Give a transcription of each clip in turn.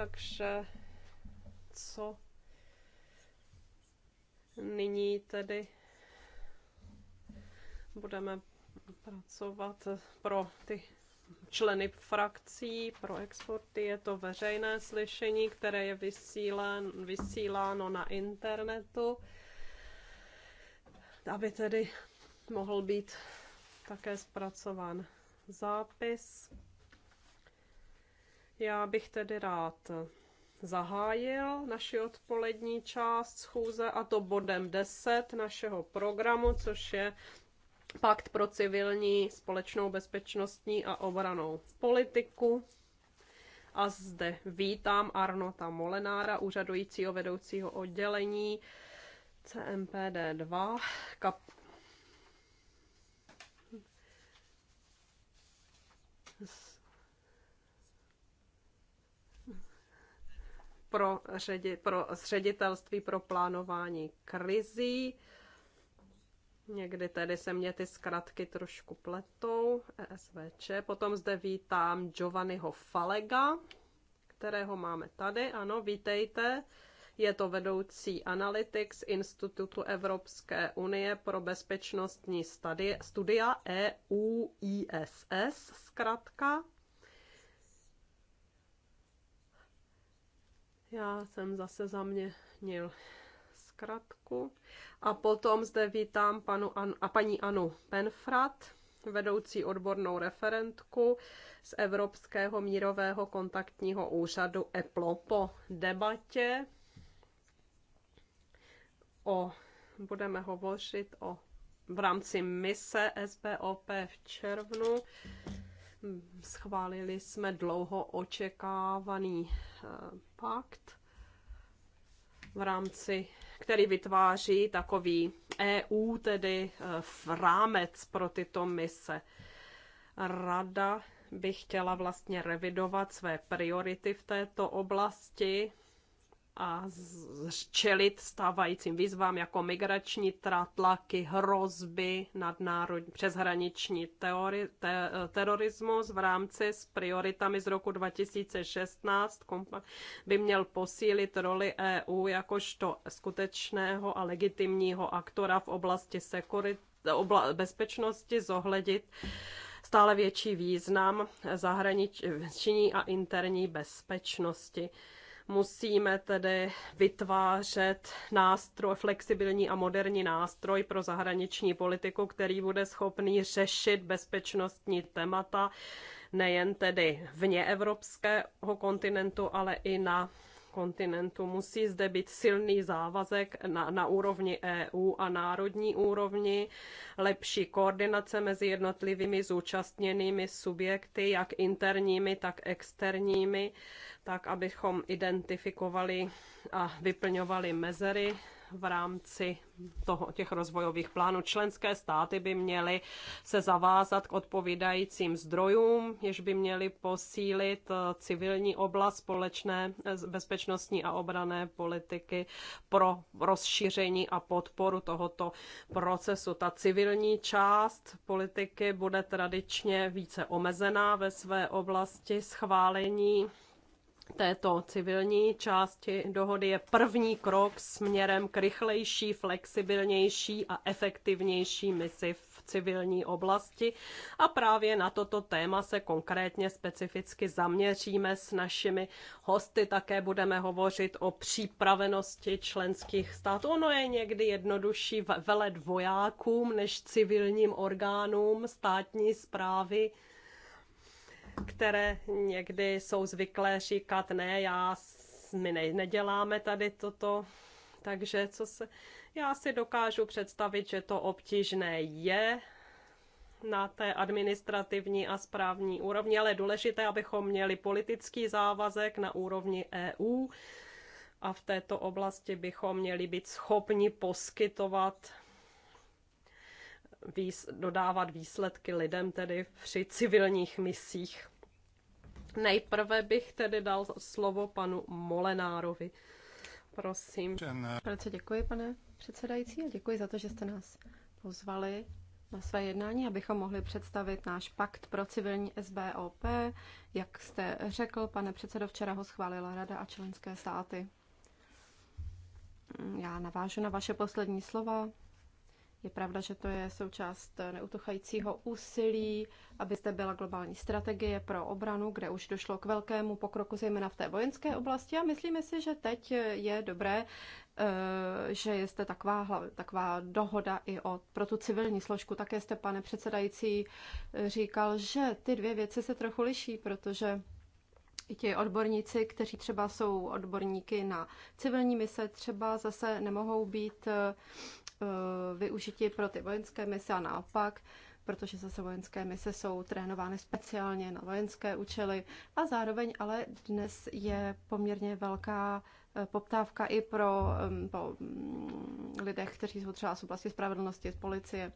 Takže co nyní tedy budeme pracovat pro ty členy frakcí pro exporty. Je to veřejné slyšení, které je vysílen vysíláno na internetu, aby tedy mohl být také zpracován zápis. Já bych tedy rád zahájil naši odpolední část schůze a to bodem 10 našeho programu, což je Pakt pro civilní společnou bezpečnostní a obranou politiku. A zde vítám Arnota Molenára, úřadujícího vedoucího oddělení CMPD2, kap- z pro, ředi, pro ředitelství pro plánování krizí. Někdy tedy se mě ty zkratky trošku pletou, ESVČ. Potom zde vítám Giovanniho Falega, kterého máme tady. Ano, vítejte. Je to vedoucí Analytics Institutu Evropské unie pro bezpečnostní studie, studia EUISS, zkrátka Já jsem zase zaměnil zkratku. A potom zde vítám panu An- a paní Anu Penfrat, vedoucí odbornou referentku z Evropského mírového kontaktního úřadu EPLO po debatě o, budeme hovořit o v rámci mise SBOP v červnu Schválili jsme dlouho očekávaný eh, pakt v rámci, který vytváří takový EU, tedy eh, v rámec pro tyto mise. Rada by chtěla vlastně revidovat své priority v této oblasti a čelit stávajícím výzvám jako migrační tratlaky, hrozby, národní, přeshraniční teori, te, terorismus v rámci s prioritami z roku 2016 by měl posílit roli EU jakožto skutečného a legitimního aktora v oblasti sekurit, obla, bezpečnosti zohledit stále větší význam zahraniční a interní bezpečnosti. Musíme tedy vytvářet nástroj, flexibilní a moderní nástroj pro zahraniční politiku, který bude schopný řešit bezpečnostní témata nejen tedy vně evropského kontinentu, ale i na kontinentu. Musí zde být silný závazek na, na úrovni EU a národní úrovni, lepší koordinace mezi jednotlivými zúčastněnými subjekty, jak interními, tak externími, tak abychom identifikovali a vyplňovali mezery v rámci toho, těch rozvojových plánů. Členské státy by měly se zavázat k odpovídajícím zdrojům, jež by měly posílit eh, civilní oblast společné eh, bezpečnostní a obrané politiky pro rozšíření a podporu tohoto procesu. Ta civilní část politiky bude tradičně více omezená ve své oblasti schválení této civilní části dohody je první krok směrem k rychlejší, flexibilnější a efektivnější misi v civilní oblasti. A právě na toto téma se konkrétně specificky zaměříme s našimi hosty. Také budeme hovořit o přípravenosti členských států. Ono je někdy jednodušší velet vojákům než civilním orgánům státní zprávy které někdy jsou zvyklé říkat, ne, já, my ne, neděláme tady toto, takže co se, já si dokážu představit, že to obtížné je na té administrativní a správní úrovni, ale je důležité, abychom měli politický závazek na úrovni EU a v této oblasti bychom měli být schopni poskytovat výs- dodávat výsledky lidem tedy při civilních misích. Nejprve bych tedy dal slovo panu Molenárovi. Prosím. Eh, Velice děkuji, pane předsedající, a děkuji za to, že jste nás pozvali na své jednání, abychom mohli představit náš pakt pro civilní SBOP. Jak jste řekl, pane předsedo, včera ho schválila Rada a členské státy. Já navážu na vaše poslední slova. Je pravda, že to je součást neutuchajícího úsilí, aby zde byla globální strategie pro obranu, kde už došlo k velkému pokroku, zejména v té vojenské oblasti. A myslíme si, že teď je dobré, eh, že je zde taková, taková dohoda i o, pro tu civilní složku. Také jste, pane předsedající, eh, říkal, že ty dvě věci se trochu liší, protože i ti odborníci, kteří třeba jsou odborníky na civilní mise, třeba zase nemohou být eh, Eh, využití pro ty vojenské mise a naopak, protože zase vojenské mise jsou trénovány speciálně na vojenské účely a zároveň ale dnes je poměrně velká eh, poptávka i pro po mm, lidech, kteří jsou třeba z oblasti spravedlnosti, z policie.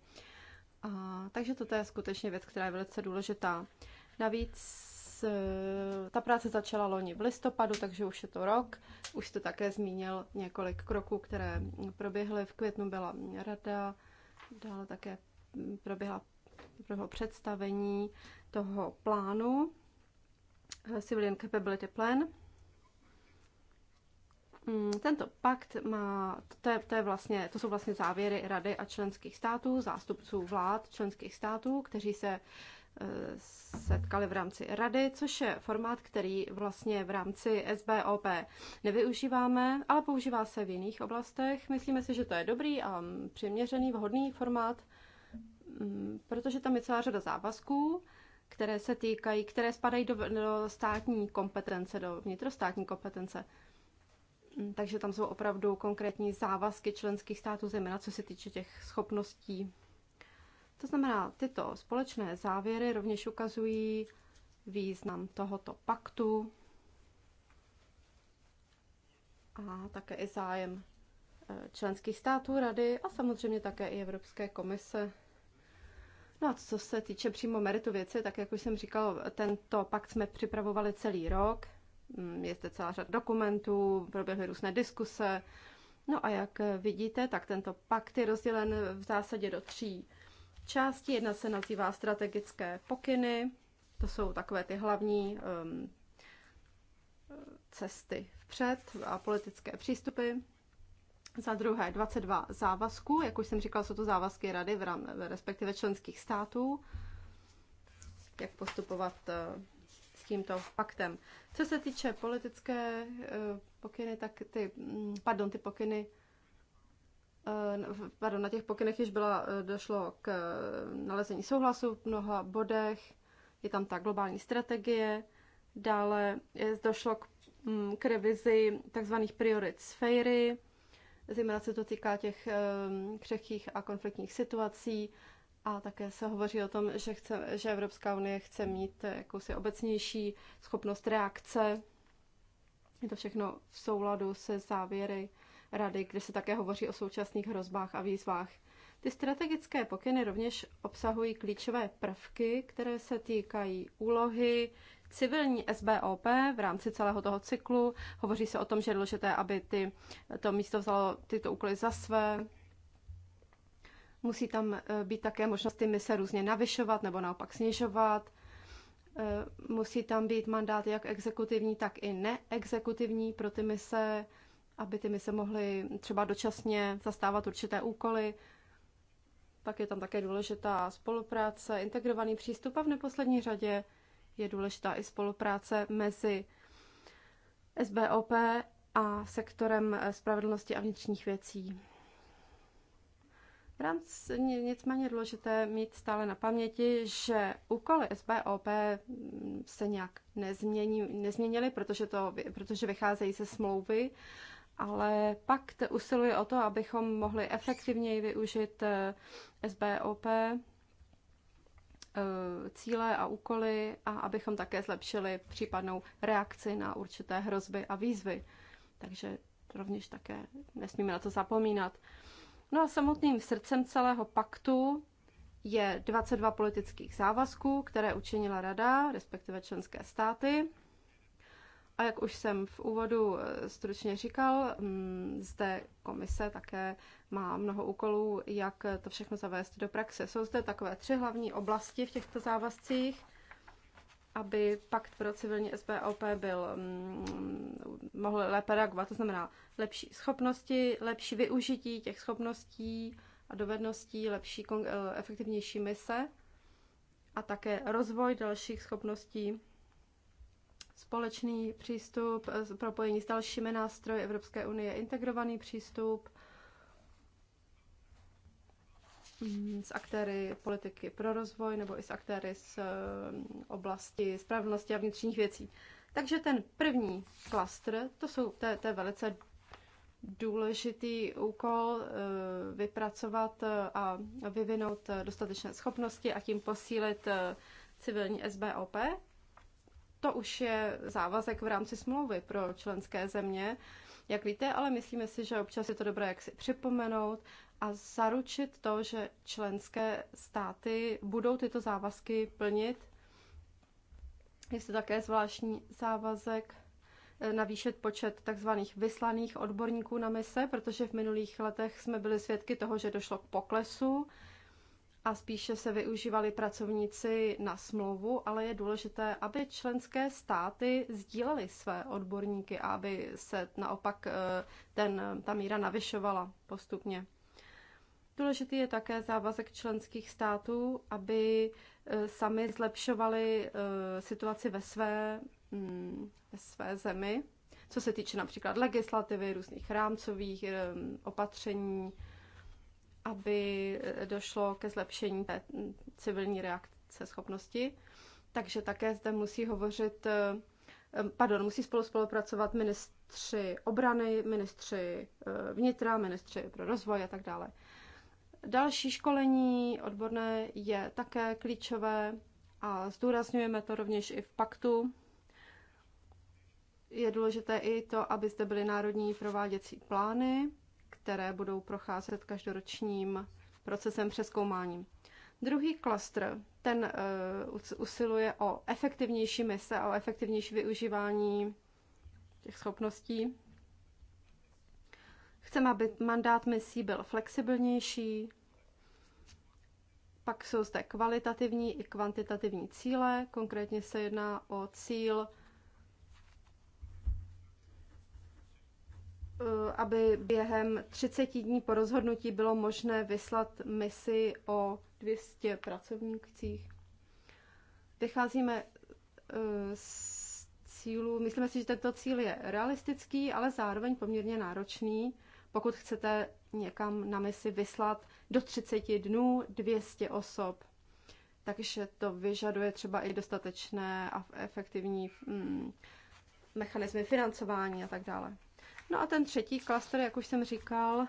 A, takže toto je skutečně věc, která je velice důležitá. Navíc Eh, ta práce začala loni v listopadu, takže už je to rok. Už jste také zmínil několik kroků, které proběhly. V květnu byla rada, dále také proběhla, proběhlo představení toho plánu eh, Civilian Capability Plan. Hmm, tento pakt má, to, je, to, je vlastně, to jsou vlastně závěry Rady a členských států, zástupců vlád členských států, kteří se setkali v rámci rady, což je formát, který vlastně v rámci SBOP nevyužíváme, ale používá se v jiných oblastech. Myslíme si, že to je dobrý a přiměřený, vhodný formát, mm, protože tam je celá řada závazků, které se týkají, které spadají do, do státní kompetence, do vnitrostátní kompetence. Mm, takže tam jsou opravdu konkrétní závazky členských států, zejména co se týče těch schopností to znamená, tyto společné závěry rovněž ukazují význam tohoto paktu a také i zájem eh, členských států, rady a samozřejmě také i Evropské komise. No a co se týče přímo meritu věci, tak jak už jsem říkal, tento pakt jsme připravovali celý rok. Mm, je zde celá řada dokumentů, proběhly různé diskuse. No a jak vidíte, tak tento pakt je rozdělen v zásadě do tří Části jedna se nazývá strategické pokyny, to jsou takové ty hlavní um, cesty vpřed a politické přístupy. Za druhé 22 závazků, jak už jsem říkala, jsou to závazky rady v, ram, respektive členských států, jak postupovat uh, s tímto paktem. Co se týče politické uh, pokyny, tak ty, mm, pardon, ty pokyny Eh, pardon, na těch pokynech již byla, eh, došlo k eh, nalezení souhlasu v mnoha bodech, je tam ta globální strategie, dále došlo k, mm, k revizi tzv. priorit sféry, zejména se to týká těch ehm, křehkých a konfliktních situací a také se hovoří o tom, že, chce, že Evropská unie chce mít jakousi obecnější schopnost reakce. Je to všechno v souladu se závěry rady, kde se také hovoří o současných hrozbách a výzvách. Ty strategické pokyny rovněž obsahují klíčové prvky, které se týkají úlohy civilní SBOP v rámci celého toho cyklu. Hovoří se o tom, že je důležité, aby ty, to místo vzalo tyto úkoly za své. Musí tam eh, být také možnosti mise různě navyšovat nebo naopak snižovat. Eh, musí tam být mandát jak exekutivní, tak i neexekutivní pro ty mise aby ty mise mohly třeba dočasně zastávat určité úkoly. Pak je tam také důležitá spolupráce, integrovaný přístup a v neposlední řadě je důležitá i spolupráce mezi SBOP a sektorem spravedlnosti a vnitřních věcí. V rámci nicméně důležité mít stále na paměti, že úkoly SBOP se nějak nezmění, nezměnily, protože, to, protože vycházejí ze smlouvy ale pakt usiluje o to, abychom mohli efektivněji využít eh, SBOP, eh, cíle a úkoly a abychom také zlepšili případnou reakci na určité hrozby a výzvy. Takže rovněž také nesmíme na to zapomínat. No a samotným srdcem celého paktu je 22 politických závazků, které učinila Rada, respektive členské státy. A jak už jsem v úvodu eh, stručně říkal, mm, zde komise také má mnoho úkolů, jak to všechno zavést do praxe. Jsou zde takové tři hlavní oblasti v těchto závazcích, aby pakt pro civilní SBOP byl, mm, mohl lépe reagovat, to znamená lepší schopnosti, lepší využití těch schopností a dovedností, lepší, eh, efektivnější mise a také rozvoj dalších schopností společný přístup, eh, propojení s dalšími nástroji Evropské unie, integrovaný přístup mm, s aktéry politiky pro rozvoj nebo i s aktéry z eh, oblasti spravedlnosti a vnitřních věcí. Takže ten první klastr, to, jsou, to, to je velice důležitý úkol eh, vypracovat a vyvinout dostatečné schopnosti a tím posílit civilní SBOP, to už je závazek v rámci smlouvy pro členské země, jak víte, ale myslíme si, že občas je to dobré jak si připomenout a zaručit to, že členské státy budou tyto závazky plnit. Je to také zvláštní závazek eh, navýšit počet tzv. vyslaných odborníků na mise, protože v minulých letech jsme byli svědky toho, že došlo k poklesu a spíše se využívali pracovníci na smlouvu, ale je důležité, aby členské státy sdílely své odborníky a aby se naopak eh, ten, ta míra navyšovala postupně. Důležitý je také závazek členských států, aby eh, sami zlepšovali eh, situaci ve své, mm, ve své zemi, co se týče například legislativy, různých rámcových opatření, aby eh, došlo ke zlepšení té mm, civilní reakce schopnosti. Takže také zde musí hovořit, eh, eh, pardon, musí spolu spolupracovat ministři obrany, ministři vnitra, ministři pro rozvoj a tak dále. Další školení odborné je také klíčové a zdůrazňujeme to rovněž i v paktu. Je důležité i to, aby zde byly národní prováděcí plány které budou procházet každoročním procesem přeskoumání. Druhý klastr, ten eh, usiluje o efektivnější mise a o efektivnější využívání těch schopností. Chceme, aby mandát misí byl flexibilnější, pak jsou zde kvalitativní i kvantitativní cíle, konkrétně se jedná o cíl Eh, aby během 30 dní po rozhodnutí bylo možné vyslat misi o 200 pracovnících. Vycházíme eh, z cílů, myslíme si, že tento cíl je realistický, ale zároveň poměrně náročný, pokud chcete někam na misi vyslat do 30 dnů 200 osob. Takže to vyžaduje třeba i dostatečné a efektivní mm, mechanismy financování a tak dále. No a ten třetí klaster, jak už jsem říkal,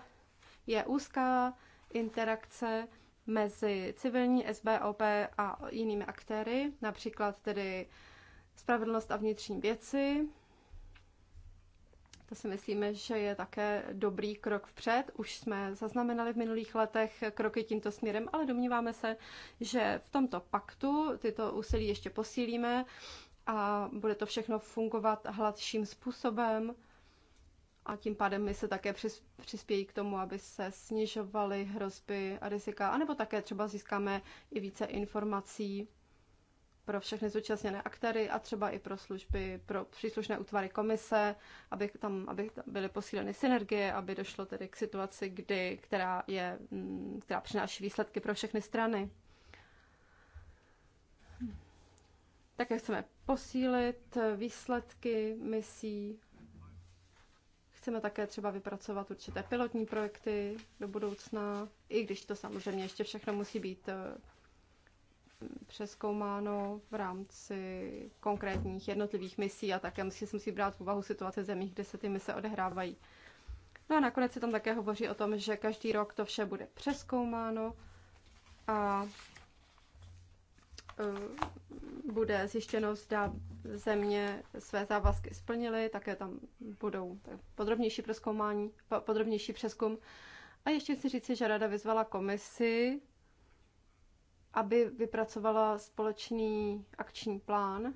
je úzká interakce mezi civilní SBOP a jinými aktéry, například tedy spravedlnost a vnitřní věci. To si myslíme, že je také dobrý krok vpřed. Už jsme zaznamenali v minulých letech kroky tímto směrem, ale domníváme se, že v tomto paktu tyto úsilí ještě posílíme a bude to všechno fungovat hladším způsobem a tím pádem my se také přispějí k tomu, aby se snižovaly hrozby a rizika, anebo také třeba získáme i více informací pro všechny zúčastněné aktéry a třeba i pro služby, pro příslušné útvary komise, aby tam aby byly posíleny synergie, aby došlo tedy k situaci, kdy, která, je, mm, která přináší výsledky pro všechny strany. Také chceme posílit výsledky misí Chceme také třeba vypracovat určité pilotní projekty do budoucna, i když to samozřejmě ještě všechno musí být eh, přeskoumáno v rámci konkrétních jednotlivých misí a také musí, musí brát v úvahu situace zemí, kde se ty mise odehrávají. No a nakonec se tam také hovoří o tom, že každý rok to vše bude přeskoumáno a Eh, bude zjištěno, zda země své závazky splnily, také tam budou podrobnější přeskoumání, podrobnější přeskum. A ještě chci říci, že rada vyzvala komisi, aby vypracovala společný akční plán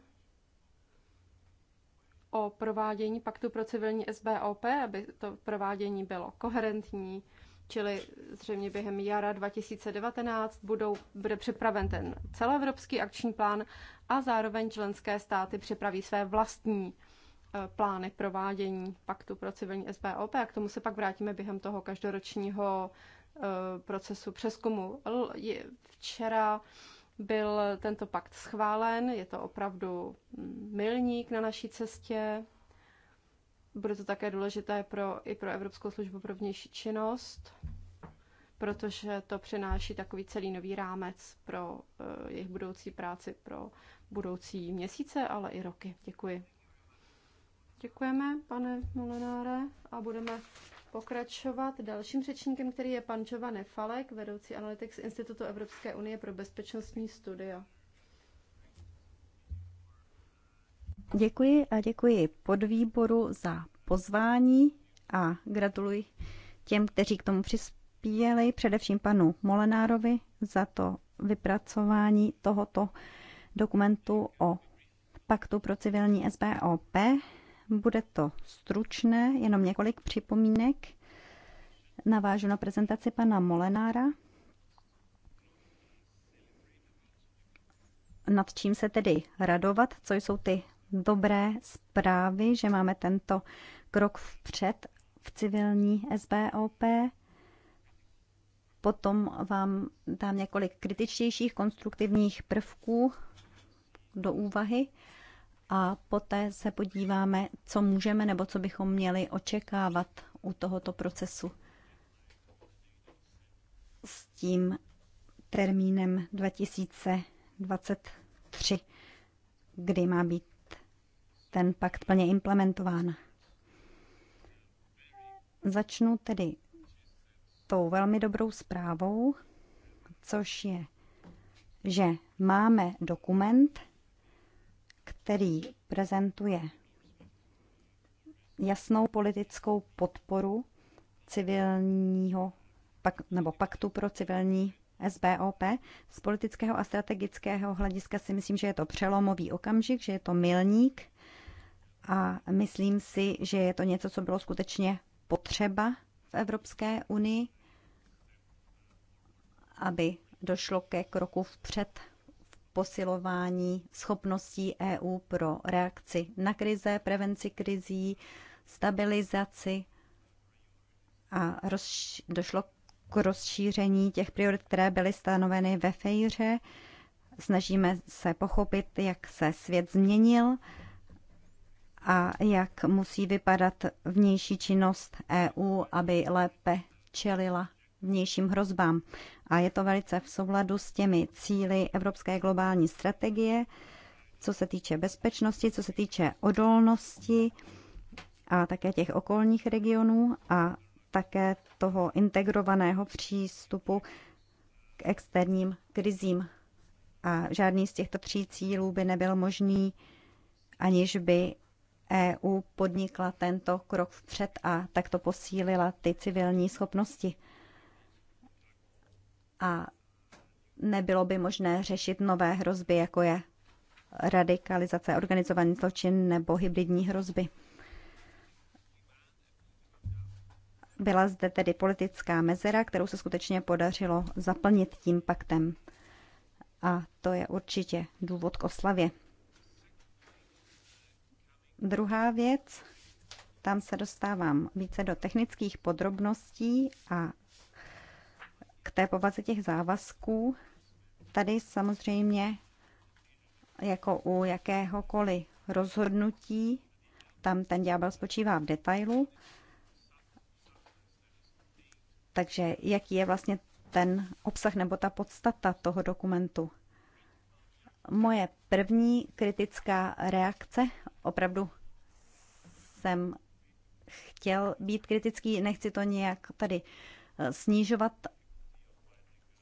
o provádění paktu pro civilní SBOP, aby to provádění bylo koherentní, Čili zřejmě během jara 2019 budou, bude připraven ten celoevropský akční plán a zároveň členské státy připraví své vlastní e, plány provádění paktu pro civilní SBOP a k tomu se pak vrátíme během toho každoročního e, procesu přeskumu. Včera byl tento pakt schválen, je to opravdu mm, milník na naší cestě bude to také důležité pro, i pro Evropskou službu pro vnější činnost, protože to přináší takový celý nový rámec pro uh, jejich budoucí práci, pro budoucí měsíce, ale i roky. Děkuji. Děkujeme, pane Molenáre, a budeme pokračovat dalším řečníkem, který je pan Giovanni Falek, vedoucí analytik z Institutu Evropské unie pro bezpečnostní studia. Děkuji a děkuji podvýboru za pozvání a gratuluji těm, kteří k tomu přispěli, především panu Molenárovi za to vypracování tohoto dokumentu o Paktu pro civilní SBOP. Bude to stručné, jenom několik připomínek. Navážu na prezentaci pana Molenára. Nad čím se tedy radovat, co jsou ty dobré zprávy, že máme tento krok vpřed v civilní SBOP. Potom vám dám několik kritičtějších konstruktivních prvků do úvahy a poté se podíváme, co můžeme nebo co bychom měli očekávat u tohoto procesu s tím termínem 2023, kdy má být ten pakt plně implementován. Začnu tedy tou velmi dobrou zprávou, což je, že máme dokument, který prezentuje jasnou politickou podporu civilního pak, nebo paktu pro civilní SBOP. Z politického a strategického hlediska si myslím, že je to přelomový okamžik, že je to milník a myslím si, že je to něco, co bylo skutečně potřeba v Evropské unii, aby došlo ke kroku vpřed v posilování schopností EU pro reakci na krize, prevenci krizí, stabilizaci a rozš- došlo k rozšíření těch priorit, které byly stanoveny ve Fejře. Snažíme se pochopit, jak se svět změnil a jak musí vypadat vnější činnost EU, aby lépe čelila vnějším hrozbám. A je to velice v souladu s těmi cíly Evropské globální strategie, co se týče bezpečnosti, co se týče odolnosti a také těch okolních regionů a také toho integrovaného přístupu k externím krizím. A žádný z těchto tří cílů by nebyl možný, aniž by EU podnikla tento krok vpřed a takto posílila ty civilní schopnosti. A nebylo by možné řešit nové hrozby, jako je radikalizace, organizovaný zločin nebo hybridní hrozby. Byla zde tedy politická mezera, kterou se skutečně podařilo zaplnit tím paktem. A to je určitě důvod k oslavě. Druhá věc, tam se dostávám více do technických podrobností a k té povaze těch závazků. Tady samozřejmě jako u jakéhokoliv rozhodnutí, tam ten ďábel spočívá v detailu. Takže jaký je vlastně ten obsah nebo ta podstata toho dokumentu? Moje první kritická reakce opravdu jsem chtěl být kritický, nechci to nějak tady eh, snižovat,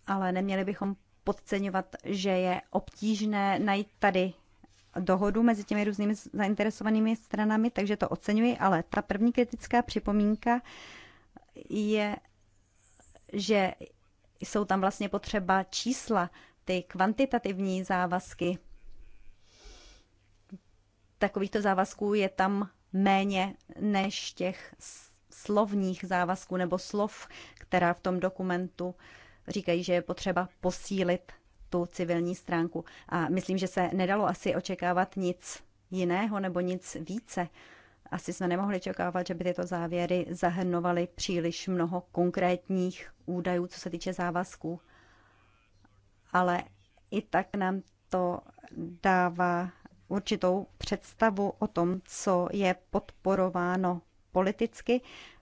ale neměli bychom podceňovat, že je obtížné najít tady dohodu mezi těmi různými zainteresovanými stranami, takže to oceňuji, ale ta první kritická připomínka je, že jsou tam vlastně potřeba čísla, ty kvantitativní závazky, takovýchto závazků je tam méně než těch slovních závazků nebo slov, která v tom dokumentu říkají, že je potřeba posílit tu civilní stránku. A myslím, že se nedalo asi očekávat nic jiného nebo nic více. Asi jsme nemohli očekávat, že by tyto závěry zahrnovaly příliš mnoho konkrétních údajů, co se týče závazků. Ale i tak nám to dává určitou představu o tom, co je podporováno politicky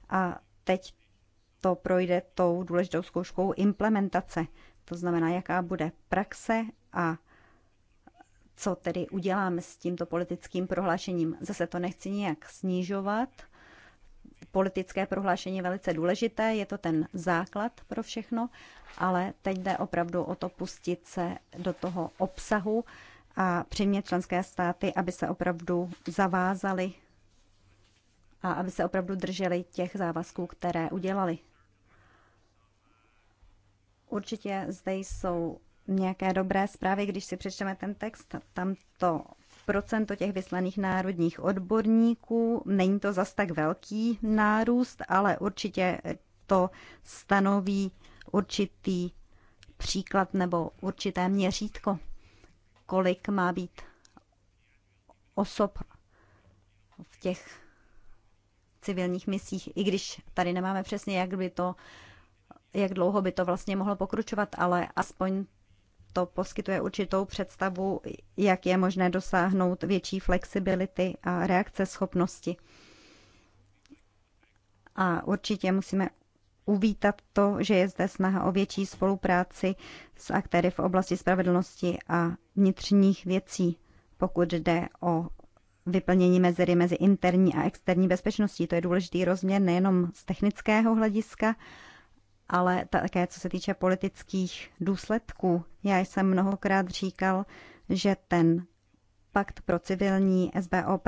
a teď to projde tou důležitou zkouškou implementace. To znamená, jaká bude praxe a co tedy uděláme s tímto politickým prohlášením. Zase to nechci nijak snižovat. Politické prohlášení je velice důležité, je to ten základ pro všechno, ale teď jde opravdu o to pustit se do toho obsahu, a přimět členské státy, aby se opravdu zavázaly a aby se opravdu drželi těch závazků, které udělali. Určitě zde jsou nějaké dobré zprávy, když si přečteme ten text. Tam to procento těch vyslaných národních odborníků, není to zas tak velký nárůst, ale určitě to stanoví určitý příklad nebo určité měřítko kolik má být osob v těch civilních misích, i když tady nemáme přesně, jak by to, jak dlouho by to vlastně mohlo pokručovat, ale aspoň to poskytuje určitou představu, jak je možné dosáhnout větší flexibility a reakce schopnosti. A určitě musíme uvítat to, že je zde snaha o větší spolupráci s aktéry v oblasti spravedlnosti a vnitřních věcí, pokud jde o vyplnění mezery mezi interní a externí bezpečností. To je důležitý rozměr nejenom z technického hlediska, ale také co se týče politických důsledků. Já jsem mnohokrát říkal, že ten pakt pro civilní SBOP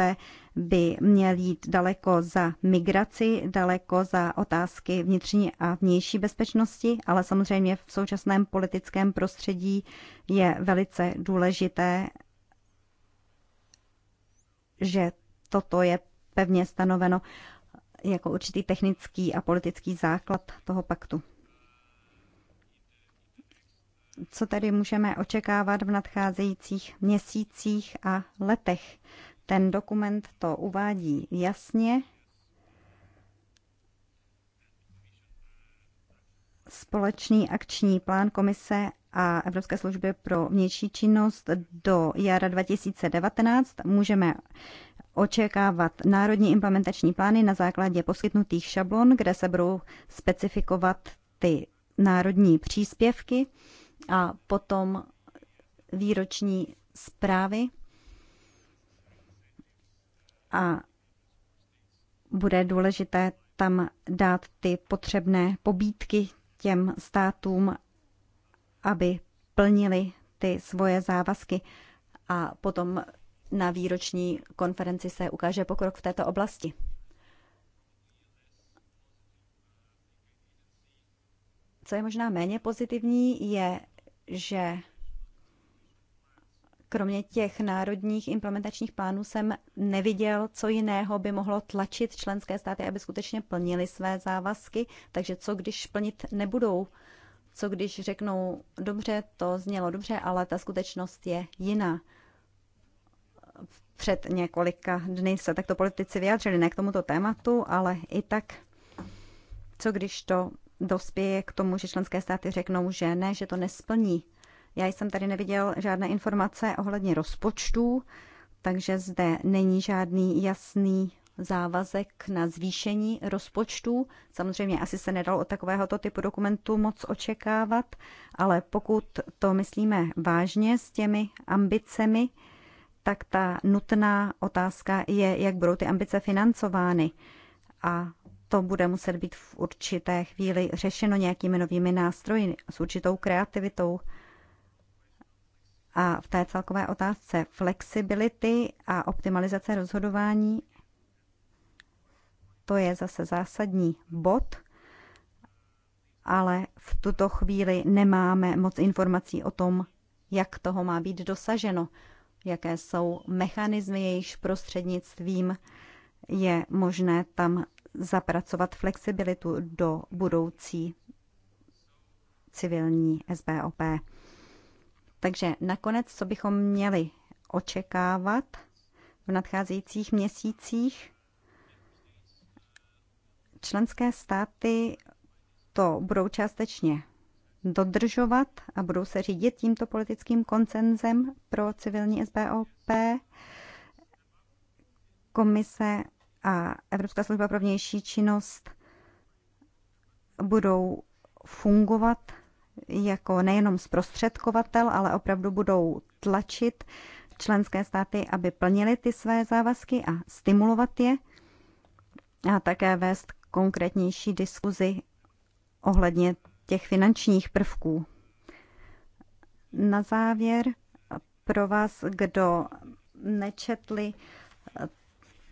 by měl jít daleko za migraci, daleko za otázky vnitřní a vnější bezpečnosti, ale samozřejmě v současném politickém prostředí je velice důležité, že toto je pevně stanoveno jako určitý technický a politický základ toho paktu co tedy můžeme očekávat v nadcházejících měsících a letech. Ten dokument to uvádí jasně. Společný akční plán komise a Evropské služby pro vnější činnost do jara 2019 můžeme očekávat národní implementační plány na základě poskytnutých šablon, kde se budou specifikovat ty národní příspěvky a potom výroční zprávy a bude důležité tam dát ty potřebné pobídky těm státům, aby plnili ty svoje závazky a potom na výroční konferenci se ukáže pokrok v této oblasti. Co je možná méně pozitivní, je že kromě těch národních implementačních plánů jsem neviděl, co jiného by mohlo tlačit členské státy, aby skutečně plnili své závazky. Takže co když plnit nebudou? Co když řeknou, dobře, to znělo dobře, ale ta skutečnost je jiná? Před několika dny se takto politici vyjádřili ne k tomuto tématu, ale i tak, co když to dospěje k tomu, že členské státy řeknou, že ne, že to nesplní. Já jsem tady neviděl žádné informace ohledně rozpočtů, takže zde není žádný jasný závazek na zvýšení rozpočtů. Samozřejmě asi se nedalo od takovéhoto typu dokumentu moc očekávat, ale pokud to myslíme vážně s těmi ambicemi, tak ta nutná otázka je, jak budou ty ambice financovány. A to bude muset být v určité chvíli řešeno nějakými novými nástroji s určitou kreativitou. A v té celkové otázce flexibility a optimalizace rozhodování, to je zase zásadní bod, ale v tuto chvíli nemáme moc informací o tom, jak toho má být dosaženo, jaké jsou mechanismy, jejichž prostřednictvím je možné tam zapracovat flexibilitu do budoucí civilní SBOP. Takže nakonec, co bychom měli očekávat v nadcházejících měsících? Členské státy to budou částečně dodržovat a budou se řídit tímto politickým koncenzem pro civilní SBOP. Komise a Evropská služba pro vnější činnost budou fungovat jako nejenom zprostředkovatel, ale opravdu budou tlačit členské státy, aby plnili ty své závazky a stimulovat je a také vést konkrétnější diskuzi ohledně těch finančních prvků. Na závěr pro vás, kdo nečetli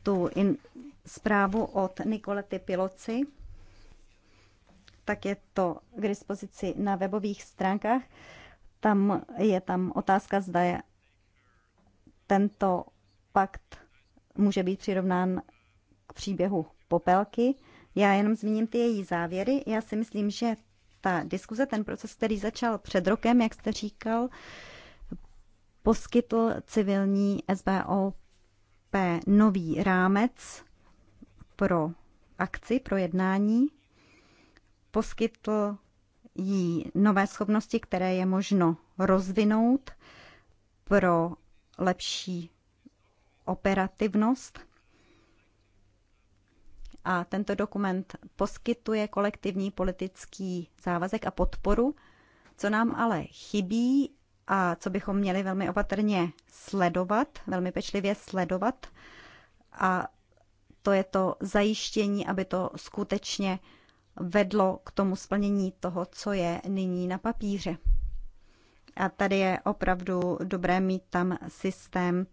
tu in, zprávu od Nikolety Piloci, tak je to k dispozici na webových stránkách. Tam je tam otázka, zda je tento pakt může být přirovnán k příběhu Popelky. Já jenom zmíním ty její závěry. Já si myslím, že ta diskuze, ten proces, který začal před rokem, jak jste říkal, poskytl civilní SBO nový rámec pro akci, pro jednání, poskytl jí nové schopnosti, které je možno rozvinout pro lepší operativnost. A tento dokument poskytuje kolektivní politický závazek a podporu. Co nám ale chybí, a co bychom měli velmi opatrně sledovat, velmi pečlivě sledovat. A to je to zajištění, aby to skutečně vedlo k tomu splnění toho, co je nyní na papíře. A tady je opravdu dobré mít tam systém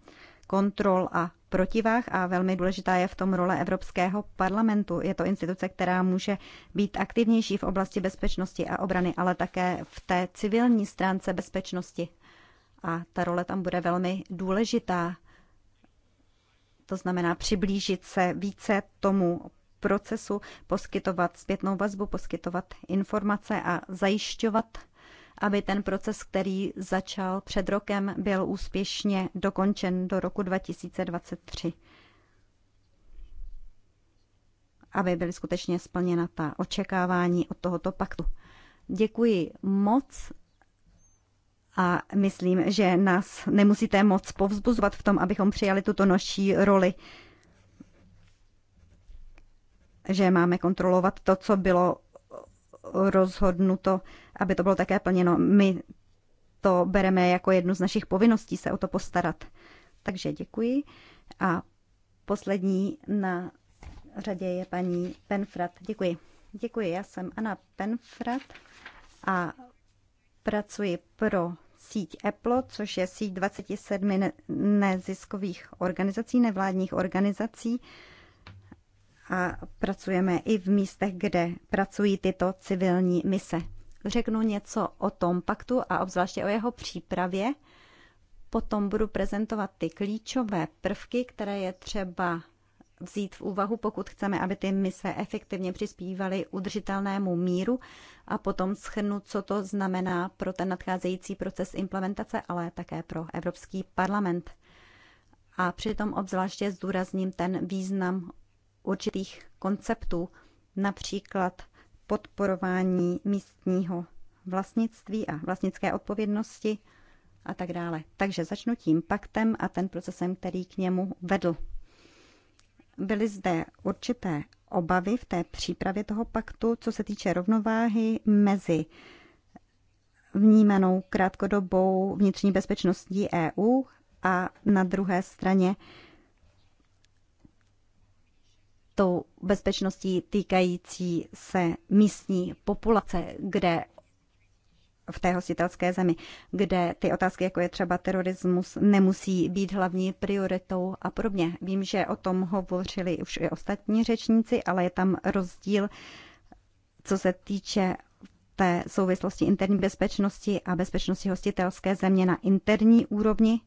kontrol a protivách a velmi důležitá je v tom role Evropského parlamentu. Je to instituce, která může být aktivnější v oblasti bezpečnosti a obrany, ale také v té civilní stránce bezpečnosti. A ta role tam bude velmi důležitá. To znamená přiblížit se více tomu procesu, poskytovat zpětnou vazbu, poskytovat informace a zajišťovat aby ten proces, který začal před rokem, byl úspěšně dokončen do roku 2023. Aby byly skutečně splněna ta očekávání od tohoto paktu. Děkuji moc a myslím, že nás nemusíte moc povzbuzovat v tom, abychom přijali tuto noší roli že máme kontrolovat to, co bylo rozhodnuto, aby to bylo také plněno. My to bereme jako jednu z našich povinností se o to postarat. Takže děkuji. A poslední na řadě je paní Penfrat. Děkuji. Děkuji, já jsem Anna Penfrat a pracuji pro síť EPLO, což je síť 27 neziskových organizací, nevládních organizací, a pracujeme i v místech, kde pracují tyto civilní mise. Řeknu něco o tom paktu a obzvláště o jeho přípravě. Potom budu prezentovat ty klíčové prvky, které je třeba vzít v úvahu, pokud chceme, aby ty mise efektivně přispívaly udržitelnému míru a potom schrnu, co to znamená pro ten nadcházející proces implementace, ale také pro Evropský parlament. A přitom obzvláště zdůrazním ten význam určitých konceptů, například podporování místního vlastnictví a vlastnické odpovědnosti a tak dále. Takže začnu tím paktem a ten procesem, který k němu vedl. Byly zde určité obavy v té přípravě toho paktu, co se týče rovnováhy mezi vnímanou krátkodobou vnitřní bezpečností EU a na druhé straně tou bezpečností týkající se místní populace, kde v té hostitelské zemi, kde ty otázky, jako je třeba terorismus, nemusí být hlavní prioritou a podobně. Vím, že o tom hovořili už i ostatní řečníci, ale je tam rozdíl, co se týče té souvislosti interní bezpečnosti a bezpečnosti hostitelské země na interní úrovni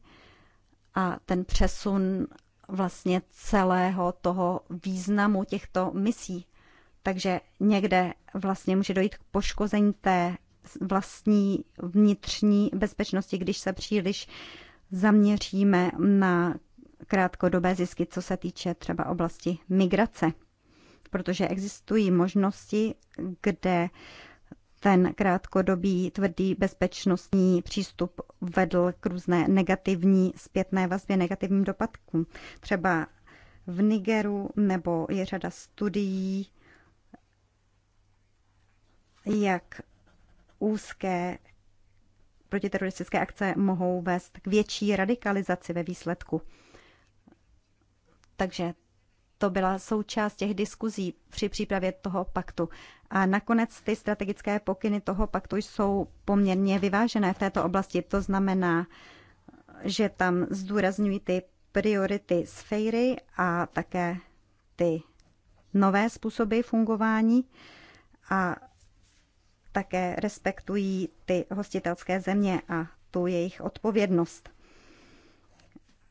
a ten přesun vlastně celého toho významu těchto misí. Takže někde vlastně může dojít k poškození té vlastní vnitřní bezpečnosti, když se příliš zaměříme na krátkodobé zisky, co se týče třeba oblasti migrace. Protože existují možnosti, kde ten krátkodobý tvrdý bezpečnostní přístup vedl k různé negativní zpětné vazbě, negativním dopadkům. Třeba v Nigeru nebo je řada studií, jak úzké protiteroristické akce mohou vést k větší radikalizaci ve výsledku. Takže to byla součást těch diskuzí při přípravě toho paktu. A nakonec ty strategické pokyny toho paktu jsou poměrně vyvážené v této oblasti. To znamená, že tam zdůrazňují ty priority sféry a také ty nové způsoby fungování a také respektují ty hostitelské země a tu jejich odpovědnost.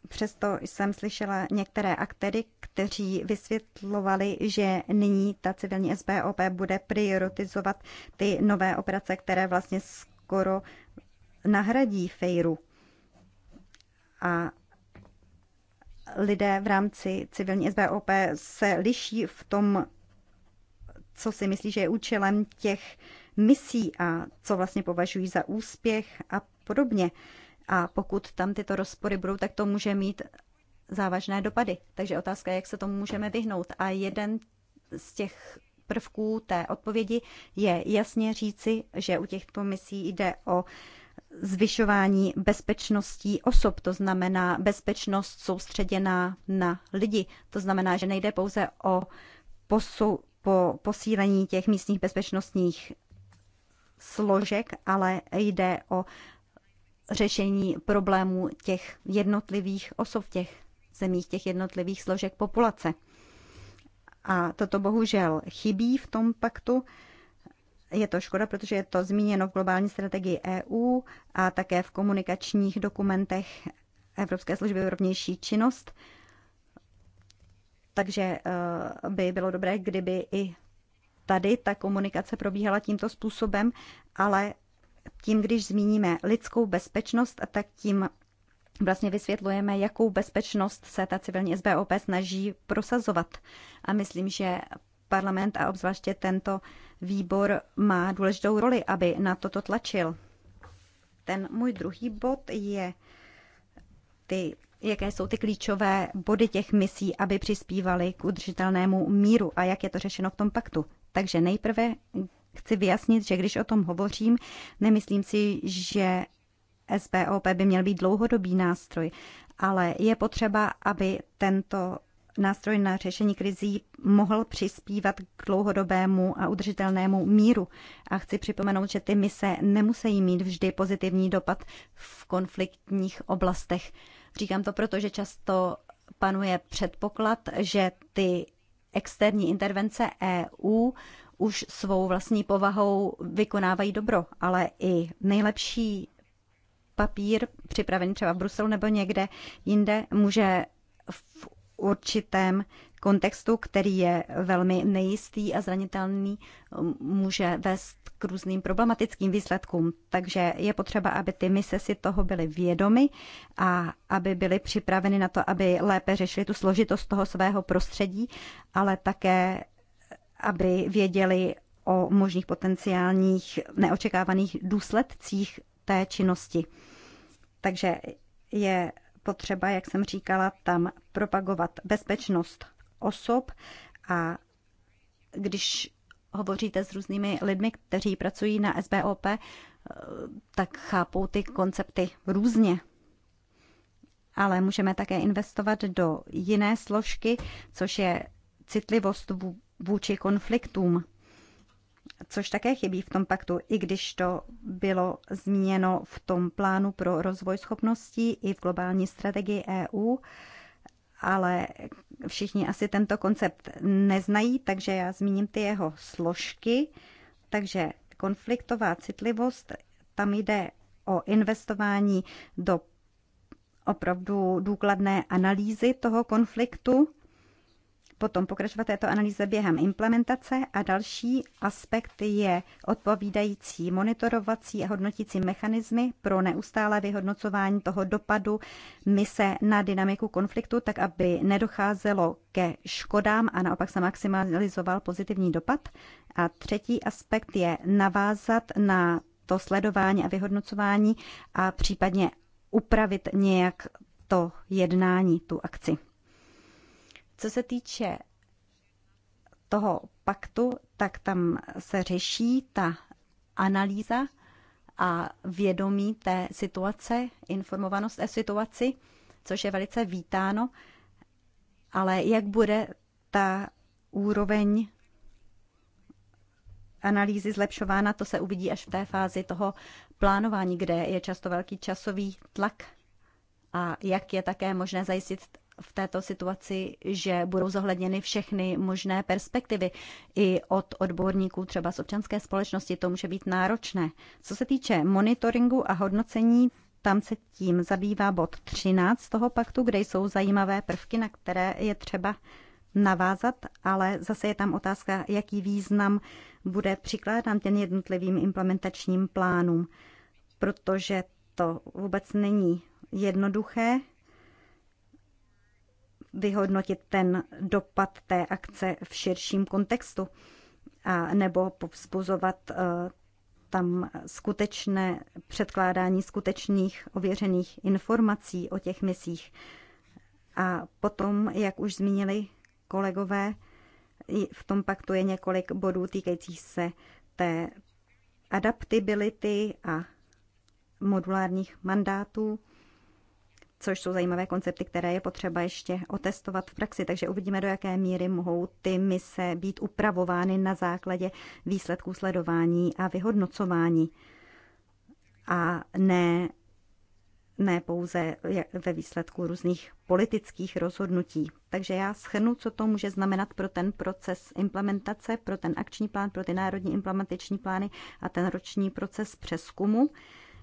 Přesto jsem slyšela některé aktéry, kteří vysvětlovali, že nyní ta civilní SBOP bude prioritizovat ty nové operace, které vlastně skoro nahradí fejru. A lidé v rámci civilní SBOP se liší v tom, co si myslí, že je účelem těch misí a co vlastně považují za úspěch a podobně. Uh, a pokud tam tyto rozpory budou, tak to může mít závažné dopady. Takže otázka je, jak se tomu můžeme vyhnout. A jeden z těch prvků té odpovědi je jasně říci, že u těchto misí jde o zvyšování bezpečností osob, to znamená bezpečnost soustředěná na lidi. To znamená, že nejde pouze o posu, po posílení těch místních bezpečnostních složek, ale jde o řešení problémů těch jednotlivých osob, těch zemích, těch jednotlivých složek populace. A toto bohužel chybí v tom paktu. Je to škoda, protože je to zmíněno v globální strategii EU a také v komunikačních dokumentech Evropské služby rovnější činnost. Takže eh, by bylo dobré, kdyby i tady ta komunikace probíhala tímto způsobem, ale tím, když zmíníme lidskou bezpečnost, tak tím vlastně vysvětlujeme, jakou bezpečnost se ta civilní SBOP snaží prosazovat. A myslím, že parlament a obzvláště tento výbor má důležitou roli, aby na toto tlačil. Ten můj druhý bod je ty jaké jsou ty klíčové body těch misí, aby přispívaly k udržitelnému míru a jak je to řešeno v tom paktu. Takže nejprve chci vyjasnit, že když o tom hovořím, nemyslím si, že SPOP by měl být dlouhodobý nástroj, ale je potřeba, aby tento nástroj na řešení krizí mohl přispívat k dlouhodobému a udržitelnému míru. A chci připomenout, že ty mise nemusí mít vždy pozitivní dopad v konfliktních oblastech. Říkám to proto, že často panuje předpoklad, že ty externí intervence EU už svou vlastní povahou vykonávají dobro, ale i nejlepší papír, připravený třeba v Bruselu nebo někde jinde, může v určitém kontextu, který je velmi nejistý a zranitelný, může vést k různým problematickým výsledkům. Takže je potřeba, aby ty mise si toho byly vědomy a aby byly připraveny na to, aby lépe řešili tu složitost toho svého prostředí, ale také aby věděli o možných potenciálních neočekávaných důsledcích té činnosti. Takže je potřeba, jak jsem říkala, tam propagovat bezpečnost osob a když hovoříte s různými lidmi, kteří pracují na SBOP, eh, tak chápou ty koncepty různě. Ale můžeme také investovat do jiné složky, což je citlivost vůči konfliktům, což také chybí v tom paktu, i když to bylo zmíněno v tom plánu pro rozvoj schopností i v globální strategii EU, ale všichni asi tento koncept neznají, takže já zmíním ty jeho složky. Takže konfliktová citlivost, tam jde o investování do opravdu důkladné analýzy toho konfliktu, potom pokračovat této analýze během implementace a další aspekt je odpovídající monitorovací a hodnotící mechanismy pro neustále vyhodnocování toho dopadu mise na dynamiku konfliktu, tak aby nedocházelo ke škodám a naopak se maximalizoval pozitivní dopad. A třetí aspekt je navázat na to sledování a vyhodnocování a případně upravit nějak to jednání, tu akci. Co se týče toho paktu, tak tam se řeší ta analýza a vědomí té situace, informovanost té situaci, což je velice vítáno, ale jak bude ta úroveň analýzy zlepšována, to se uvidí až v té fázi toho plánování, kde je často velký časový tlak a jak je také možné zajistit v této situaci, že budou zohledněny všechny možné perspektivy. I od odborníků třeba z občanské společnosti to může být náročné. Co se týče monitoringu a hodnocení, tam se tím zabývá bod 13 toho paktu, kde jsou zajímavé prvky, na které je třeba navázat, ale zase je tam otázka, jaký význam bude přikládán těm jednotlivým implementačním plánům, protože to vůbec není jednoduché vyhodnotit ten dopad té akce v širším kontextu a nebo povzbuzovat eh, tam skutečné předkládání skutečných ověřených informací o těch misích. A potom, jak už zmínili kolegové, v tom paktu je několik bodů týkajících se té adaptability a modulárních mandátů což jsou zajímavé koncepty, které je potřeba ještě otestovat v praxi. Takže uvidíme, do jaké míry mohou ty mise být upravovány na základě výsledků sledování a vyhodnocování a ne, ne pouze ve výsledku různých politických rozhodnutí. Takže já schrnu, co to může znamenat pro ten proces implementace, pro ten akční plán, pro ty národní implementační plány a ten roční proces přeskumu.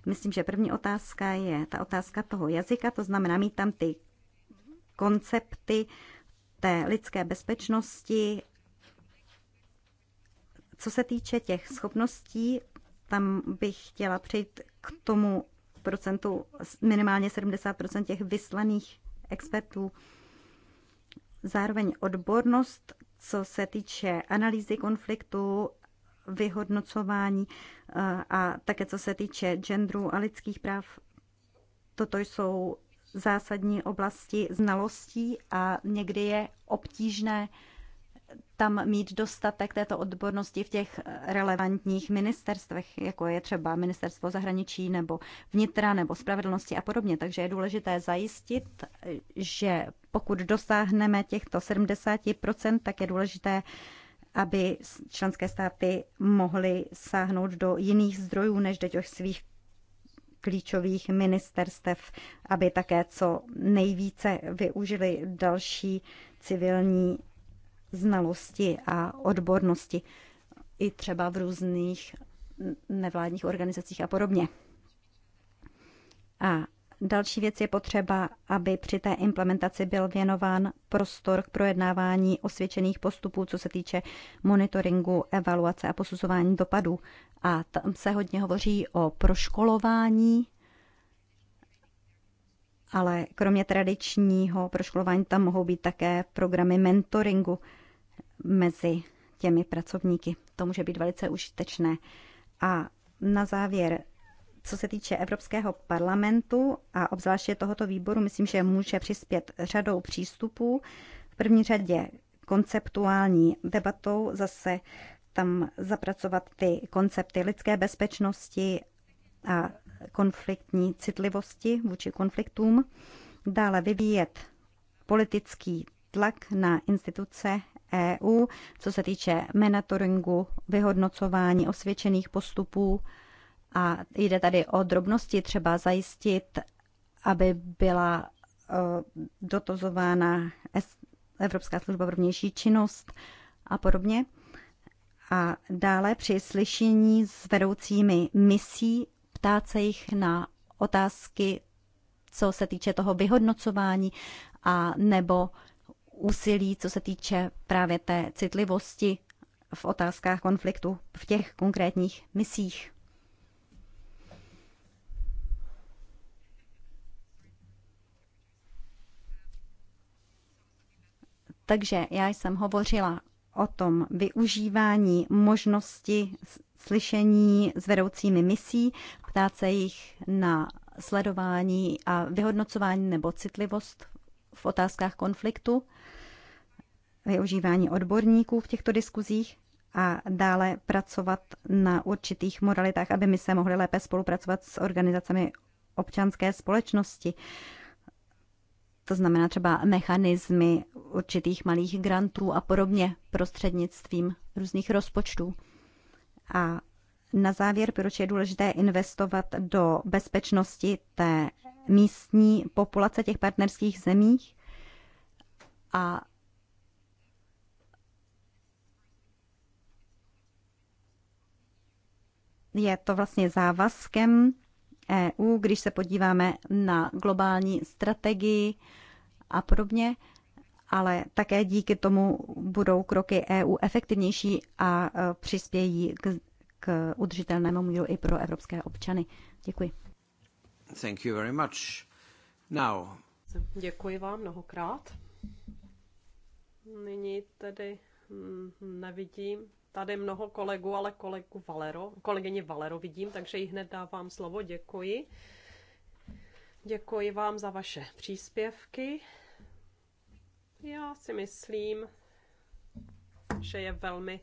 Myslím, že první otázka je ta otázka toho jazyka, to znamená mít tam ty koncepty té lidské bezpečnosti. Co se týče těch schopností, tam bych chtěla přejít k tomu procentu, minimálně 70% těch vyslaných expertů. Zároveň odbornost, co se týče analýzy konfliktu vyhodnocování eh, a také co se týče genderu a lidských práv. Toto jsou zásadní oblasti znalostí a někdy je obtížné tam mít dostatek této odbornosti v těch relevantních ministerstvech, jako je třeba ministerstvo zahraničí nebo vnitra nebo spravedlnosti a podobně. Takže je důležité zajistit, že pokud dosáhneme těchto 70%, tak je důležité aby členské státy mohly sáhnout do jiných zdrojů než teď těch svých klíčových ministerstev, aby také co nejvíce využili další civilní znalosti a odbornosti, i třeba v různých nevládních organizacích a podobně. A Další věc je potřeba, aby při té implementaci byl věnován prostor k projednávání osvědčených postupů, co se týče monitoringu, evaluace a posuzování dopadů. A tam se hodně hovoří o proškolování, ale kromě tradičního proškolování tam mohou být také programy mentoringu mezi těmi pracovníky. To může být velice užitečné. A na závěr co se týče Evropského parlamentu a obzvláště tohoto výboru, myslím, že může přispět řadou přístupů. V první řadě konceptuální debatou zase tam zapracovat ty koncepty lidské bezpečnosti a konfliktní citlivosti vůči konfliktům, dále vyvíjet politický tlak na instituce EU, co se týče monitoringu, vyhodnocování osvědčených postupů a jde tady o drobnosti, třeba zajistit, aby byla eh, dotozována Evropská služba pro vnější činnost a podobně. A dále při slyšení s vedoucími misí ptát se jich na otázky, co se týče toho vyhodnocování a nebo úsilí, co se týče právě té citlivosti v otázkách konfliktu v těch konkrétních misích. Takže já jsem hovořila o tom využívání možnosti slyšení s vedoucími misí, ptát se jich na sledování a vyhodnocování nebo citlivost v otázkách konfliktu, využívání odborníků v těchto diskuzích a dále pracovat na určitých moralitách, aby my se mohli lépe spolupracovat s organizacemi občanské společnosti. Uh, to znamená třeba mechanismy určitých malých grantů a podobně prostřednictvím různých rozpočtů. A na závěr, proč je důležité investovat do bezpečnosti té místní populace těch partnerských zemích a je to vlastně závazkem EU, když se podíváme na globální strategii a podobně, ale také díky tomu budou kroky EU efektivnější a e, přispějí k, k udržitelnému míru i pro evropské občany. Děkuji. Thank you very much. Now. Děkuji vám mnohokrát. Nyní tedy mm, nevidím tady mnoho kolegů, ale kolegu Valero, kolegyně Valero vidím, takže jí hned dávám slovo. Děkuji. Děkuji vám za vaše příspěvky. Já si myslím, že je velmi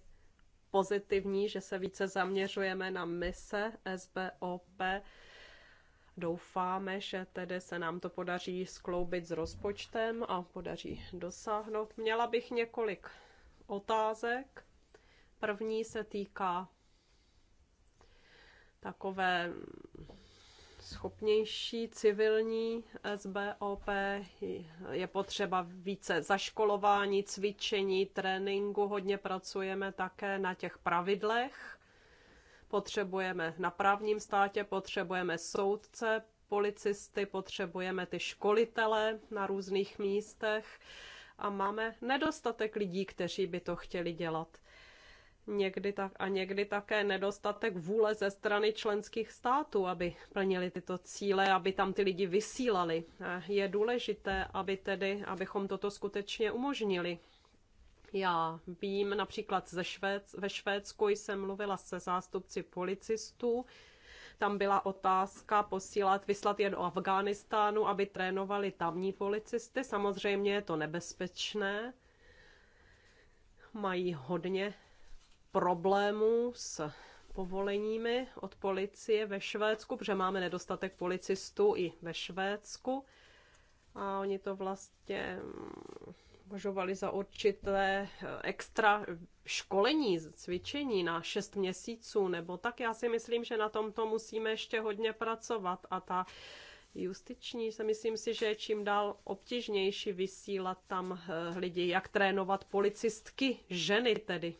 pozitivní, že se více zaměřujeme na mise SBOP. Doufáme, že tedy se nám to podaří skloubit s rozpočtem a podaří dosáhnout. Měla bych několik otázek První se týká takové schopnější civilní SBOP, je potřeba více zaškolování, cvičení, tréninku, hodně pracujeme také na těch pravidlech. Potřebujeme na právním státě, potřebujeme soudce, policisty, potřebujeme ty školitele na různých místech a máme nedostatek lidí, kteří by to chtěli dělat někdy tak, a někdy také nedostatek vůle ze strany členských států, aby plnili tyto cíle, aby tam ty lidi vysílali. Je důležité, aby tedy, abychom toto skutečně umožnili. Já vím například ze Švéc, ve Švédsku jsem mluvila se zástupci policistů, tam byla otázka posílat, vyslat je do Afghánistánu, aby trénovali tamní policisty. Samozřejmě je to nebezpečné, mají hodně problémů s povoleními od policie ve Švédsku, protože máme nedostatek policistů i ve Švédsku. A oni to vlastně mm, považovali za určité eh, extra školení, cvičení na 6 měsíců nebo tak. Já si myslím, že na tomto musíme ještě hodně pracovat a ta justiční, se myslím si, že je čím dál obtížnější vysílat tam eh, lidi, jak trénovat policistky, ženy tedy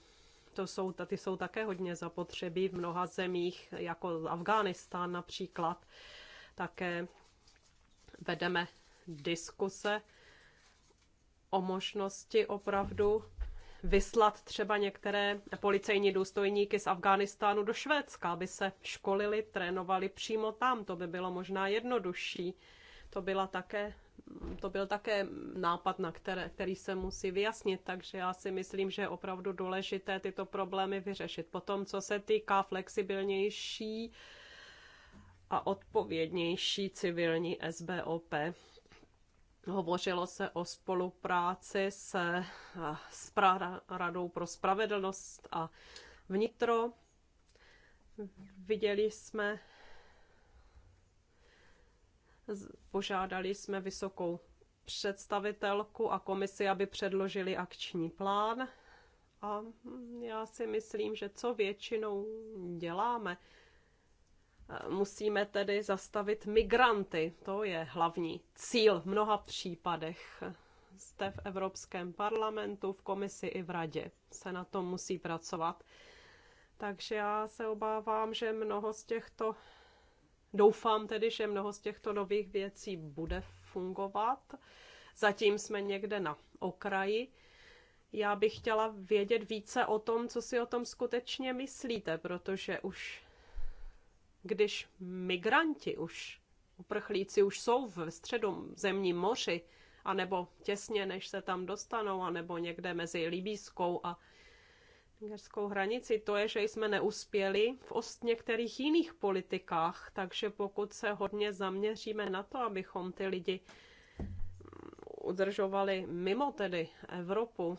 to jsou, ty jsou také hodně zapotřebí v mnoha zemích, jako Afghánistán například. Také vedeme diskuse o možnosti opravdu vyslat třeba některé policejní důstojníky z Afghánistánu do Švédska, aby se školili, trénovali přímo tam. To by bylo možná jednodušší. To byla také to byl také nápad, na které, který se musí vyjasnit, takže já si myslím, že je opravdu důležité tyto problémy vyřešit. Potom, co se týká flexibilnější a odpovědnější civilní SBOP, Hovořilo se o spolupráci s, s Radou pro spravedlnost a vnitro. Viděli jsme Požádali jsme vysokou představitelku a komisi, aby předložili akční plán. A já si myslím, že co většinou děláme, eh, musíme tedy zastavit migranty. To je hlavní cíl v mnoha případech. Jste v Evropském parlamentu, v komisi i v radě. Se na tom musí pracovat. Takže já se obávám, že mnoho z těchto Doufám tedy, že mnoho z těchto nových věcí bude fungovat. Zatím jsme někde na okraji. Já bych chtěla vědět více o tom, co si o tom skutečně myslíte, protože už když migranti už, uprchlíci už jsou v středu zemní moři, anebo těsně, než se tam dostanou, anebo někde mezi Libískou a maďarskou hranici, to je, že jsme neuspěli v ost některých jiných politikách, takže pokud se hodně zaměříme na to, abychom ty lidi mm, udržovali mimo tedy Evropu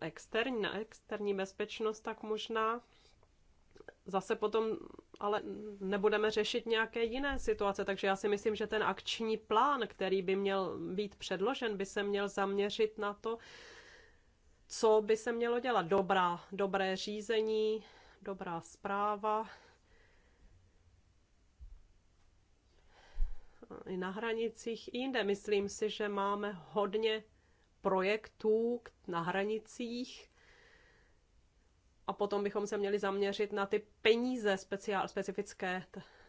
externí, na externí bezpečnost, tak možná zase potom ale nebudeme řešit nějaké jiné situace. Takže já si myslím, že ten akční plán, který by měl být předložen, by se měl zaměřit na to, co by se mělo dělat. Dobrá, dobré řízení, dobrá zpráva. I na hranicích i jinde. Myslím si, že máme hodně projektů na hranicích, a potom bychom se měli zaměřit na ty peníze speciál, specifické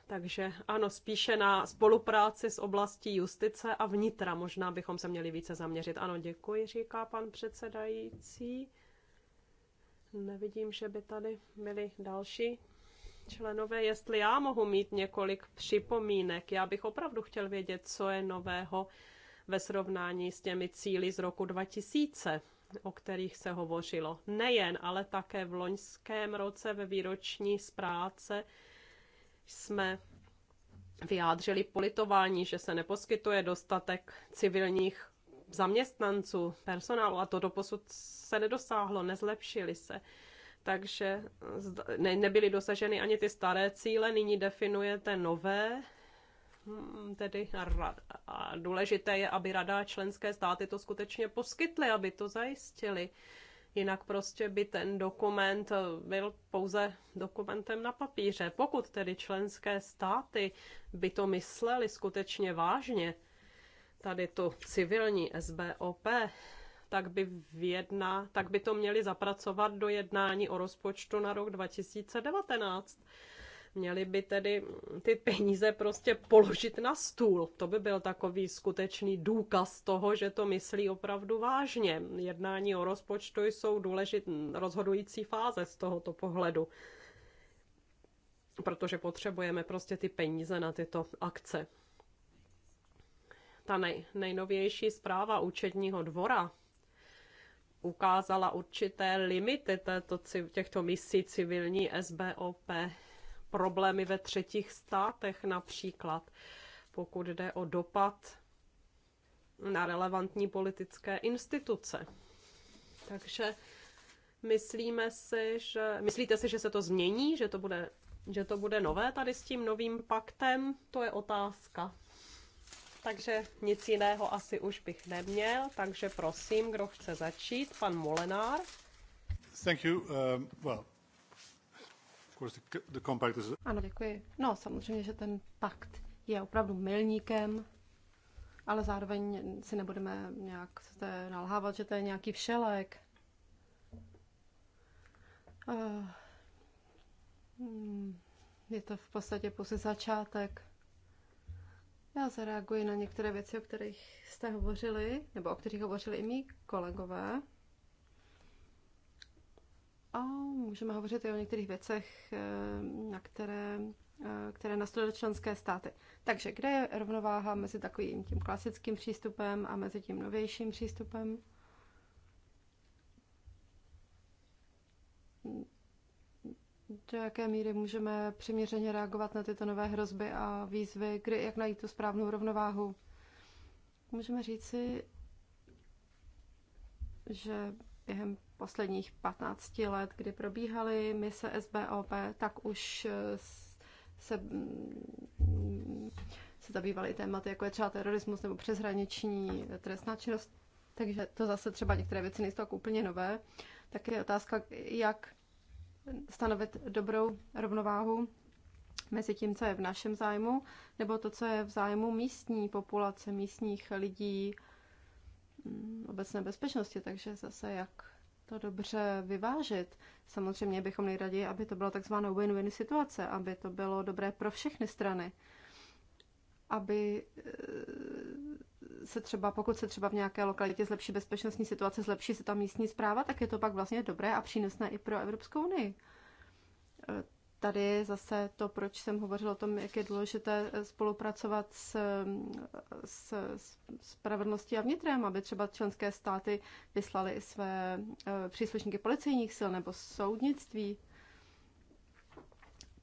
takže ano, spíše na spolupráci s oblastí justice a vnitra možná bychom se měli více zaměřit. Ano, děkuji, říká pan předsedající. Nevidím, že by tady byli další členové. Jestli já mohu mít několik připomínek, já bych opravdu chtěl vědět, co je nového ve srovnání s těmi cíly z roku 2000 o kterých se hovořilo. Nejen, ale také v loňském roce ve výroční zpráce jsme vyjádřili politování, že se neposkytuje dostatek civilních zaměstnanců, personálu a to posud se nedosáhlo, nezlepšili se. Takže ne, nebyly dosaženy ani ty staré cíle, nyní definujete nové, hmm, tedy a důležité je, aby rada členské státy to skutečně poskytly, aby to zajistili. Jinak prostě by ten dokument eh, byl pouze dokumentem na papíře. Pokud tedy členské státy by to mysleli skutečně vážně, tady tu civilní SBOP, tak by, v jedna, tak by to měli zapracovat do jednání o rozpočtu na rok 2019. Měli by tedy ty peníze prostě položit na stůl. To by byl takový skutečný důkaz toho, že to myslí opravdu vážně. Jednání o rozpočtu jsou důležitý rozhodující fáze z tohoto pohledu protože potřebujeme prostě ty peníze na tyto akce. Ta nej, nejnovější zpráva účetního dvora ukázala určité limity této, těchto misí civilní SBOP problémy ve třetích státech například, pokud jde o dopad na relevantní politické instituce. Takže myslíme si, že, myslíte si, že se to změní, že to bude, že to bude nové tady s tím novým paktem? To je otázka. Takže nic jiného asi už bych neměl, takže prosím, kdo chce začít, pan Molenár. Thank you. Um, well, ano, děkuji. No, samozřejmě, že ten pakt je opravdu milníkem, ale zároveň si nebudeme nějak se nalhávat, že to je nějaký všelek. Eh, mm, je to v podstatě pouze začátek. Já zareaguji na některé věci, o kterých jste hovořili, nebo o kterých hovořili i mý kolegové. A můžeme hovořit i o některých věcech, eh, na které, eh, které nastaly členské státy. Takže kde je rovnováha mezi takovým tím klasickým přístupem a mezi tím novějším přístupem? Do jaké míry můžeme přiměřeně reagovat na tyto nové hrozby a výzvy, kdy, jak najít tu správnou rovnováhu? Můžeme říci, že během posledních 15 let, kdy probíhaly mise SBOP, tak už eh, se, mm, se zabývaly tématy, jako je třeba terorismus nebo přeshraniční trestná činnost. Takže to zase třeba některé věci nejsou tak úplně nové. Tak je otázka, jak stanovit dobrou rovnováhu mezi tím, co je v našem zájmu, nebo to, co je v zájmu místní populace, místních lidí, mm, obecné bezpečnosti. Takže zase, jak to dobře vyvážit. Samozřejmě bychom nejraději, aby to byla takzvaná win-win situace, aby to bylo dobré pro všechny strany. Aby eh, se třeba, pokud se třeba v nějaké lokalitě zlepší bezpečnostní situace, zlepší se tam místní zpráva, tak je to pak vlastně dobré a přínosné i pro Evropskou unii. Eh, tady zase to, proč jsem hovořil o tom, jak je důležité eh, spolupracovat s, mm, s, s spravedlností a vnitrem, aby třeba členské státy vyslali své eh, příslušníky policejních sil nebo soudnictví.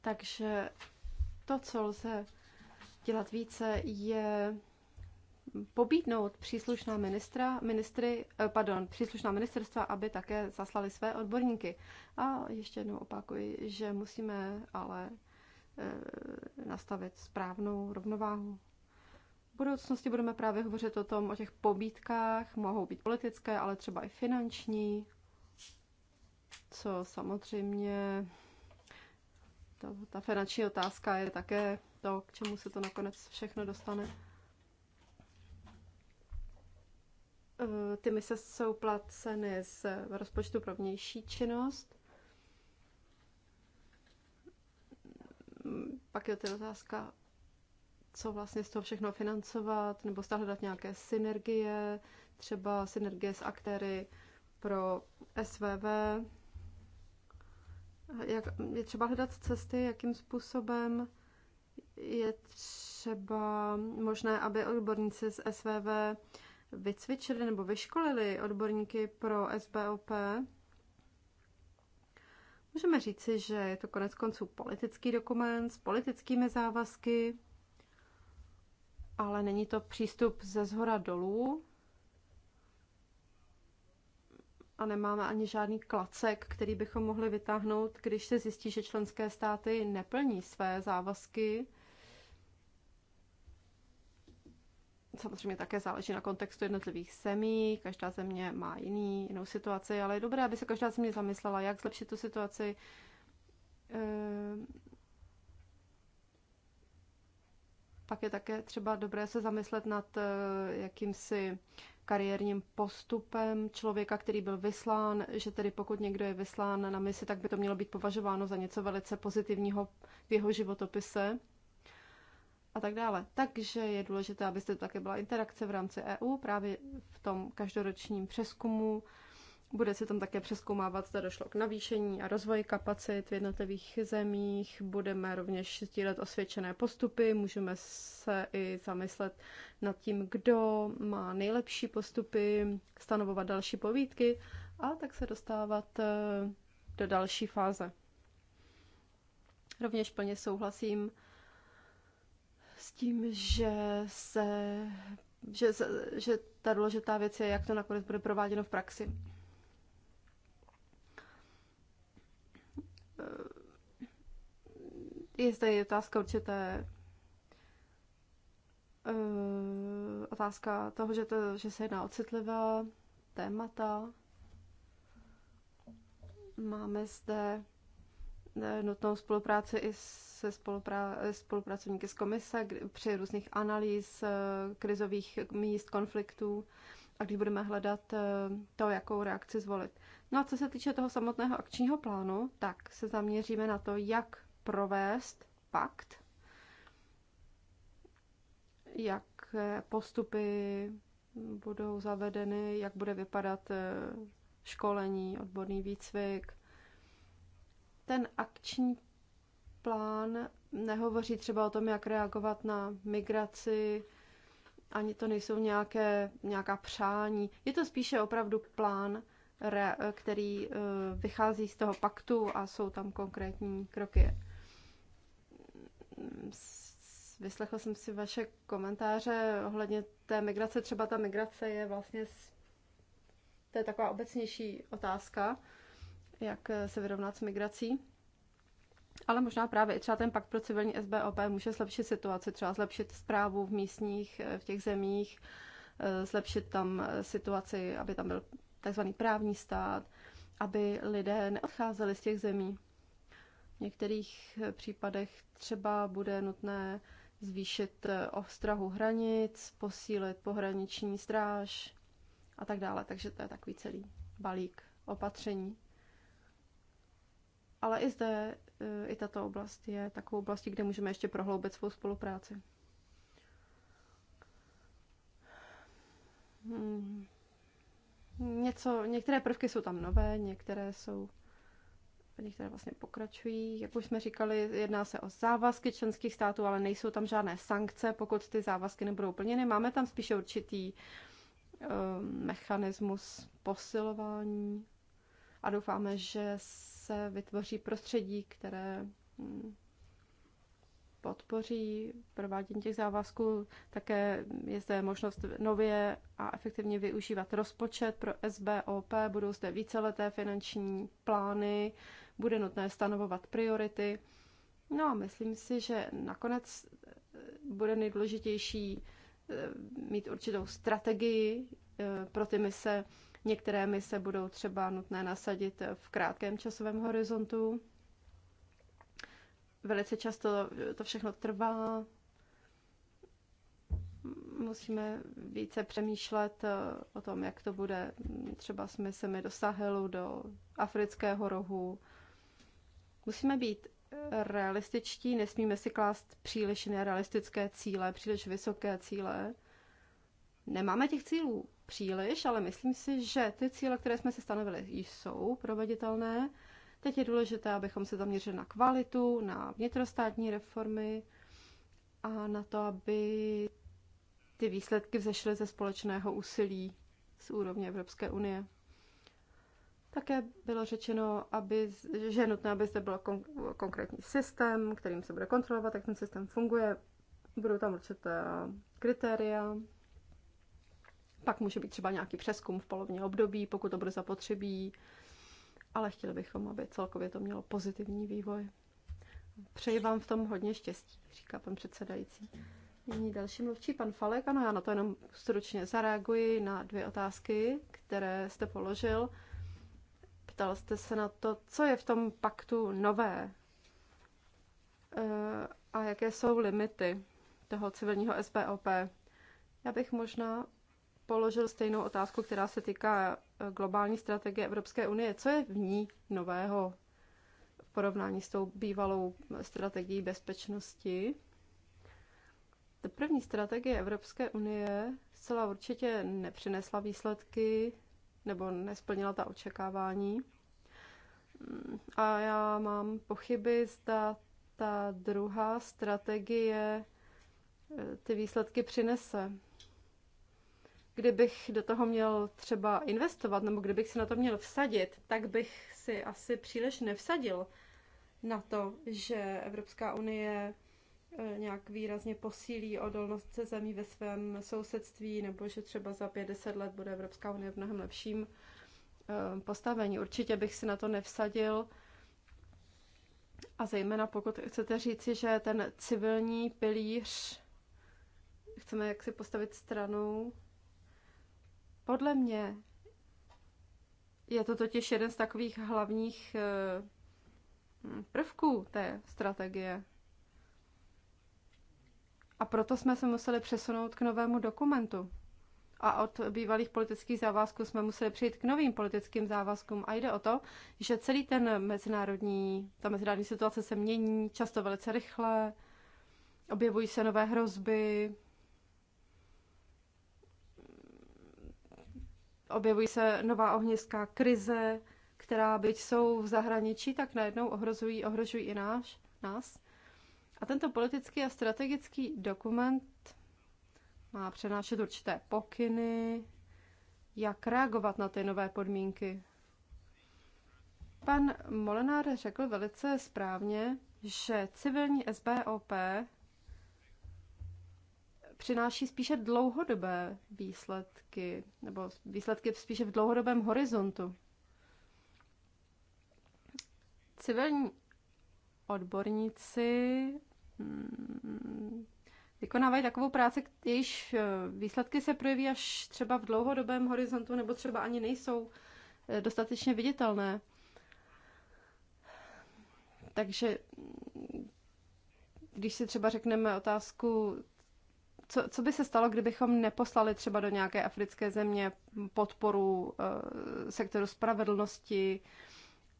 Takže to, co lze dělat více, je pobídnout příslušná ministra, ministry, eh, pardon, příslušná ministerstva, aby také zaslali své odborníky. A ještě jednou opakuji, že musíme ale eh, nastavit správnou rovnováhu. V budoucnosti budeme právě hovořit o tom, o těch pobídkách, mohou být politické, ale třeba i finanční, co samozřejmě to, ta finanční otázka je také to, k čemu se to nakonec všechno dostane. Eh, ty mise jsou placeny z rozpočtu pro vnější činnost. Mm, pak je tedy otázka, co vlastně z toho všechno financovat, nebo stále hledat nějaké synergie, třeba synergie s aktéry pro SVV. Jak, je třeba hledat cesty, jakým způsobem je třeba možné, aby odborníci z SVV vycvičili nebo vyškolili odborníky pro SBOP. Můžeme říci, že je to konec konců politický dokument s politickými závazky, ale není to přístup ze zhora dolů a nemáme ani žádný klacek, který bychom mohli vytáhnout, když se zjistí, že členské státy neplní své závazky samozřejmě také záleží na kontextu jednotlivých zemí, každá země má jiný, jinou situaci, ale je dobré, aby se každá země zamyslela, jak zlepšit tu situaci. Eh, pak je také třeba dobré se zamyslet nad eh, jakýmsi kariérním postupem člověka, který byl vyslán, že tedy pokud někdo je vyslán na misi, tak by to mělo být považováno za něco velice pozitivního v jeho životopise a tak dále. Takže je důležité, abyste to také byla interakce v rámci EU, právě v tom každoročním přeskumu. Bude se tam také přeskoumávat, zda došlo k navýšení a rozvoji kapacit v jednotlivých zemích. Budeme rovněž sdílet osvědčené postupy, můžeme se i zamyslet nad tím, kdo má nejlepší postupy, stanovovat další povídky a tak se dostávat eh, do další fáze. Rovněž plně souhlasím tím, že se že, že ta důležitá věc je, jak to nakonec bude prováděno v praxi. Eh, je zde otázka určité eh, otázka toho, že, to, že se jedná o citlivá témata. Máme zde nutnou spolupráci i se spolupra- spolupracovníky z komise kdy, při různých analýz eh, krizových míst, konfliktů a když budeme hledat eh, to, jakou reakci zvolit. No a co se týče toho samotného akčního plánu, tak se zaměříme na to, jak provést pakt, jak postupy budou zavedeny, jak bude vypadat eh, školení, odborný výcvik, ten akční plán nehovoří třeba o tom, jak reagovat na migraci, ani to nejsou nějaké, nějaká přání. Je to spíše opravdu plán, re, který eh, vychází z toho paktu a jsou tam konkrétní kroky. Vyslechl jsem si vaše komentáře ohledně té migrace. Třeba ta migrace je vlastně to je taková obecnější otázka jak eh, se vyrovnat s migrací. Ale možná právě i třeba ten pakt pro civilní SBOP může zlepšit situaci, třeba zlepšit zprávu v místních, eh, v těch zemích, eh, zlepšit tam situaci, aby tam byl takzvaný právní stát, aby lidé neodcházeli z těch zemí. V některých případech třeba bude nutné zvýšit ostrahu hranic, posílit pohraniční stráž a tak dále. Takže to je takový celý balík opatření. Ale i zde, eh, i tato oblast je takovou oblastí, kde můžeme ještě prohloubit svou spolupráci. Hmm. Něco, některé prvky jsou tam nové, některé jsou některé vlastně pokračují. Jak už jsme říkali, jedná se o závazky členských států, ale nejsou tam žádné sankce, pokud ty závazky nebudou plněny. Máme tam spíše určitý um, mechanismus posilování a doufáme, že se vytvoří prostředí, které mm, podpoří provádění těch závazků. Také je zde možnost nově a efektivně využívat rozpočet pro SBOP, budou zde víceleté finanční plány, bude nutné stanovovat priority. No a myslím si, že nakonec eh, bude nejdůležitější eh, mít určitou strategii eh, pro ty mise, Některé mise budou třeba nutné nasadit v krátkém časovém horizontu. Velice často to všechno trvá. Musíme více přemýšlet eh, o tom, jak to bude třeba s misemi do Sahelu, do afrického rohu. Musíme být realističtí, nesmíme si klást příliš nerealistické cíle, příliš vysoké cíle. Nemáme těch cílů příliš, ale myslím si, že ty cíle, které jsme si stanovili, jsou proveditelné. Teď je důležité, abychom se zaměřili na kvalitu, na vnitrostátní reformy a na to, aby ty výsledky vzešly ze společného úsilí z úrovně Evropské unie. Také bylo řečeno, aby, že je nutné, aby zde byl kon- konkrétní systém, kterým se bude kontrolovat, jak ten systém funguje. Budou tam určité kritéria, pak může být třeba nějaký přeskum v polovině období, pokud to bude zapotřebí, ale chtěli bychom, aby celkově to mělo pozitivní vývoj. Přeji vám v tom hodně štěstí, říká pan předsedající. Nyní další mluvčí, pan Falek. Ano, já na to jenom stručně zareaguji na dvě otázky, které jste položil. Ptal jste se na to, co je v tom paktu nové eh, a jaké jsou limity toho civilního SBOP. Já bych možná položil stejnou otázku, která se týká eh, globální strategie Evropské unie. Co je v ní nového v porovnání s tou bývalou strategií bezpečnosti? Ta první strategie Evropské unie zcela určitě nepřinesla výsledky nebo nesplnila ta očekávání. Mm, a já mám pochyby, zda ta druhá strategie eh, ty výsledky přinese kdybych do toho měl třeba investovat, nebo kdybych se na to měl vsadit, tak bych si asi příliš nevsadil na to, že Evropská unie eh, nějak výrazně posílí odolnost se zemí ve svém sousedství, nebo že třeba za 50 let bude Evropská unie v mnohem lepším eh, postavení. Určitě bych si na to nevsadil. A zejména pokud chcete říci, že ten civilní pilíř chceme jaksi postavit stranou, podle mě je to totiž jeden z takových hlavních eh, prvků té strategie. A proto jsme se museli přesunout k novému dokumentu. A od bývalých politických závazků jsme museli přijít k novým politickým závazkům. A jde o to, že celý ten mezinárodní, ta mezinárodní situace se mění často velice rychle, objevují se nové hrozby, objevují se nová ohniska krize, která byť jsou v zahraničí, tak najednou ohrozují, ohrožují i náš, nás. A tento politický a strategický dokument má přenášet určité pokyny, jak reagovat na ty nové podmínky. Pan Molenár řekl velice správně, že civilní SBOP přináší spíše dlouhodobé výsledky, nebo výsledky spíše v dlouhodobém horizontu. Civilní odborníci mm, vykonávají takovou práci, jejíž eh, výsledky se projeví až třeba v dlouhodobém horizontu, nebo třeba ani nejsou eh, dostatečně viditelné. Takže mm, když si třeba řekneme otázku co, co by se stalo, kdybychom neposlali třeba do nějaké africké země podporu uh, sektoru spravedlnosti?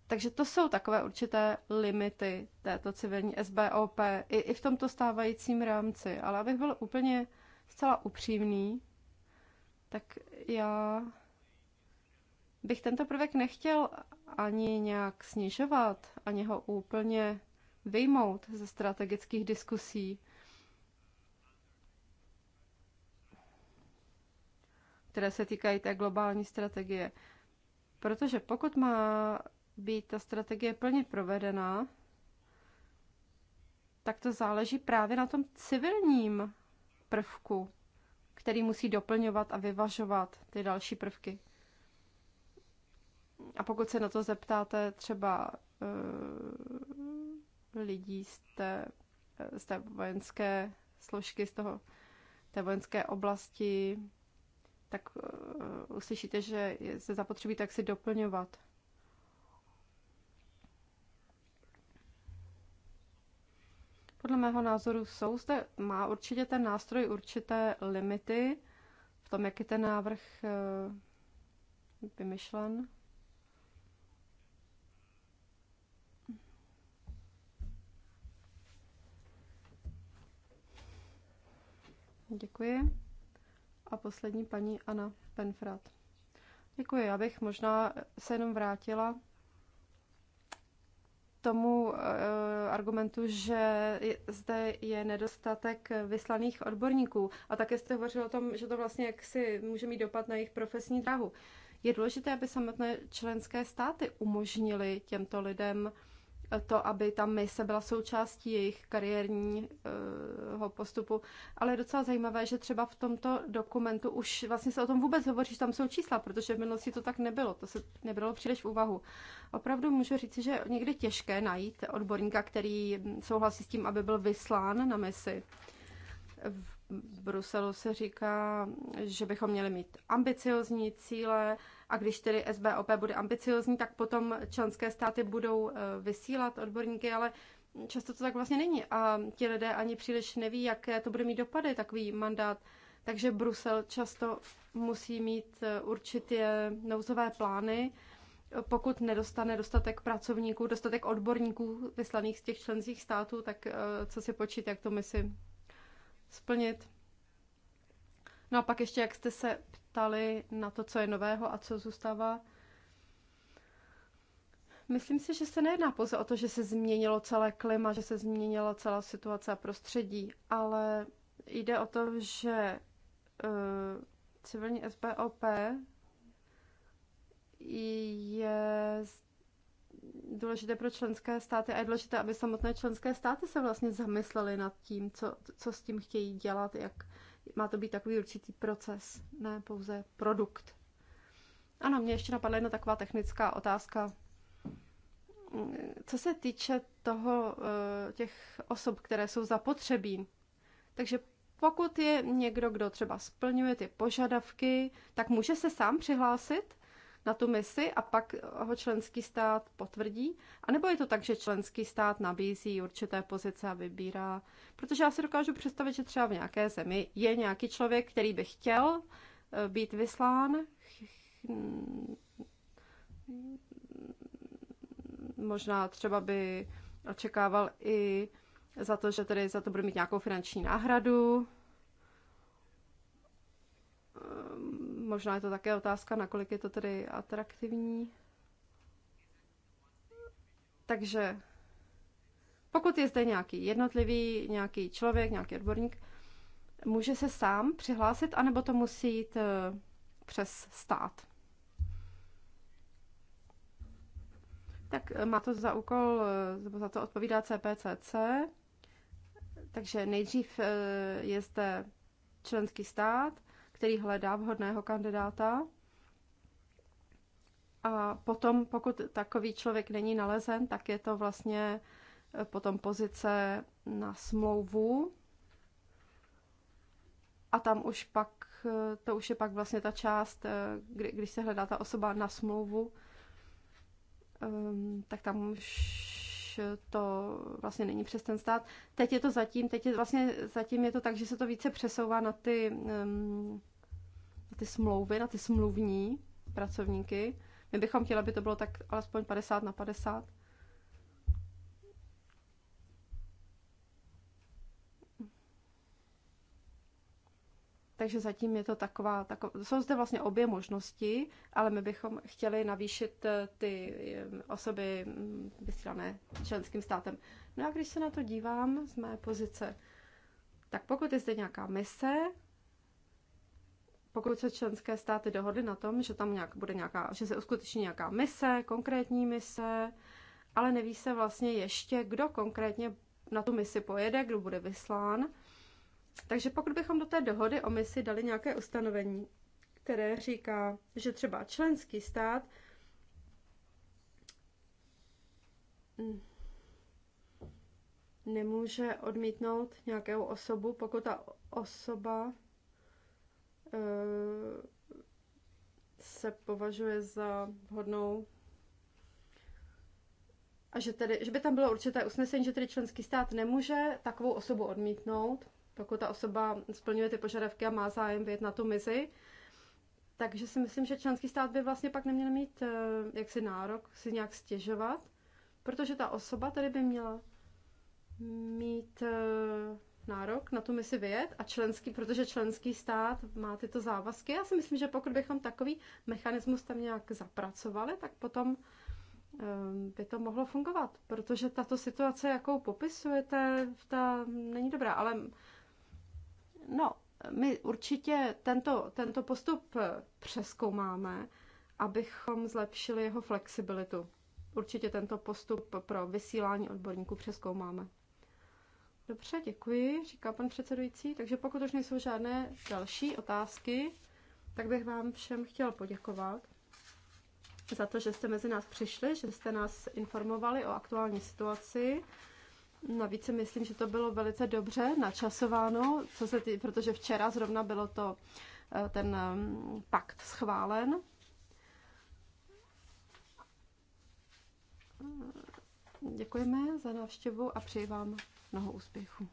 Takže to jsou takové určité limity této civilní SBOP i, i v tomto stávajícím rámci. Ale abych byl úplně zcela upřímný, tak já bych tento prvek nechtěl ani nějak snižovat, ani ho úplně vyjmout ze strategických diskusí které se týkají té globální strategie. Protože pokud má být ta strategie plně provedena, tak to záleží právě na tom civilním prvku, který musí doplňovat a vyvažovat ty další prvky. A pokud se na to zeptáte třeba uh, lidí z té, eh, z té vojenské složky, z toho té vojenské oblasti, tak uh, uslyšíte, že se zapotřebí tak si doplňovat. Podle mého názoru jsou zde, má určitě ten nástroj určité limity v tom, jak je ten návrh uh, vymyšlen. Děkuji a poslední paní Anna Penfrat. Děkuji, já bych možná se jenom vrátila tomu eh, argumentu, že zde je nedostatek vyslaných odborníků. A také jste hovořil o tom, že to vlastně jaksi může mít dopad na jejich profesní dráhu. Je důležité, aby samotné členské státy umožnili těmto lidem to, aby ta mise byla součástí jejich kariérního postupu. Ale je docela zajímavé, že třeba v tomto dokumentu už vlastně se o tom vůbec hovoří, že tam jsou čísla, protože v minulosti to tak nebylo, to se nebylo příliš v úvahu. Opravdu můžu říci, že někdy těžké najít odborníka, který souhlasí s tím, aby byl vyslán na misi. V Bruselu se říká, že bychom měli mít ambiciozní cíle, a když tedy SBOP bude ambiciozní, tak potom členské státy budou eh, vysílat odborníky, ale často to tak vlastně není. A ti lidé ani příliš neví, jaké to bude mít dopady, takový mandát. Takže Brusel často musí mít eh, určitě nouzové plány, pokud nedostane dostatek pracovníků, dostatek odborníků vyslaných z těch členských států, tak eh, co si počít, jak to misi splnit. No a pak ještě, jak jste se ptali na to, co je nového a co zůstává. Myslím si, že se nejedná pouze o to, že se změnilo celé klima, že se změnila celá situace a prostředí, ale jde o to, že uh, civilní SBOP je důležité pro členské státy a je důležité, aby samotné členské státy se vlastně zamyslely nad tím, co, co s tím chtějí dělat, jak má to být takový určitý proces, ne pouze produkt. Ano, mě ještě napadla jedna taková technická otázka. Co se týče toho, eh, těch osob, které jsou zapotřebí, takže pokud je někdo, kdo třeba splňuje ty požadavky, tak může se sám přihlásit? na tu misi a pak ho členský stát potvrdí? A nebo je to tak, že členský stát nabízí určité pozice a vybírá? Protože já si dokážu představit, že třeba v nějaké zemi je nějaký člověk, který by chtěl eh, být vyslán, možná třeba by očekával i za to, že tedy za to bude mít nějakou finanční náhradu, Možná je to také otázka, nakolik je to tedy atraktivní. Takže pokud je zde nějaký jednotlivý, nějaký člověk, nějaký odborník, může se sám přihlásit, anebo to musí jít eh, přes stát. Tak eh, má to za úkol, eh, za to odpovídá CPCC, takže nejdřív je zde členský stát, který hledá vhodného kandidáta. A potom, pokud takový člověk není nalezen, tak je to vlastně eh, potom pozice na smlouvu. A tam už pak, eh, to už je pak vlastně ta část, eh, kdy, když se hledá ta osoba na smlouvu, ehm, tak tam už to vlastně není přes ten stát. Teď je to zatím, teď je vlastně zatím je to tak, že se to více přesouvá na ty ehm, ty smlouvy, na ty smluvní pracovníky. My bychom chtěli, aby to bylo tak alespoň 50 na 50. Takže zatím je to taková, taková, jsou zde vlastně obě možnosti, ale my bychom chtěli navýšit eh, ty eh, osoby mm, vysílané členským státem. No a když se na to dívám z mé pozice, tak pokud je zde nějaká mise, pokud se členské státy dohodly na tom, že tam nějak bude nějaká, že se uskuteční nějaká mise, konkrétní mise, ale neví se vlastně ještě, kdo konkrétně na tu misi pojede, kdo bude vyslán. Takže pokud bychom do té dohody o misi dali nějaké ustanovení, které říká, že třeba členský stát nemůže odmítnout nějakou osobu, pokud ta osoba Eh, se považuje za vhodnou a že, tedy, že by tam bylo určité usnesení, že tedy členský stát nemůže takovou osobu odmítnout, pokud ta osoba splňuje ty požadavky a má zájem být na tu mizi. Takže si myslím, že členský stát by vlastně pak neměl mít eh, jaksi nárok si nějak stěžovat, protože ta osoba tady by měla mít eh, nárok na tu misi vyjet a členský, protože členský stát má tyto závazky. Já si myslím, že pokud bychom takový mechanismus tam nějak zapracovali, tak potom ehm, by to mohlo fungovat, protože tato situace, jakou popisujete, ta není dobrá, ale no, my určitě tento, tento postup přeskoumáme, abychom zlepšili jeho flexibilitu. Určitě tento postup pro vysílání odborníků přeskoumáme. Dobře, děkuji, říká pan předsedující. Takže pokud už nejsou žádné další otázky, tak bych vám všem chtěl poděkovat za to, že jste mezi nás přišli, že jste nás informovali o aktuální situaci. Navíc si myslím, že to bylo velice dobře načasováno, co se tý, protože včera zrovna bylo to eh, ten mm, pakt schválen. Děkujeme za návštěvu a přeji vám mnoho úspěchů.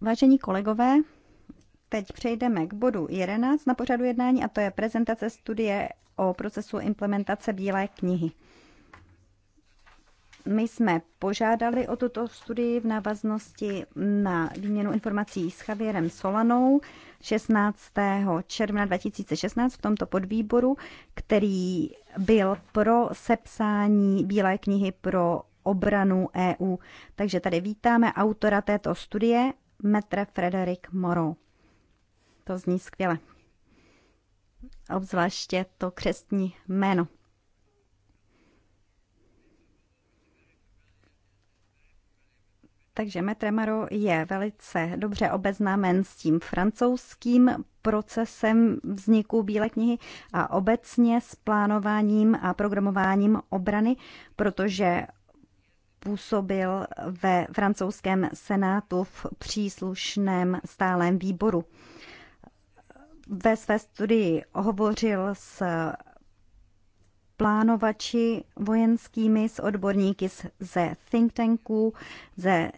Vážení kolegové, teď přejdeme k bodu 11 na pořadu jednání a to je prezentace studie o procesu implementace Bílé knihy. My jsme požádali o tuto studii v návaznosti na výměnu informací s Javierem Solanou 16. června 2016 v tomto podvýboru, který byl pro sepsání Bílé knihy pro obranu EU. Takže tady vítáme autora této studie, metre Frederik Morrow. To zní skvěle. Obzvláště to křestní jméno. Takže Metre Maro je velice dobře obeznámen s tím francouzským procesem vzniku Bílé knihy a obecně s plánováním a programováním obrany, protože působil ve francouzském senátu v příslušném stálem výboru. Ve své studii hovořil s plánovači vojenskými, s odborníky ze think tanků, ze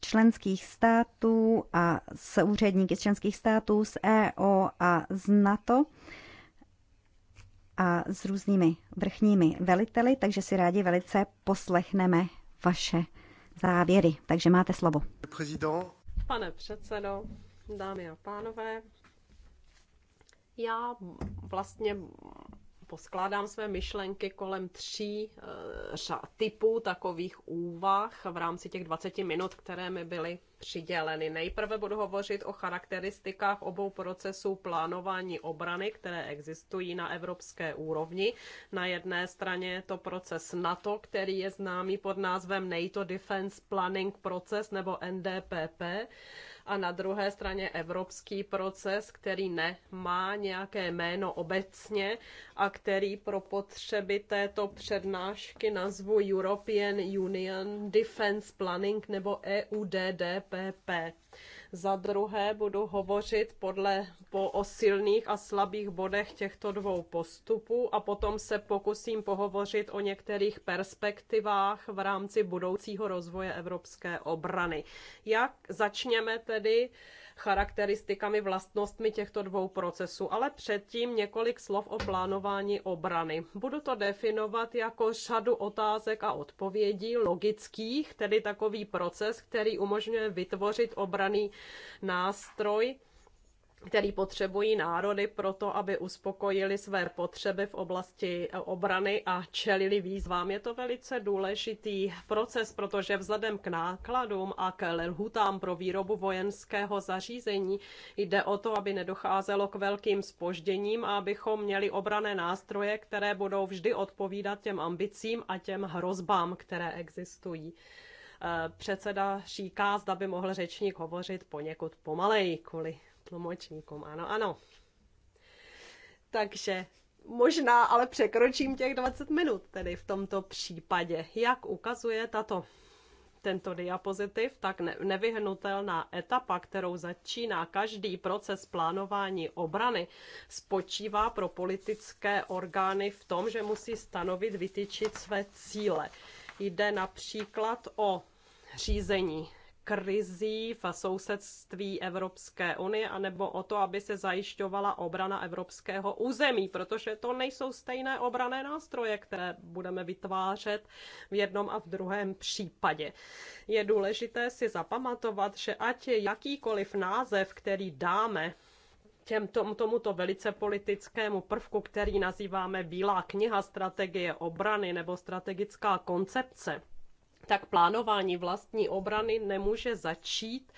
členských států a s úředníky z členských států, z EO a z NATO a s různými vrchními veliteli, takže si rádi velice poslechneme vaše závěry. Takže máte slovo. Pane předsedo, dámy a pánové, já vlastně poskládám své myšlenky kolem tří eh, typů takových úvah v rámci těch 20 minut, které mi byly přiděleny. Nejprve budu hovořit o charakteristikách obou procesů plánování obrany, které existují na evropské úrovni. Na jedné straně je to proces NATO, který je známý pod názvem NATO Defense Planning Process nebo NDPP a na druhé straně evropský proces, který nemá nějaké jméno obecně a který pro potřeby této přednášky nazvu European Union Defence Planning nebo EUDDPP. Za druhé budu hovořit podle po o silných a slabých bodech těchto dvou postupů a potom se pokusím pohovořit o některých perspektivách v rámci budoucího rozvoje evropské obrany. Jak začněme tedy charakteristikami, vlastnostmi těchto dvou procesů. Ale předtím několik slov o plánování obrany. Budu to definovat jako řadu otázek a odpovědí logických, tedy takový proces, který umožňuje vytvořit obraný nástroj, který potřebují národy pro to, aby uspokojili své potřeby v oblasti eh, obrany a čelili výzvám. Je to velice důležitý proces, protože vzhledem k nákladům a k lhutám pro výrobu vojenského zařízení jde o to, aby nedocházelo k velkým spožděním a abychom měli obrané nástroje, které budou vždy odpovídat těm ambicím a těm hrozbám, které existují eh, předseda říká, zda by mohl řečník hovořit poněkud pomaleji kvůli tlumočníkům, ano, ano. Takže možná ale překročím těch 20 minut tedy v tomto případě. Jak ukazuje tato tento diapozitiv, tak nevyhnutelná etapa, kterou začíná každý proces plánování obrany, spočívá pro politické orgány v tom, že musí stanovit, vytyčit své cíle. Jde například o řízení krizí v sousedství Evropské unie, anebo o to, aby se zajišťovala obrana evropského území, protože to nejsou stejné obrané nástroje, které budeme vytvářet v jednom a v druhém případě. Je důležité si zapamatovat, že ať je jakýkoliv název, který dáme těm, tom, tomuto velice politickému prvku, který nazýváme Bílá kniha strategie obrany nebo strategická koncepce, tak plánování vlastní obrany nemůže začít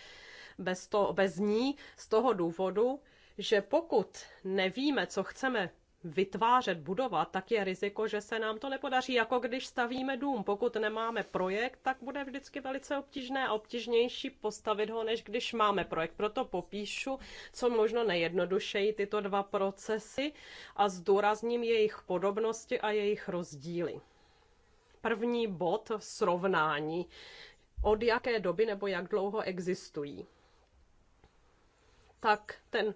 bez, to, bez ní z toho důvodu, že pokud nevíme, co chceme vytvářet, budovat, tak je riziko, že se nám to nepodaří. Jako když stavíme dům, pokud nemáme projekt, tak bude vždycky velice obtížné a obtížnější postavit ho, než když máme projekt. Proto popíšu, co možno nejjednodušeji tyto dva procesy a zdůrazním jejich podobnosti a jejich rozdíly. První bod srovnání. Od jaké doby nebo jak dlouho existují? Tak ten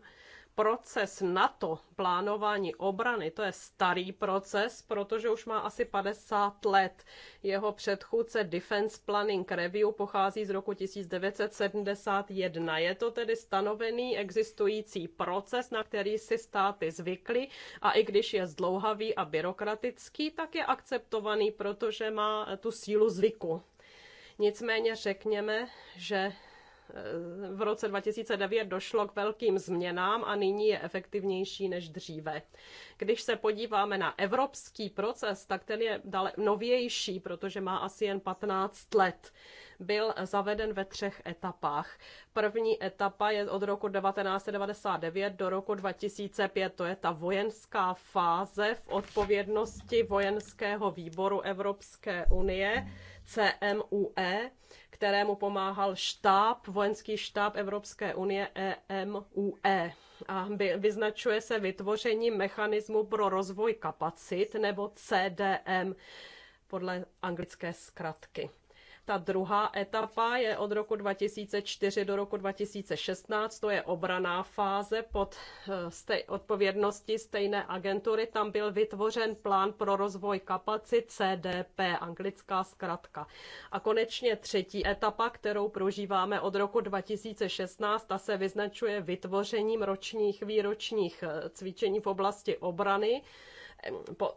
proces NATO, plánování obrany, to je starý proces, protože už má asi 50 let. Jeho předchůdce Defense Planning Review pochází z roku 1971. Je to tedy stanovený existující proces, na který si státy zvykly a i když je zdlouhavý a byrokratický, tak je akceptovaný, protože má tu sílu zvyku. Nicméně řekněme, že v roce 2009 došlo k velkým změnám a nyní je efektivnější než dříve. Když se podíváme na evropský proces, tak ten je dále novější, protože má asi jen 15 let. Byl zaveden ve třech etapách. První etapa je od roku 1999 do roku 2005, to je ta vojenská fáze v odpovědnosti vojenského výboru Evropské unie, CMUE, kterému pomáhal štáb, vojenský štáb Evropské unie EMUE. E. A vyznačuje se vytvořením mechanismu pro rozvoj kapacit nebo CDM podle anglické zkratky. Ta druhá etapa je od roku 2004 do roku 2016, to je obraná fáze pod eh, stej, odpovědnosti stejné agentury. Tam byl vytvořen plán pro rozvoj kapacit CDP, anglická zkratka. A konečně třetí etapa, kterou prožíváme od roku 2016, ta se vyznačuje vytvořením ročních výročních eh, cvičení v oblasti obrany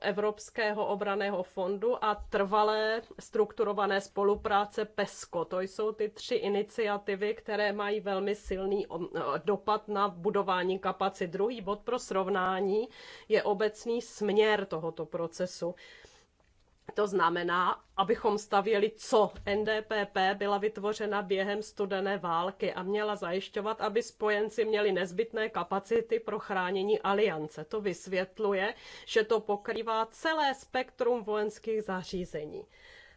Evropského obraného fondu a trvalé strukturované spolupráce PESCO. To jsou ty tři iniciativy, které mají velmi silný dopad na budování kapacit. Druhý bod pro srovnání je obecný směr tohoto procesu. To znamená, abychom stavěli, co NDPP byla vytvořena během studené války a měla zajišťovat, aby spojenci měli nezbytné kapacity pro chránění aliance. To vysvětluje, že to pokrývá celé spektrum vojenských zařízení.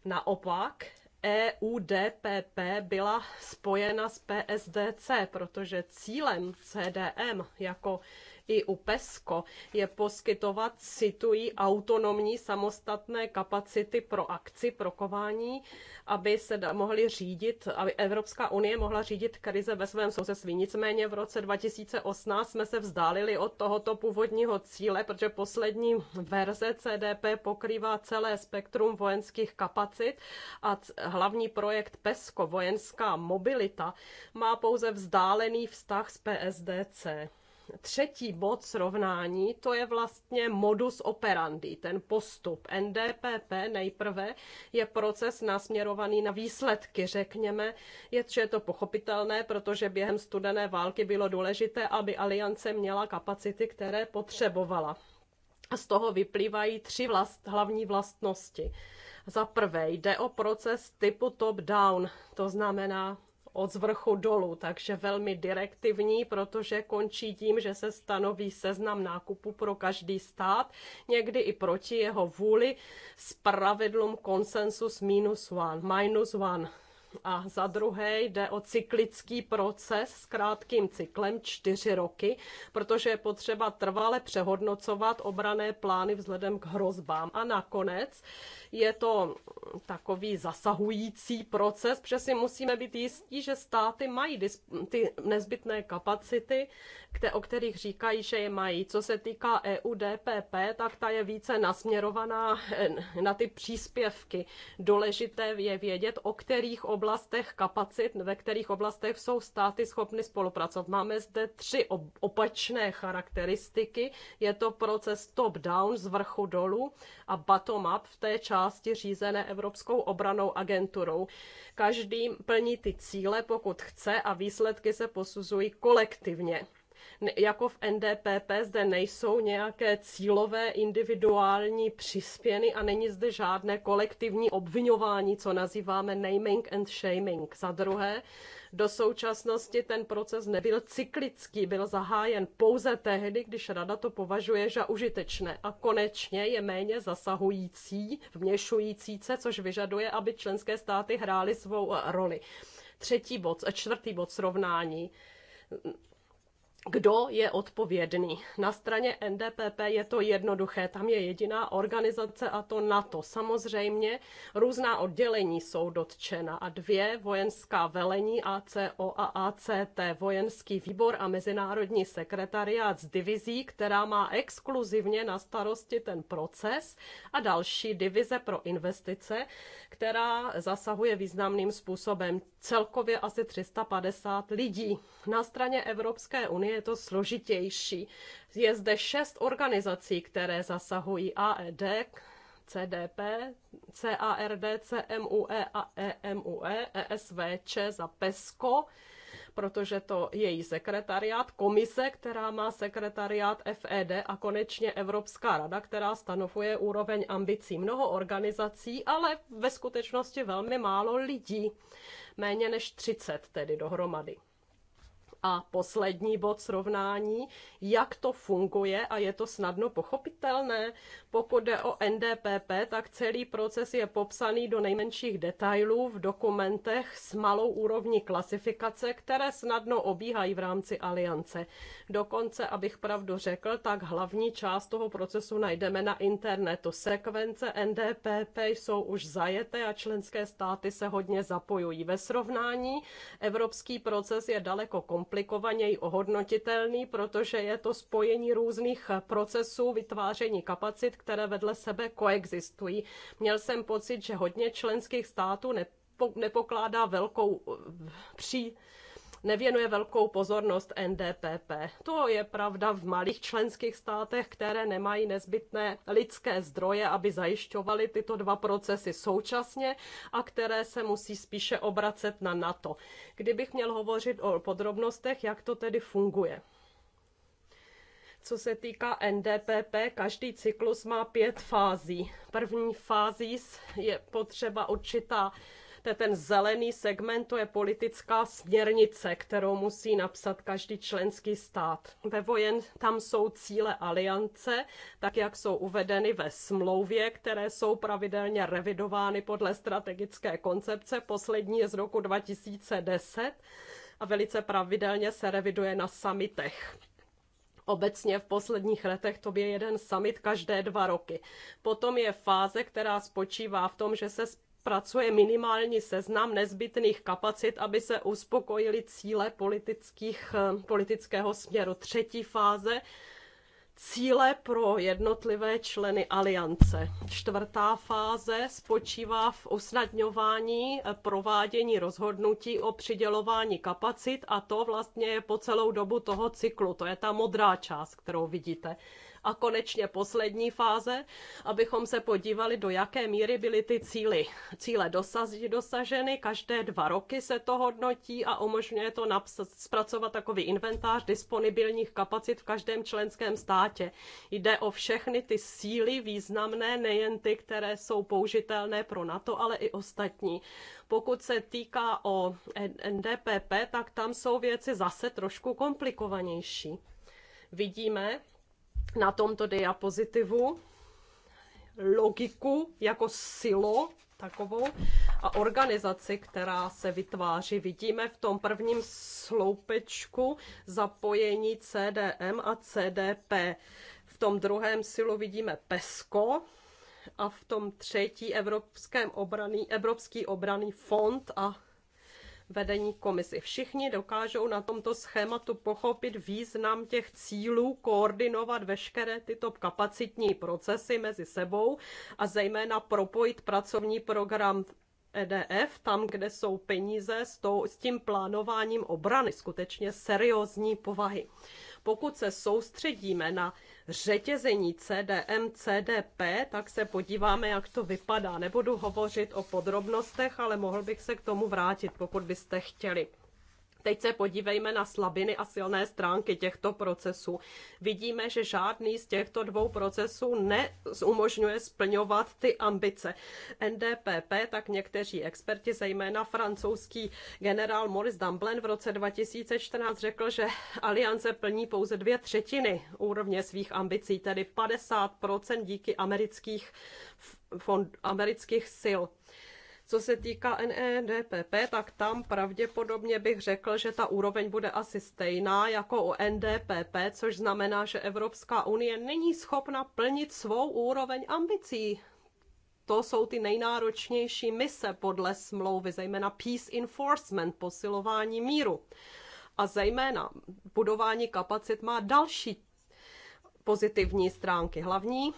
Naopak, EUDPP byla spojena s PSDC, protože cílem CDM jako i u PESCO je poskytovat, cituji, autonomní samostatné kapacity pro akci, pro kování, aby se mohli řídit, aby Evropská unie mohla řídit krize ve svém sousedství. Nicméně v roce 2018 jsme se vzdálili od tohoto původního cíle, protože poslední verze CDP pokrývá celé spektrum vojenských kapacit a hlavní projekt PESCO, vojenská mobilita, má pouze vzdálený vztah s PSDC třetí bod srovnání, to je vlastně modus operandi, ten postup. NDPP nejprve je proces nasměrovaný na výsledky, řekněme. Je, že je to pochopitelné, protože během studené války bylo důležité, aby aliance měla kapacity, které potřebovala. Z toho vyplývají tři vlast, hlavní vlastnosti. Za prvé jde o proces typu top-down, to znamená od zvrchu dolů, takže velmi direktivní, protože končí tím, že se stanoví seznam nákupu pro každý stát, někdy i proti jeho vůli s pravidlům konsensus minus one, minus one a za druhé jde o cyklický proces s krátkým cyklem čtyři roky, protože je potřeba trvale přehodnocovat obrané plány vzhledem k hrozbám. A nakonec je to takový zasahující proces, protože si musíme být jistí, že státy mají ty nezbytné kapacity, o kterých říkají, že je mají. Co se týká EUDPP, tak ta je více nasměrovaná na ty příspěvky. Důležité je vědět, o kterých oblastech kapacit, ve kterých oblastech jsou státy schopny spolupracovat. Máme zde tři opačné charakteristiky. Je to proces top-down z vrchu dolů a bottom-up v té části řízené Evropskou obranou agenturou. Každý plní ty cíle, pokud chce a výsledky se posuzují kolektivně jako v NDPP zde nejsou nějaké cílové individuální přispěny a není zde žádné kolektivní obvinování, co nazýváme naming and shaming. Za druhé, do současnosti ten proces nebyl cyklický, byl zahájen pouze tehdy, když rada to považuje za užitečné a konečně je méně zasahující, vměšující se, což vyžaduje, aby členské státy hrály svou roli. Třetí bod, čtvrtý bod srovnání kdo je odpovědný. Na straně NDPP je to jednoduché, tam je jediná organizace a to NATO. Samozřejmě různá oddělení jsou dotčena a dvě vojenská velení ACO a ACT, vojenský výbor a mezinárodní sekretariát z divizí, která má exkluzivně na starosti ten proces a další divize pro investice, která zasahuje významným způsobem celkově asi 350 lidí. Na straně Evropské unie unie je to složitější. Je zde šest organizací, které zasahují AED, CDP, CARD, CMUE a EMUE, e e ESVČ za PESCO, protože to je její sekretariát, komise, která má sekretariát FED a konečně Evropská rada, která stanovuje úroveň ambicí mnoho organizací, ale ve skutečnosti velmi málo lidí, méně než 30 tedy dohromady. A poslední bod srovnání, jak to funguje a je to snadno pochopitelné. Pokud jde o NDPP, tak celý proces je popsaný do nejmenších detailů v dokumentech s malou úrovní klasifikace, které snadno obíhají v rámci aliance. Dokonce, abych pravdu řekl, tak hlavní část toho procesu najdeme na internetu. Sekvence NDPP jsou už zajeté a členské státy se hodně zapojují. Ve srovnání evropský proces je daleko komplexnější komplikovaněji ohodnotitelný, protože je to spojení různých procesů vytváření kapacit, které vedle sebe koexistují. Měl jsem pocit, že hodně členských států nepokládá velkou eh, pří, nevěnuje velkou pozornost NDPP. To je pravda v malých členských státech, které nemají nezbytné lidské zdroje, aby zajišťovaly tyto dva procesy současně a které se musí spíše obracet na NATO. Kdybych měl hovořit o podrobnostech, jak to tedy funguje. Co se týká NDPP, každý cyklus má pět fází. První fází je potřeba určitá to ten zelený segment, to je politická směrnice, kterou musí napsat každý členský stát. Ve vojen tam jsou cíle aliance, tak jak jsou uvedeny ve smlouvě, které jsou pravidelně revidovány podle strategické koncepce. Poslední je z roku 2010 a velice pravidelně se reviduje na samitech. Obecně v posledních letech to je jeden summit každé dva roky. Potom je fáze, která spočívá v tom, že se zpracuje minimální seznam nezbytných kapacit, aby se uspokojili cíle politických, eh, politického směru. Třetí fáze cíle pro jednotlivé členy aliance. Čtvrtá fáze spočívá v usnadňování eh, provádění rozhodnutí o přidělování kapacit a to vlastně je po celou dobu toho cyklu. To je ta modrá část, kterou vidíte. A konečně poslední fáze, abychom se podívali, do jaké míry byly ty cíly, cíle dosaženy. Každé dva roky se to hodnotí a umožňuje to napsat, zpracovat takový inventář disponibilních kapacit v každém členském státě. Jde o všechny ty síly významné, nejen ty, které jsou použitelné pro NATO, ale i ostatní. Pokud se týká o NDPP, tak tam jsou věci zase trošku komplikovanější. Vidíme, na tomto diapozitivu logiku jako silo takovou a organizaci, která se vytváří. Vidíme v tom prvním sloupečku zapojení CDM a CDP. V tom druhém silu vidíme PESCO a v tom třetí Evropském obraný, Evropský obraný fond a vedení komisi. Všichni dokážou na tomto schématu pochopit význam těch cílů, koordinovat veškeré tyto kapacitní procesy mezi sebou a zejména propojit pracovní program EDF, tam, kde jsou peníze, s, s tím plánováním obrany, skutečně seriózní povahy. Pokud se soustředíme na řetězení CDM, CDP, tak se podíváme, jak to vypadá. Nebudu hovořit o podrobnostech, ale mohl bych se k tomu vrátit, pokud byste chtěli. Teď se podívejme na slabiny a silné stránky těchto procesů. Vidíme, že žádný z těchto dvou procesů neumožňuje splňovat ty ambice. NDPP, tak někteří experti, zejména francouzský generál Maurice Dumblen v roce 2014 řekl, že aliance plní pouze dvě třetiny úrovně svých ambicí, tedy 50% díky amerických, fond, amerických sil co se týká NEDPP, tak tam pravděpodobně bych řekl, že ta úroveň bude asi stejná jako u NDPP, což znamená, že Evropská unie není schopna plnit svou úroveň ambicí. To jsou ty nejnáročnější mise podle smlouvy, zejména peace enforcement, posilování míru. A zejména budování kapacit má další pozitivní stránky. Hlavní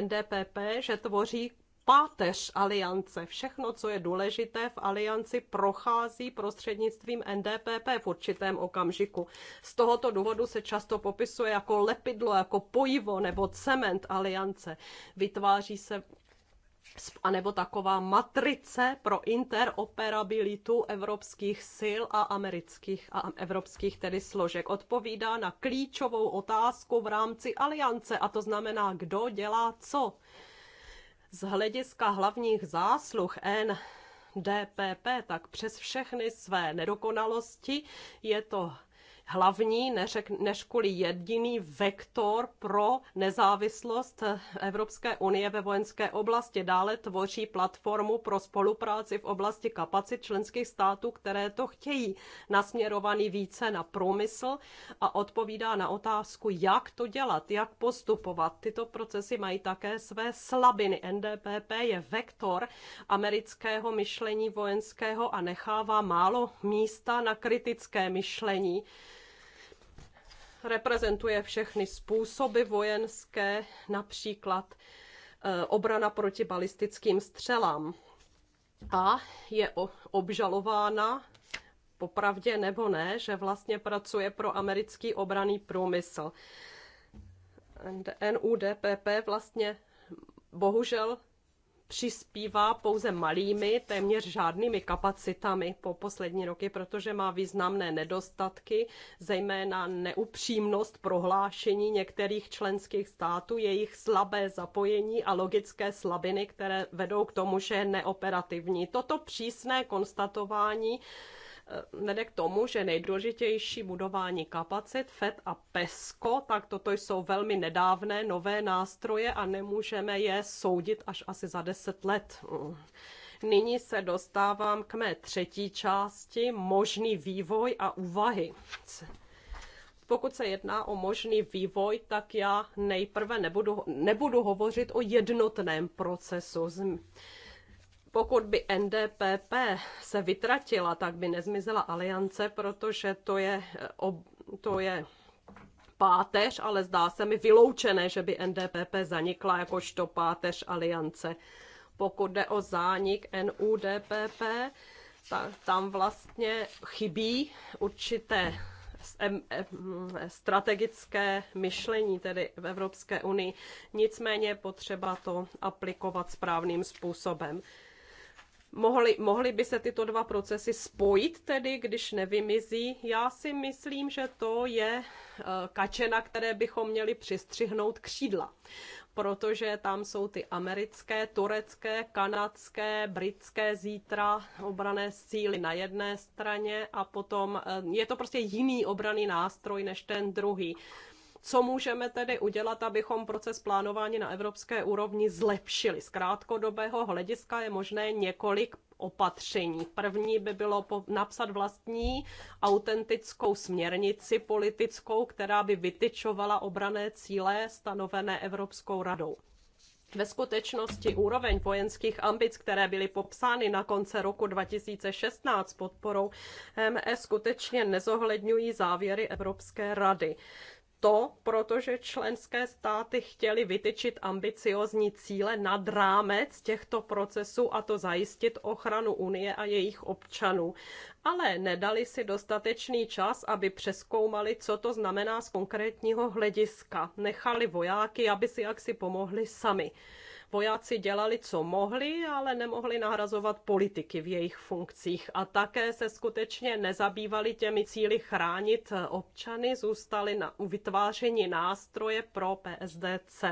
NDPP, že tvoří páteř aliance. Všechno, co je důležité v alianci, prochází prostřednictvím NDPP v určitém okamžiku. Z tohoto důvodu se často popisuje jako lepidlo, jako pojivo nebo cement aliance. Vytváří se a nebo taková matrice pro interoperabilitu evropských sil a amerických a evropských tedy složek. Odpovídá na klíčovou otázku v rámci aliance a to znamená, kdo dělá co z hlediska hlavních zásluh NDPP, tak přes všechny své nedokonalosti je to hlavní, neřek, než kvůli jediný vektor pro nezávislost Evropské unie ve vojenské oblasti. Dále tvoří platformu pro spolupráci v oblasti kapacit členských států, které to chtějí, nasměrovaný více na průmysl a odpovídá na otázku, jak to dělat, jak postupovat. Tyto procesy mají také své slabiny. NDPP je vektor amerického myšlení vojenského a nechává málo místa na kritické myšlení reprezentuje všechny způsoby vojenské, například eh, obrana proti balistickým střelám. A je obžalována, popravdě nebo ne, že vlastně pracuje pro americký obraný průmysl. NUDPP vlastně bohužel přispívá pouze malými, téměř žádnými kapacitami po poslední roky, protože má významné nedostatky, zejména neupřímnost prohlášení některých členských států, jejich slabé zapojení a logické slabiny, které vedou k tomu, že je neoperativní. Toto přísné konstatování vede k tomu, že nejdůležitější budování kapacit FED a PESCO, tak toto jsou velmi nedávné nové nástroje a nemůžeme je soudit až asi za 10 let. Nyní se dostávám k mé třetí části, možný vývoj a úvahy. Pokud se jedná o možný vývoj, tak já nejprve nebudu, nebudu hovořit o jednotném procesu. Pokud by NDPP se vytratila, tak by nezmizela aliance, protože to je, eh, to je páteř, ale zdá se mi vyloučené, že by NDPP zanikla jakožto páteř aliance. Pokud jde o zánik NUDPP, ta, tam vlastně chybí určité strategické myšlení tedy v Evropské unii. Nicméně potřeba to aplikovat správným způsobem. Mohly, mohly by se tyto dva procesy spojit tedy, když nevymizí? Já si myslím, že to je eh, kačena, které bychom měli přistřihnout křídla, protože tam jsou ty americké, turecké, kanadské, britské zítra obrané síly na jedné straně a potom eh, je to prostě jiný obraný nástroj než ten druhý. Co můžeme tedy udělat, abychom proces plánování na evropské úrovni zlepšili? Z krátkodobého hlediska je možné několik opatření. První by bylo napsat vlastní autentickou směrnici politickou, která by vytyčovala obrané cíle stanovené Evropskou radou. Ve skutečnosti úroveň vojenských ambic, které byly popsány na konce roku 2016 podporou MS, skutečně nezohledňují závěry Evropské rady to, protože členské státy chtěly vytyčit ambiciozní cíle nad rámec těchto procesů a to zajistit ochranu Unie a jejich občanů. Ale nedali si dostatečný čas, aby přeskoumali, co to znamená z konkrétního hlediska. Nechali vojáky, aby si jaksi pomohli sami. Vojáci dělali, co mohli, ale nemohli nahrazovat politiky v jejich funkcích a také se skutečně nezabývali těmi cíly chránit občany, zůstali na vytváření nástroje pro PSDC.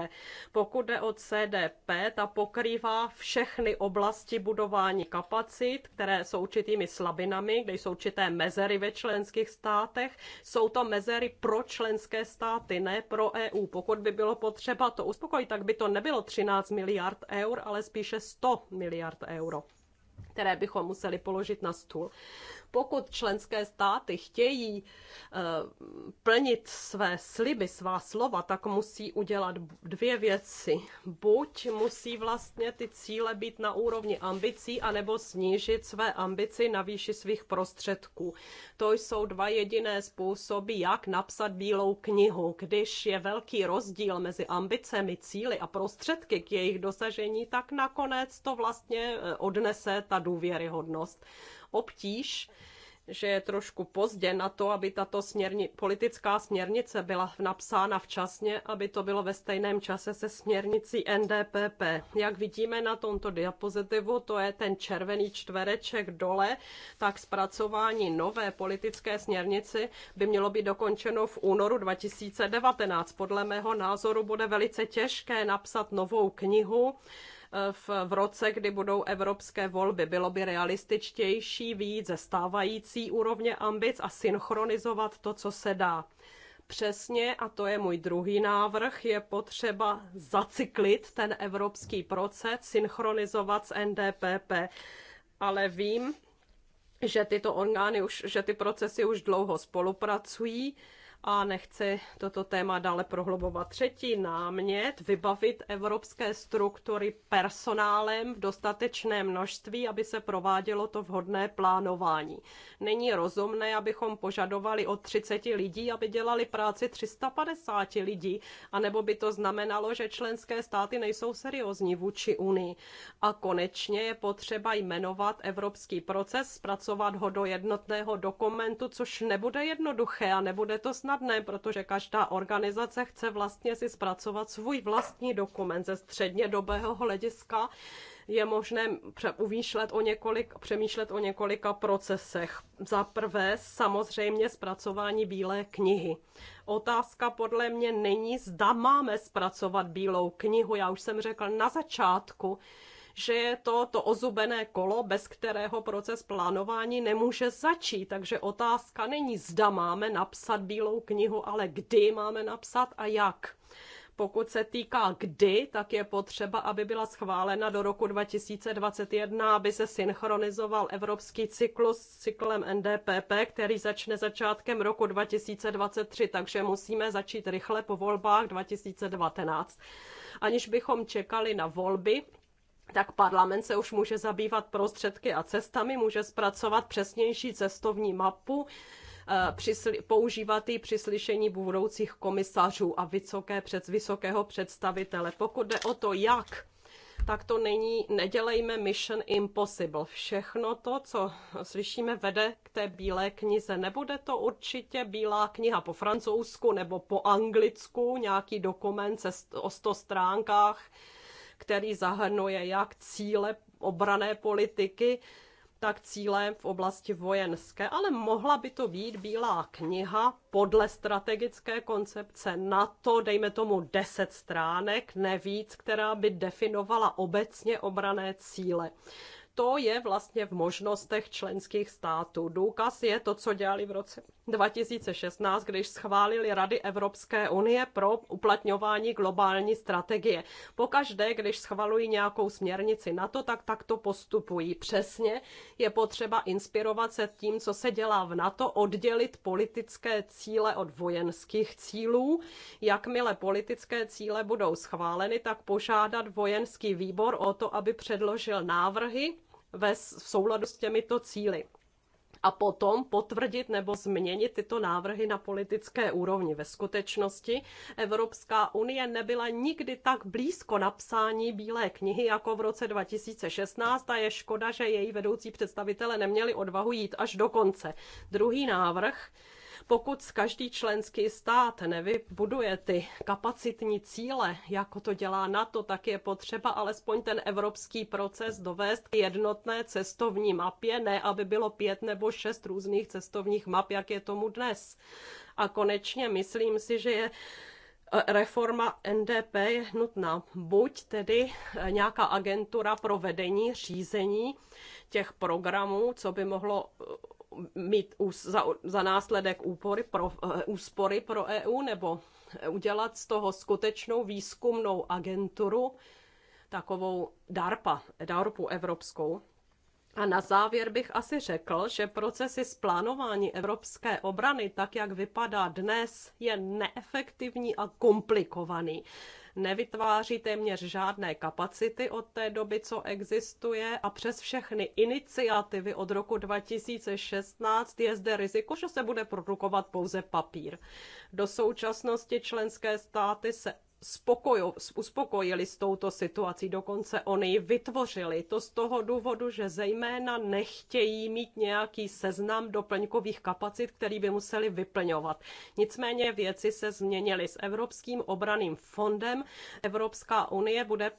Pokud jde o CDP, ta pokrývá všechny oblasti budování kapacit, které jsou určitými slabinami, kde jsou určité mezery ve členských státech. Jsou to mezery pro členské státy, ne pro EU. Pokud by bylo potřeba to uspokojit, tak by to nebylo 13 milionů miliard eur, ale spíše 100 miliard euro, které bychom museli položit na stůl pokud členské státy chtějí eh, plnit své sliby, svá slova, tak musí udělat dvě věci. Buď musí vlastně ty cíle být na úrovni ambicí, anebo snížit své ambici na výši svých prostředků. To jsou dva jediné způsoby, jak napsat bílou knihu. Když je velký rozdíl mezi ambicemi, cíly a prostředky k jejich dosažení, tak nakonec to vlastně eh, odnese ta důvěryhodnost obtíž, že je trošku pozdě na to, aby tato směrni- politická směrnice byla napsána včasně, aby to bylo ve stejném čase se směrnicí NDPP. Jak vidíme na tomto diapozitivu, to je ten červený čtvereček dole, tak zpracování nové politické směrnici by mělo být dokončeno v únoru 2019. Podle mého názoru bude velice těžké napsat novou knihu, v, v roce, kdy budou evropské volby. Bylo by realističtější výjít ze stávající úrovně ambic a synchronizovat to, co se dá. Přesně, a to je můj druhý návrh, je potřeba zacyklit ten evropský proces, synchronizovat s NDPP. Ale vím, že tyto orgány už, že ty procesy už dlouho spolupracují a nechci toto téma dále prohlubovat. Třetí námět, vybavit evropské struktury personálem v dostatečné množství, aby se provádělo to vhodné plánování. Není rozumné, abychom požadovali od 30 lidí, aby dělali práci 350 lidí, anebo by to znamenalo, že členské státy nejsou seriózní vůči Unii. A konečně je potřeba jmenovat evropský proces, zpracovat ho do jednotného dokumentu, což nebude jednoduché a nebude to snad snadné, protože každá organizace chce vlastně si zpracovat svůj vlastní dokument ze střednědobého hlediska. Je možné uvýšlet o několik, přemýšlet o několika procesech. Za prvé samozřejmě zpracování bílé knihy. Otázka podle mě není, zda máme zpracovat bílou knihu. Já už jsem řekl na začátku, že je to to ozubené kolo, bez kterého proces plánování nemůže začít. Takže otázka není, zda máme napsat bílou knihu, ale kdy máme napsat a jak. Pokud se týká kdy, tak je potřeba, aby byla schválena do roku 2021, aby se synchronizoval evropský cyklus s cyklem NDPP, který začne začátkem roku 2023, takže musíme začít rychle po volbách 2019. Aniž bychom čekali na volby, tak parlament se už může zabývat prostředky a cestami, může zpracovat přesnější cestovní mapu, eh, používat ji při slyšení budoucích komisařů a vysoké, před, vysokého představitele. Pokud jde o to, jak tak to není, nedělejme Mission Impossible. Všechno to, co slyšíme, vede k té bílé knize. Nebude to určitě bílá kniha po francouzsku nebo po anglicku, nějaký dokument o 100 stránkách, který zahrnuje jak cíle obrané politiky, tak cíle v oblasti vojenské, ale mohla by to být bílá kniha podle strategické koncepce NATO, dejme tomu 10 stránek, nevíc, která by definovala obecně obrané cíle to je vlastně v možnostech členských států. Důkaz je to, co dělali v roce 2016, když schválili Rady Evropské unie pro uplatňování globální strategie. Pokaždé, když schvalují nějakou směrnici na to, tak takto postupují. Přesně je potřeba inspirovat se tím, co se dělá v NATO, oddělit politické cíle od vojenských cílů. Jakmile politické cíle budou schváleny, tak požádat vojenský výbor o to, aby předložil návrhy ve, v souladu s těmito cíly a potom potvrdit nebo změnit tyto návrhy na politické úrovni. Ve skutečnosti Evropská unie nebyla nikdy tak blízko napsání Bílé knihy jako v roce 2016 a je škoda, že její vedoucí představitele neměli odvahu jít až do konce. Druhý návrh pokud každý členský stát nevybuduje ty kapacitní cíle, jako to dělá NATO, tak je potřeba alespoň ten evropský proces dovést k jednotné cestovní mapě, ne aby bylo pět nebo šest různých cestovních map, jak je tomu dnes. A konečně myslím si, že je e, reforma NDP je nutná. Buď tedy e, nějaká agentura pro vedení, řízení těch programů, co by mohlo e, mít za, za následek úpory pro, eh, úspory pro EU nebo udělat z toho skutečnou výzkumnou agenturu, takovou DARPA, DARPu evropskou. A na závěr bych asi řekl, že procesy splánování evropské obrany, tak jak vypadá dnes, je neefektivní a komplikovaný nevytváří téměř žádné kapacity od té doby, co existuje a přes všechny iniciativy od roku 2016 je zde riziko, že se bude produkovat pouze papír. Do současnosti členské státy se uspokojili s touto situací, dokonce oni ji vytvořili. To z toho důvodu, že zejména nechtějí mít nějaký seznam doplňkových kapacit, který by museli vyplňovat. Nicméně věci se změnily. S Evropským obraným fondem Evropská unie bude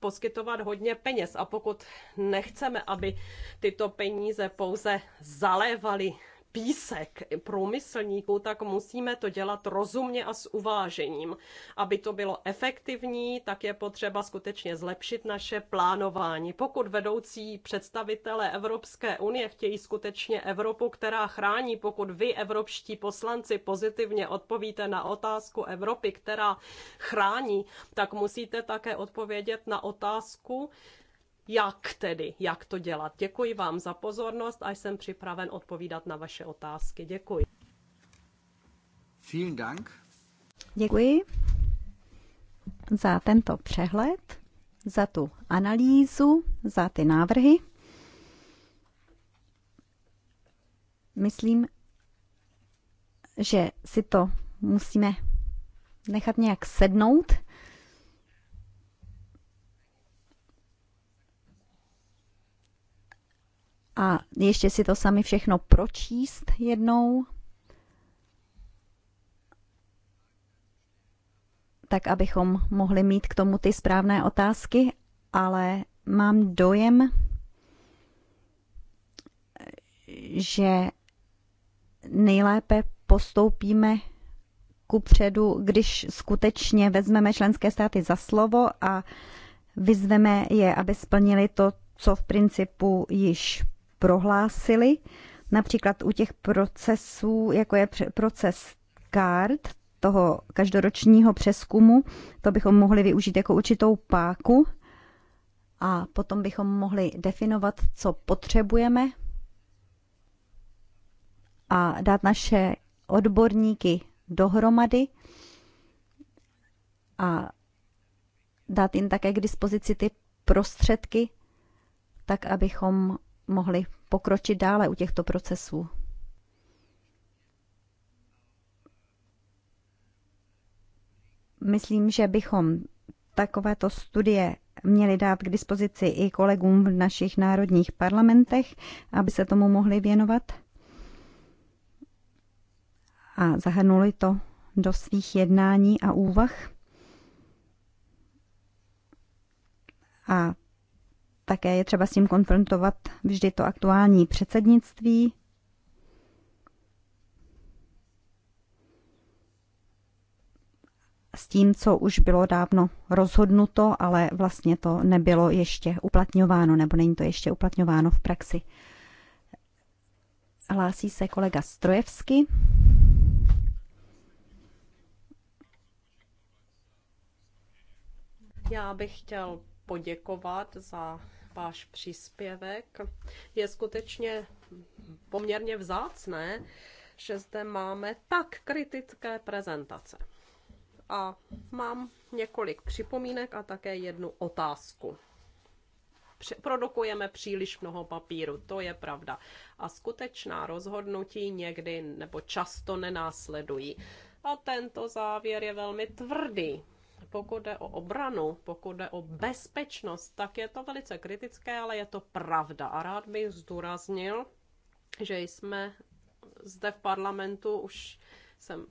poskytovat hodně peněz a pokud nechceme, aby tyto peníze pouze zalévaly písek průmyslníků, tak musíme to dělat rozumně a s uvážením. Aby to bylo efektivní, tak je potřeba skutečně zlepšit naše plánování. Pokud vedoucí představitelé Evropské unie chtějí skutečně Evropu, která chrání, pokud vy, evropští poslanci, pozitivně odpovíte na otázku Evropy, která chrání, tak musíte také odpovědět na otázku, jak tedy, jak to dělat. Děkuji vám za pozornost a jsem připraven odpovídat na vaše otázky. Děkuji. Vielen Dank. Děkuji za tento přehled, za tu analýzu, za ty návrhy. Myslím, že si to musíme nechat nějak sednout a ještě si to sami všechno pročíst jednou, tak abychom mohli mít k tomu ty správné otázky, ale mám dojem, že nejlépe postoupíme ku předu, když skutečně vezmeme členské státy za slovo a vyzveme je, aby splnili to, co v principu již prohlásili, například u těch procesů, jako je proces kart toho každoročního přeskumu, to bychom mohli využít jako určitou páku a potom bychom mohli definovat, co potřebujeme a dát naše odborníky dohromady a dát jim také k dispozici ty prostředky, tak abychom mohli pokročit dále u těchto procesů. Myslím, že bychom takovéto studie měli dát k dispozici i kolegům v našich národních parlamentech, aby se tomu mohli věnovat a zahrnuli to do svých jednání a úvah. A také je třeba s tím konfrontovat vždy to aktuální předsednictví. S tím, co už bylo dávno rozhodnuto, ale vlastně to nebylo ještě uplatňováno, nebo není to ještě uplatňováno v praxi. Hlásí se kolega Strojevsky. Já bych chtěl poděkovat za váš příspěvek. Je skutečně poměrně vzácné, že zde máme tak kritické prezentace. A mám několik připomínek a také jednu otázku produkujeme příliš mnoho papíru, to je pravda. A skutečná rozhodnutí někdy nebo často nenásledují. A tento závěr je velmi tvrdý, pokud jde o obranu, pokud jde o bezpečnost, tak je to velice kritické, ale je to pravda. A rád bych zdůraznil, že jsme zde v parlamentu už jsem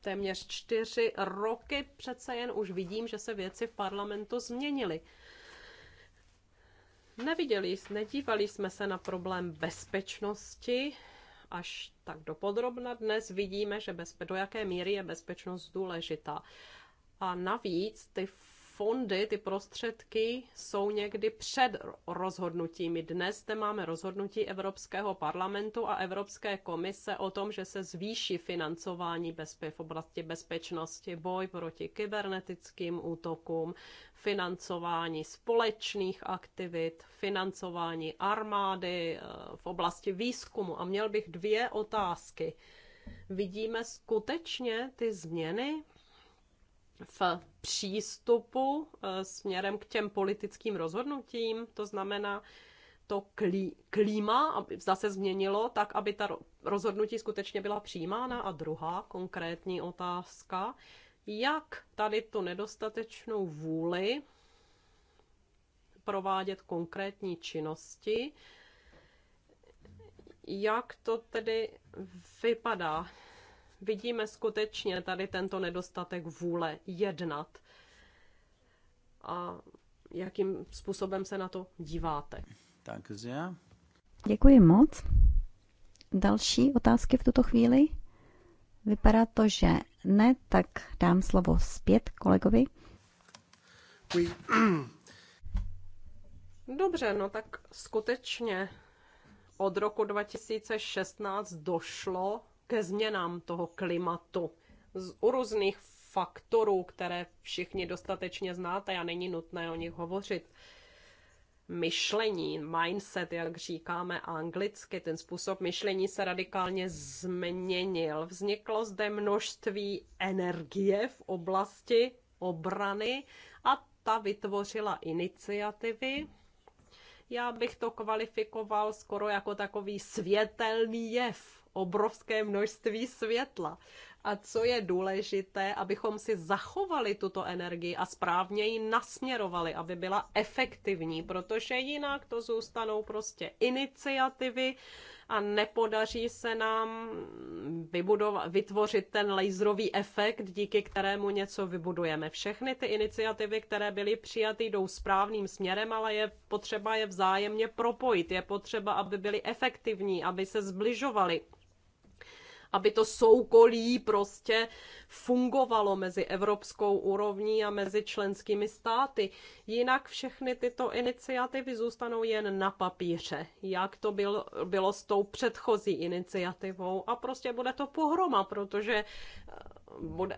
téměř čtyři roky, přece jen už vidím, že se věci v parlamentu změnily. Neviděli, nedívali jsme se na problém bezpečnosti až tak dopodrobna. Dnes vidíme, že bezpe- do jaké míry je bezpečnost důležitá. A navíc ty fondy, ty prostředky jsou někdy před rozhodnutími. Dnes zde máme rozhodnutí Evropského parlamentu a Evropské komise o tom, že se zvýší financování bezpe- v oblasti bezpečnosti, boj proti kybernetickým útokům, financování společných aktivit, financování armády eh, v oblasti výzkumu. A měl bych dvě otázky. Vidíme skutečně ty změny v přístupu eh, směrem k těm politickým rozhodnutím, to znamená, to klí, klíma aby zase změnilo tak, aby ta rozhodnutí skutečně byla přijímána. A druhá konkrétní otázka, jak tady tu nedostatečnou vůli provádět konkrétní činnosti, jak to tedy vypadá, vidíme skutečně tady tento nedostatek vůle jednat. A jakým způsobem se na to díváte? Děkuji moc. Další otázky v tuto chvíli? Vypadá to, že ne, tak dám slovo zpět kolegovi. Dobře, no tak skutečně od roku 2016 došlo ke změnám toho klimatu. Z, u různých faktorů, které všichni dostatečně znáte a není nutné o nich hovořit. Myšlení, mindset, jak říkáme anglicky, ten způsob myšlení se radikálně změnil. Vzniklo zde množství energie v oblasti obrany a ta vytvořila iniciativy. Já bych to kvalifikoval skoro jako takový světelný jev obrovské množství světla. A co je důležité, abychom si zachovali tuto energii a správně ji nasměrovali, aby byla efektivní, protože jinak to zůstanou prostě iniciativy a nepodaří se nám vybudovat, vytvořit ten laserový efekt, díky kterému něco vybudujeme. Všechny ty iniciativy, které byly přijaty, jdou správným směrem, ale je potřeba je vzájemně propojit. Je potřeba, aby byly efektivní, aby se zbližovaly aby to soukolí prostě fungovalo mezi evropskou úrovní a mezi členskými státy. Jinak všechny tyto iniciativy zůstanou jen na papíře, jak to bylo, bylo s tou předchozí iniciativou a prostě bude to pohroma, protože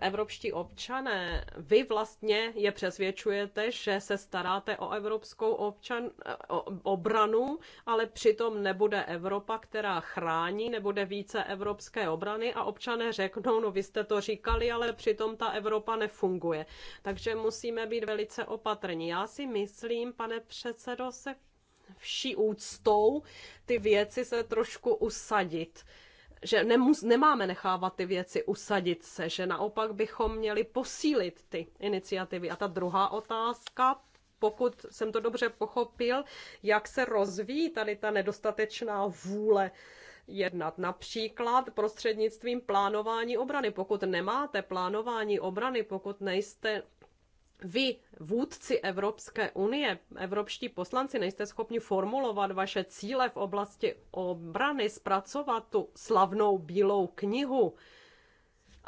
evropští občané, vy vlastně je přesvědčujete, že se staráte o evropskou občan, o, obranu, ale přitom nebude Evropa, která chrání, nebude více evropské obrany a občané řeknou, no vy jste to říkali, ale přitom ta Evropa nefunguje. Takže musíme být velice opatrní. Já si myslím, pane předsedo, se vší úctou ty věci se trošku usadit že nemus, nemáme nechávat ty věci usadit se, že naopak bychom měli posílit ty iniciativy. A ta druhá otázka, pokud jsem to dobře pochopil, jak se rozvíjí tady ta nedostatečná vůle jednat. Například prostřednictvím plánování obrany. Pokud nemáte plánování obrany, pokud nejste vy, vůdci Evropské unie, evropští poslanci, nejste schopni formulovat vaše cíle v oblasti obrany, zpracovat tu slavnou bílou knihu,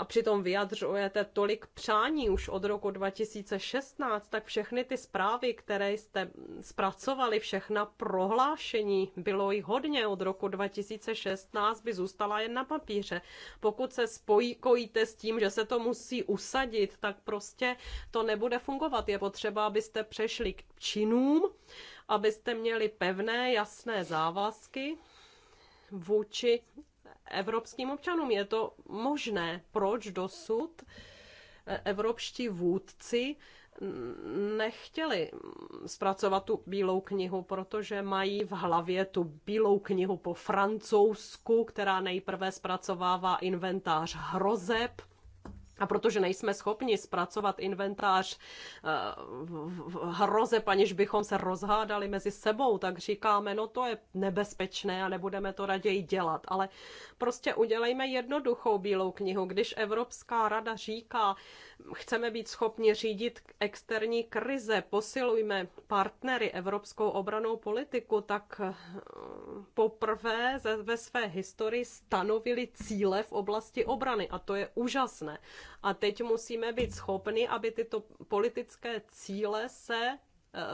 a přitom vyjadřujete tolik přání už od roku 2016, tak všechny ty zprávy, které jste zpracovali, všechna prohlášení, bylo jich hodně od roku 2016, by zůstala jen na papíře. Pokud se spojíkojíte s tím, že se to musí usadit, tak prostě to nebude fungovat. Je potřeba, abyste přešli k činům, abyste měli pevné, jasné závazky, vůči evropským občanům. Je to možné. Proč dosud eh, evropští vůdci nechtěli zpracovat tu bílou knihu, protože mají v hlavě tu bílou knihu po francouzsku, která nejprve zpracovává inventář hrozeb, a protože nejsme schopni zpracovat inventář eh, hroze, paniž bychom se rozhádali mezi sebou, tak říkáme, no to je nebezpečné a nebudeme to raději dělat. Ale prostě udělejme jednoduchou bílou knihu. Když Evropská rada říká, chceme být schopni řídit externí krize, posilujme partnery evropskou obranou politiku, tak eh, poprvé ve své historii stanovili cíle v oblasti obrany a to je úžasné. A teď musíme být schopni, aby tyto politické cíle se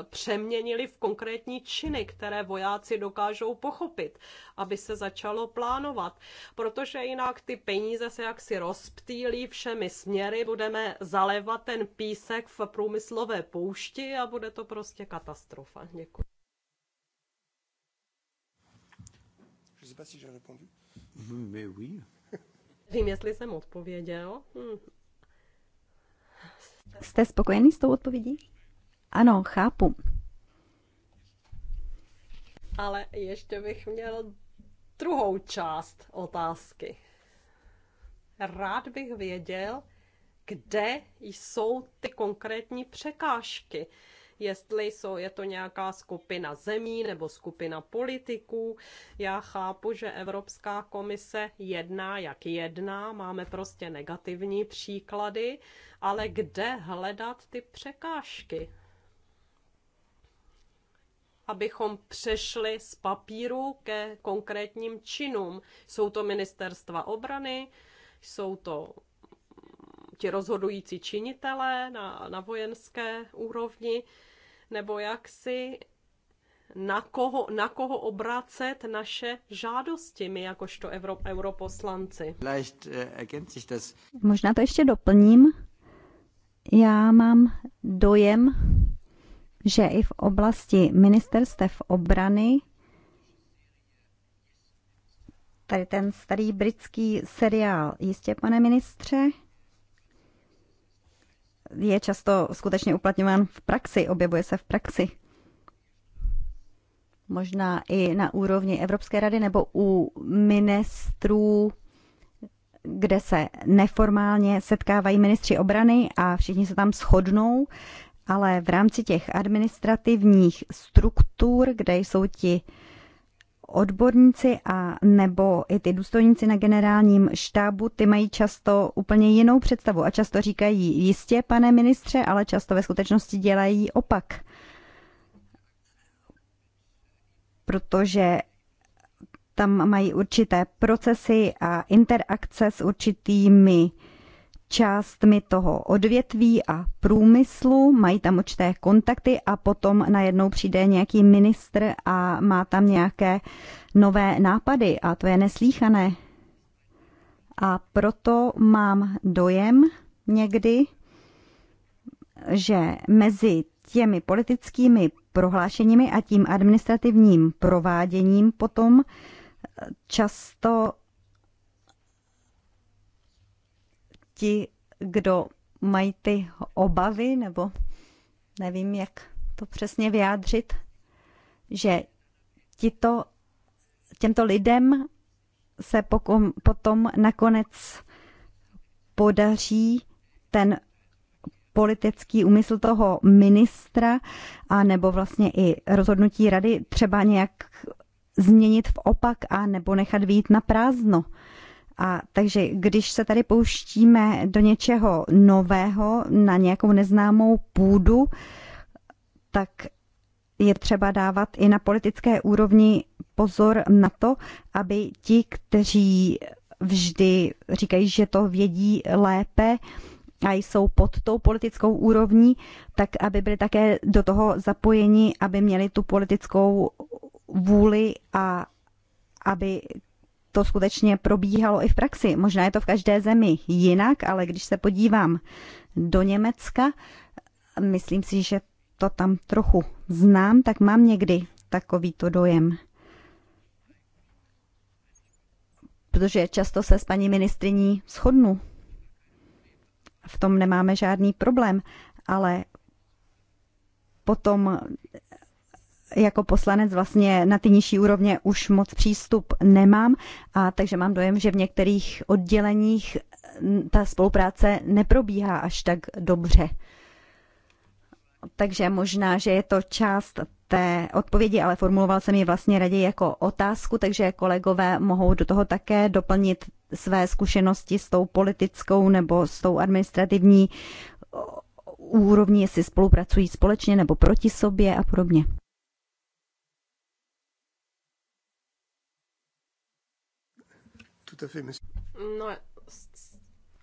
přeměnili v konkrétní činy, které vojáci dokážou pochopit, aby se začalo plánovat. Protože jinak ty peníze se jaksi rozptýlí všemi směry, budeme zalévat ten písek v průmyslové poušti a bude to prostě katastrofa. Děkuji. Mhm, Vím, jestli jsem odpověděl. Hm. Jste spokojený s tou odpovědí? Ano, chápu. Ale ještě bych měl druhou část otázky. Rád bych věděl, kde jsou ty konkrétní překážky. Jestli jsou, je to nějaká skupina zemí nebo skupina politiků. Já chápu, že Evropská komise jedná, jak jedná. Máme prostě negativní příklady, ale kde hledat ty překážky? abychom přešli z papíru ke konkrétním činům. Jsou to ministerstva obrany, jsou to mm, ti rozhodující činitelé na, na vojenské úrovni, nebo jak si na koho, na koho obracet naše žádosti, my jakožto euro, europoslanci. Eh, Možná to ještě doplním. Já mám dojem, že i v oblasti ministerstev obrany tady ten starý britský seriál, jistě pane ministře, je často skutečně uplatňován v praxi, objevuje se v praxi. Možná i na úrovni Evropské rady nebo u ministrů, kde se neformálně setkávají ministři obrany a všichni se tam shodnou ale v rámci těch administrativních struktur, kde jsou ti odborníci a nebo i ty důstojníci na generálním štábu, ty mají často úplně jinou představu a často říkají jistě, pane ministře, ale často ve skutečnosti dělají opak. Protože tam mají určité procesy a interakce s určitými uh, částmi toho odvětví a průmyslu, mají tam určité kontakty a potom najednou přijde nějaký ministr a má tam nějaké nové nápady a to je neslíchané. A proto mám dojem někdy, že mezi těmi politickými prohlášeními a tím administrativním prováděním potom často ti, kdo mají ty obavy, nebo nevím, jak to přesně vyjádřit, že tito, těmto lidem se pokom, potom nakonec podaří ten politický úmysl toho ministra a nebo vlastně i rozhodnutí rady třeba nějak změnit v opak a nebo nechat výjít na prázdno. A takže když se tady pouštíme do něčeho nového, na nějakou neznámou půdu, tak je třeba dávat i na politické úrovni pozor na to, aby ti, kteří vždy říkají, že to vědí lépe a jsou pod tou politickou úrovní, tak aby byli také do toho zapojeni, aby měli tu politickou vůli a aby to skutečně probíhalo i v praxi. Možná je to v každé zemi jinak, ale když se podívám do Německa, myslím si, že to tam trochu znám, tak mám někdy takovýto dojem. Protože často se s paní ministriní shodnu. V tom nemáme žádný problém, ale potom jako poslanec vlastně na ty nižší úrovně už moc přístup nemám, a takže mám dojem, že v některých odděleních mm, ta spolupráce neprobíhá až tak dobře. Takže možná, že je to část té odpovědi, ale formuloval jsem ji vlastně raději jako otázku, takže kolegové mohou do toho také doplnit své zkušenosti s tou politickou nebo s tou administrativní úrovní, jestli spolupracují společně nebo proti sobě a podobně. tout à fait, monsieur. No,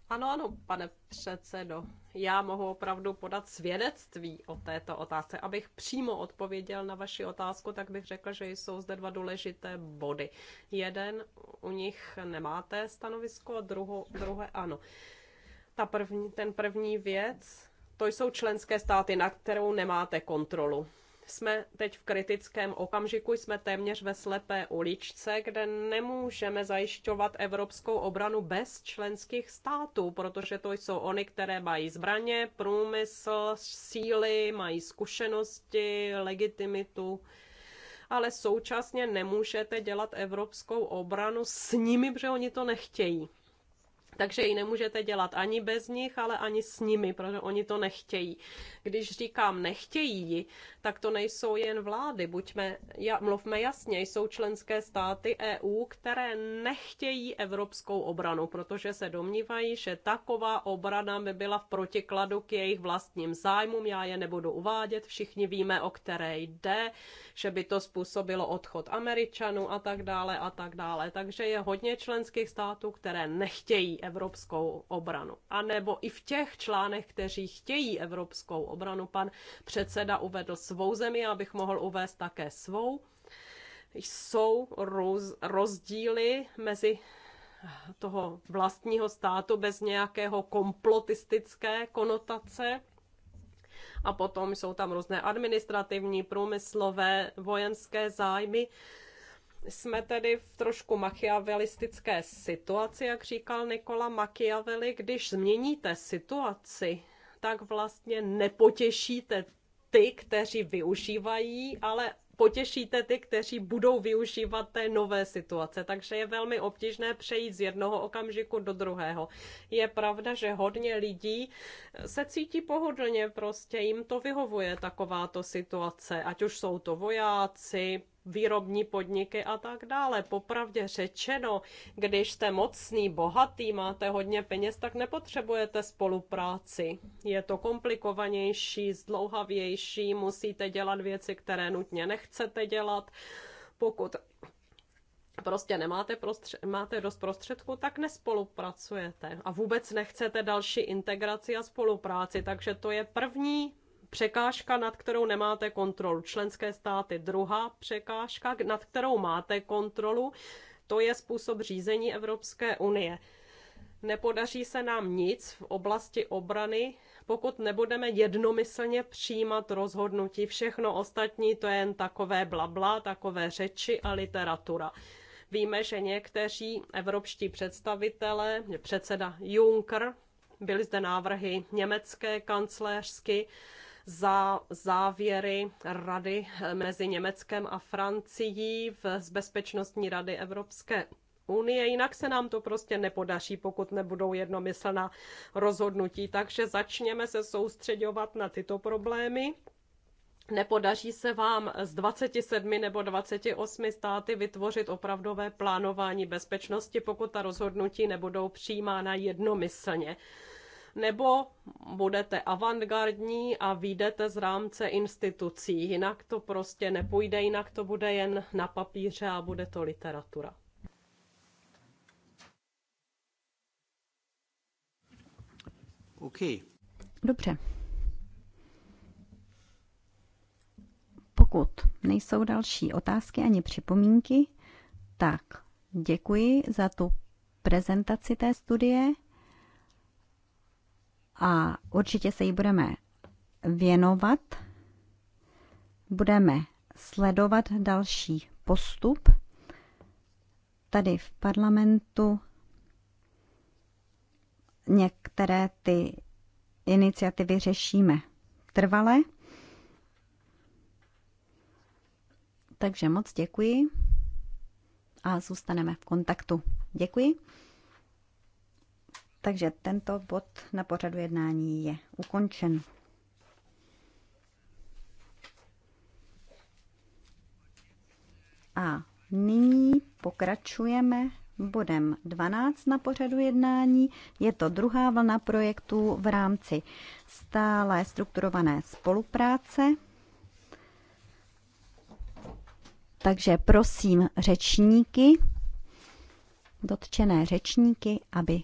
ano, ano, pane předsedo. Já mohu opravdu podat svědectví o této otázce. Abych přímo odpověděl na vaši otázku, tak bych řekl, že jsou zde dva důležité body. Jeden, u nich nemáte stanovisko, a druho, druhé ano. Ta první, ten první věc, to jsou členské státy, na kterou nemáte kontrolu jsme teď v kritickém okamžiku, jsme téměř ve slepé uličce, kde nemůžeme zajišťovat evropskou obranu bez členských států, protože to jsou oni, které mají zbraně, průmysl, síly, mají zkušenosti, legitimitu ale současně nemůžete dělat evropskou obranu s nimi, protože oni to nechtějí. Takže ji nemůžete dělat ani bez nich, ale ani s nimi, protože oni to nechtějí. Když říkám nechtějí tak to nejsou jen vlády. Buďme, ja, mluvme jasně, jsou členské státy EU, které nechtějí evropskou obranu, protože se domnívají, že taková obrana by byla v protikladu k jejich vlastním zájmům. Já je nebudu uvádět, všichni víme, o které jde, že by to způsobilo odchod Američanů a tak dále a tak dále. Takže je hodně členských států, které nechtějí evropskou obranu. A nebo i v těch článech, kteří chtějí evropskou obranu, pan předseda uvedl svou zemi, abych mohl uvést také svou. Jsou roz, rozdíly mezi toho vlastního státu bez nějakého komplotistické konotace. A potom jsou tam různé administrativní, průmyslové, vojenské zájmy jsme tedy v trošku machiavelistické situaci, jak říkal Nikola Machiavelli, když změníte situaci, tak vlastně nepotěšíte ty, kteří využívají, ale potěšíte ty, kteří budou využívat té nové situace. Takže je velmi obtížné přejít z jednoho okamžiku do druhého. Je pravda, že hodně lidí eh, se cítí pohodlně, prostě jim to vyhovuje takováto situace, ať už jsou to vojáci, výrobní podniky a tak dále. Popravdě řečeno, když jste mocný, bohatý, máte hodně peněz, tak nepotřebujete spolupráci. Je to komplikovanější, zdlouhavější, musíte dělat věci, které nutně nechcete dělat. Pokud prostě nemáte prostře- máte dost prostředku, tak nespolupracujete a vůbec nechcete další integraci a spolupráci. Takže to je první Překážka, nad kterou nemáte kontrolu. Členské státy druhá překážka, nad kterou máte kontrolu, to je způsob řízení Evropské unie. Nepodaří se nám nic v oblasti obrany, pokud nebudeme jednomyslně přijímat rozhodnutí. Všechno ostatní to je jen takové blabla, takové řeči a literatura. Víme, že někteří evropští představitelé, předseda Juncker, byly zde návrhy německé kancléřsky, za závěry rady mezi Německem a Francií v, z Bezpečnostní rady Evropské unie, jinak se nám to prostě nepodaří, pokud nebudou jednomyslná rozhodnutí. Takže začněme se soustředovat na tyto problémy. Nepodaří se vám z 27 nebo 28 státy vytvořit opravdové plánování bezpečnosti, pokud ta rozhodnutí nebudou přijímána jednomyslně nebo budete avantgardní a výjdete z rámce institucí. Jinak to prostě nepůjde, jinak to bude jen na papíře a bude to literatura. OK. Dobře. Pokud nejsou další otázky ani připomínky, tak děkuji za tu prezentaci té studie a určitě se jí budeme věnovat. Budeme sledovat další postup tady v parlamentu. Některé ty iniciativy řešíme trvale. Takže moc děkuji a zůstaneme v kontaktu. Děkuji. Takže tento bod na pořadu jednání je ukončen. A nyní pokračujeme bodem 12 na pořadu jednání. Je to druhá vlna projektů v rámci stále strukturované spolupráce. Takže prosím řečníky, dotčené řečníky, aby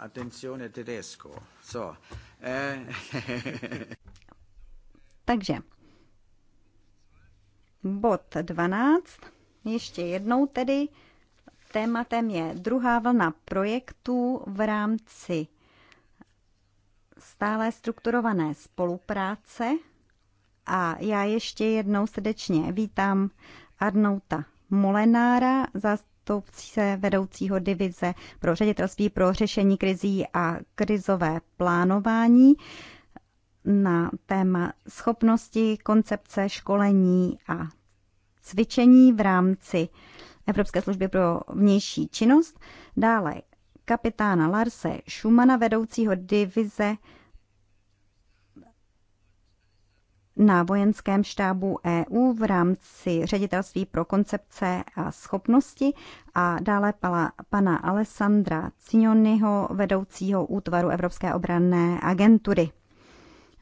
Attenzione tedesco. So. Eh. Takže bod 12, ještě jednou tedy, tématem je druhá vlna projektů v rámci stále strukturované spolupráce a já ještě jednou srdečně vítám Arnouta Molenára, zástupce zástupce vedoucího divize pro ředitelství pro řešení krizí a krizové plánování na téma schopnosti, koncepce, školení a cvičení v rámci Evropské služby pro vnější činnost. Dále kapitána Larse Schumana, vedoucího divize na vojenském štábu EU v rámci ředitelství pro koncepce a schopnosti a dále pala, pana Alessandra Cignoniho, vedoucího útvaru Evropské obranné agentury.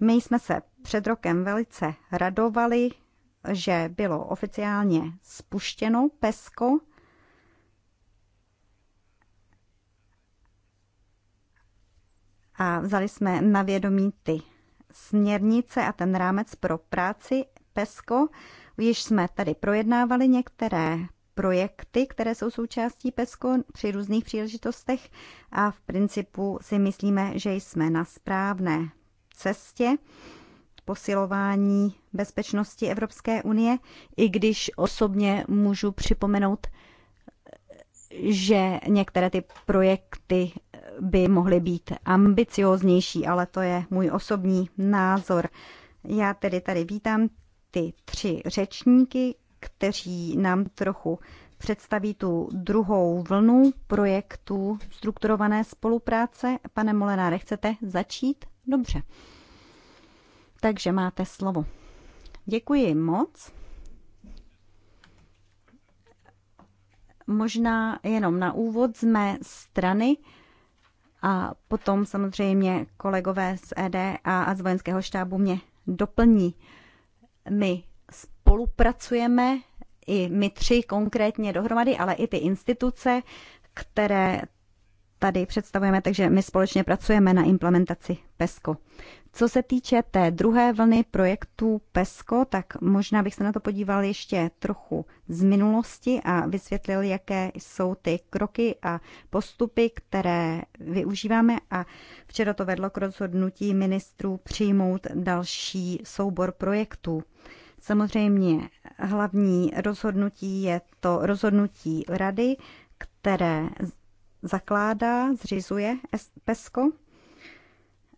My jsme se před rokem velice radovali, že bylo oficiálně spuštěno PESCO, a vzali jsme na vědomí ty směrnice a ten rámec pro práci PESCO. Již jsme tady projednávali některé projekty, které jsou součástí PESCO při různých příležitostech a v principu si myslíme, že jsme na správné cestě posilování bezpečnosti Evropské unie, i když osobně můžu připomenout že některé ty projekty by mohly být ambicioznější, ale to je můj osobní názor. Já tedy tady vítám ty tři řečníky, kteří nám trochu představí tu druhou vlnu projektů strukturované spolupráce. Pane Molenáre, chcete začít? Dobře. Takže máte slovo. Děkuji moc. Možná jenom na úvod z mé strany a potom samozřejmě kolegové z ED a, z vojenského štábu mě doplní. My spolupracujeme i my tři konkrétně dohromady, ale i ty instituce, které tady představujeme, takže my společně pracujeme na implementaci PESCO. Co se týče té druhé vlny projektů PESCO, tak možná bych se na to podíval ještě trochu z minulosti a vysvětlil, jaké jsou ty kroky a postupy, které využíváme. A včera to vedlo k rozhodnutí ministrů přijmout další soubor projektů. Samozřejmě hlavní rozhodnutí je to rozhodnutí rady, které zakládá, zřizuje PESCO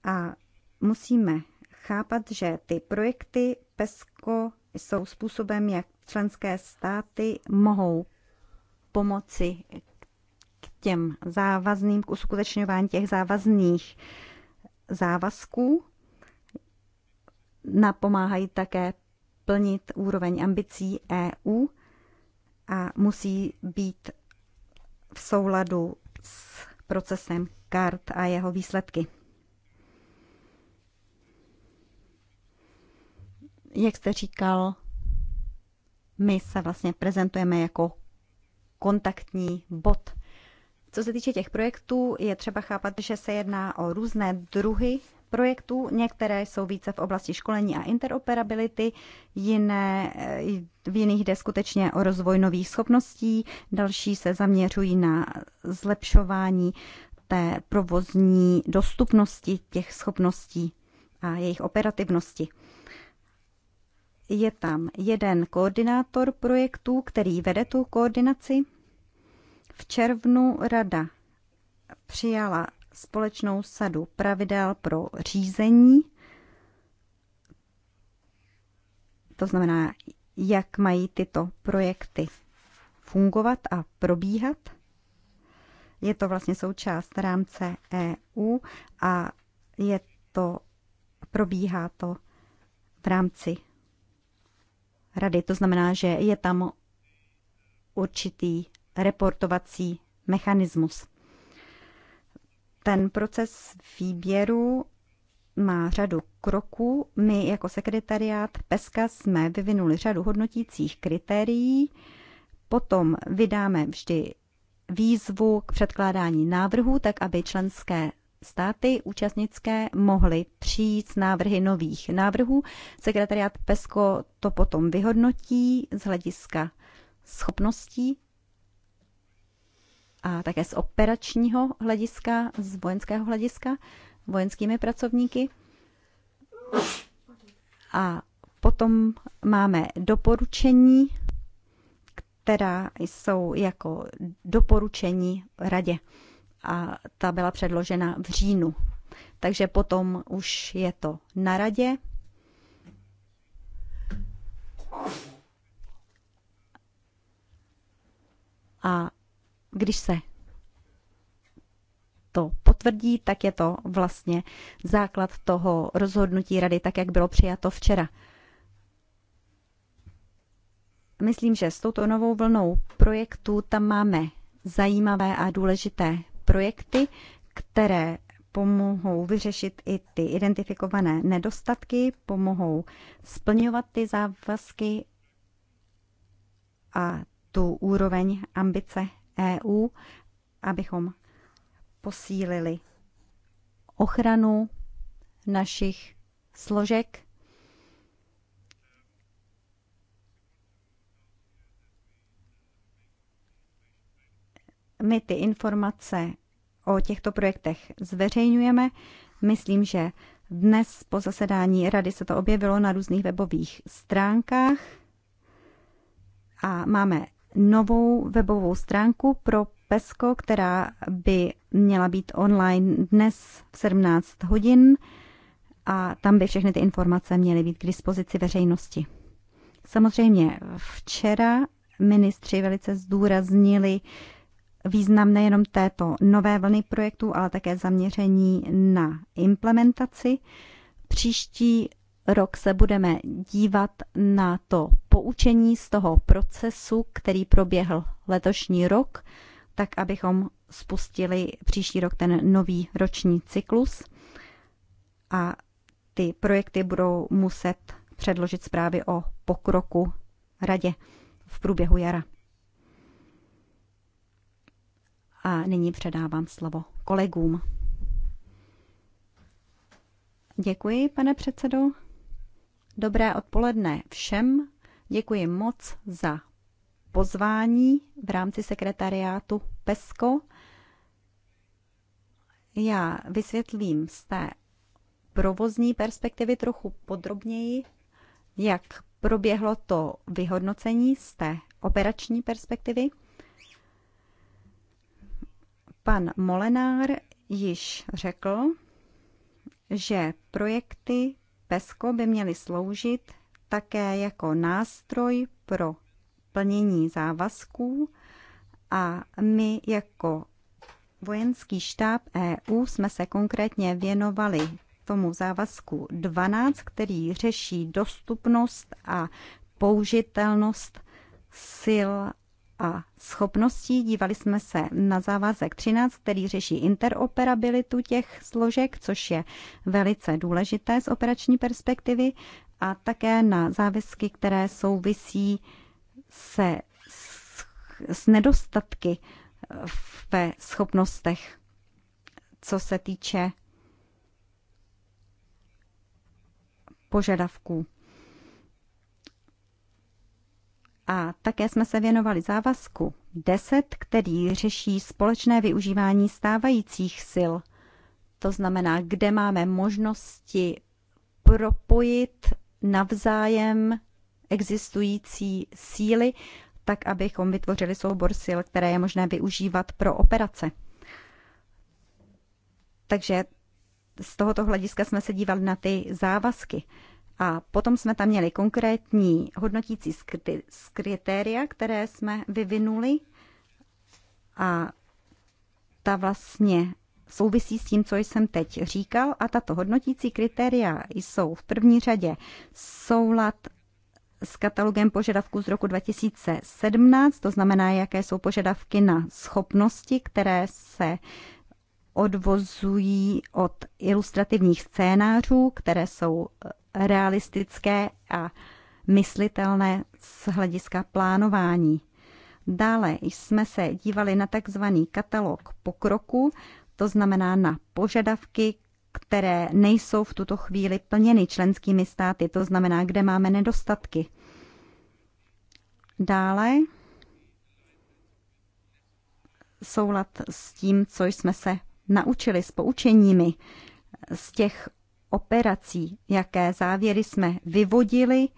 a musíme chápat, že ty projekty PESCO jsou způsobem, jak členské státy mohou pomoci k těm závazným, k uskutečňování těch závazných závazků. Napomáhají také plnit úroveň ambicí EU a musí být v souladu s procesem kart a jeho výsledky. Jak jste říkal, my se vlastně prezentujeme jako kontaktní bod. Co se týče těch projektů, je třeba chápat, že se jedná o různé druhy projektů. Některé jsou více v oblasti školení a interoperability, jiné, eh, v jiných jde skutečně o rozvoj nových schopností, další se zaměřují na zlepšování té provozní dostupnosti těch schopností a jejich operativnosti. Je tam jeden koordinátor projektů, který vede tu koordinaci. V červnu rada přijala společnou sadu pravidel pro řízení, to znamená, jak mají tyto projekty fungovat a probíhat. Je to vlastně součást rámce EU a je to, probíhá to v rámci rady. To znamená, že je tam určitý reportovací mechanismus. Ten proces výběru má řadu kroků. My jako sekretariát PESKA jsme vyvinuli řadu hodnotících kritérií. Potom vydáme vždy výzvu k předkládání návrhů, tak aby členské státy účastnické mohly přijít s návrhy nových návrhů. Sekretariát PESCO to potom vyhodnotí z hlediska schopností a také z operačního hlediska, z vojenského hlediska, vojenskými pracovníky. A potom máme doporučení, která jsou jako doporučení radě. A ta byla předložena v říjnu. Takže potom už je to na radě. A když se to potvrdí, tak je to vlastně základ toho rozhodnutí rady, tak jak bylo přijato včera. Myslím, že s touto novou vlnou projektů tam máme zajímavé a důležité projekty, které pomohou vyřešit i ty identifikované nedostatky, pomohou splňovat ty závazky a tu úroveň ambice EU, abychom posílili ochranu našich složek. My ty informace o těchto projektech zveřejňujeme. Myslím, že dnes po zasedání rady se to objevilo na různých webových stránkách a máme novou webovou stránku pro PESCO, která by měla být online dnes v 17 hodin a tam by všechny ty informace měly být k dispozici veřejnosti. Samozřejmě včera ministři velice zdůraznili význam nejenom této nové vlny projektů, ale také zaměření na implementaci. Příští rok se budeme dívat na to poučení z toho procesu, který proběhl letošní rok, tak abychom spustili příští rok ten nový roční cyklus a ty projekty budou muset předložit zprávy o pokroku radě v průběhu jara. A nyní předávám slovo kolegům. Děkuji, pane předsedo. Dobré odpoledne všem. Děkuji moc za pozvání v rámci sekretariátu PESCO. Já vysvětlím z té provozní perspektivy trochu podrobněji, jak proběhlo to vyhodnocení z té operační perspektivy. Pan Molenár již řekl, že projekty Pesko by měly sloužit také jako nástroj pro plnění závazků a my jako vojenský štáb EU jsme se konkrétně věnovali tomu závazku 12, který řeší dostupnost a použitelnost sil a schopností. Dívali jsme se na závazek 13, který řeší interoperabilitu těch složek, což je velice důležité z operační perspektivy, a také na závisky, které souvisí se s, s nedostatky eh, ve schopnostech, co se týče požadavků. A také jsme se věnovali závazku 10, který řeší společné využívání stávajících sil. To znamená, kde máme možnosti propojit navzájem existující síly, tak abychom vytvořili soubor sil, které je možné využívat pro operace. Takže z tohoto hlediska jsme se dívali na ty závazky. A potom jsme tam měli konkrétní hodnotící z kritéria, které jsme vyvinuli a ta vlastně souvisí s tím, co jsem teď říkal a tato hodnotící kritéria jsou v první řadě soulad s katalogem požadavků z roku 2017, to znamená, jaké jsou požadavky na schopnosti, které se odvozují od ilustrativních scénářů, které jsou eh, realistické a myslitelné z hlediska plánování. Dále jsme se dívali na takzvaný katalog pokroku, to znamená na požadavky, které nejsou v tuto chvíli plněny členskými státy, to znamená, kde máme nedostatky. Dále soulad s tím, co jsme se naučili s poučeními z těch operací, jaké závěry jsme vyvodili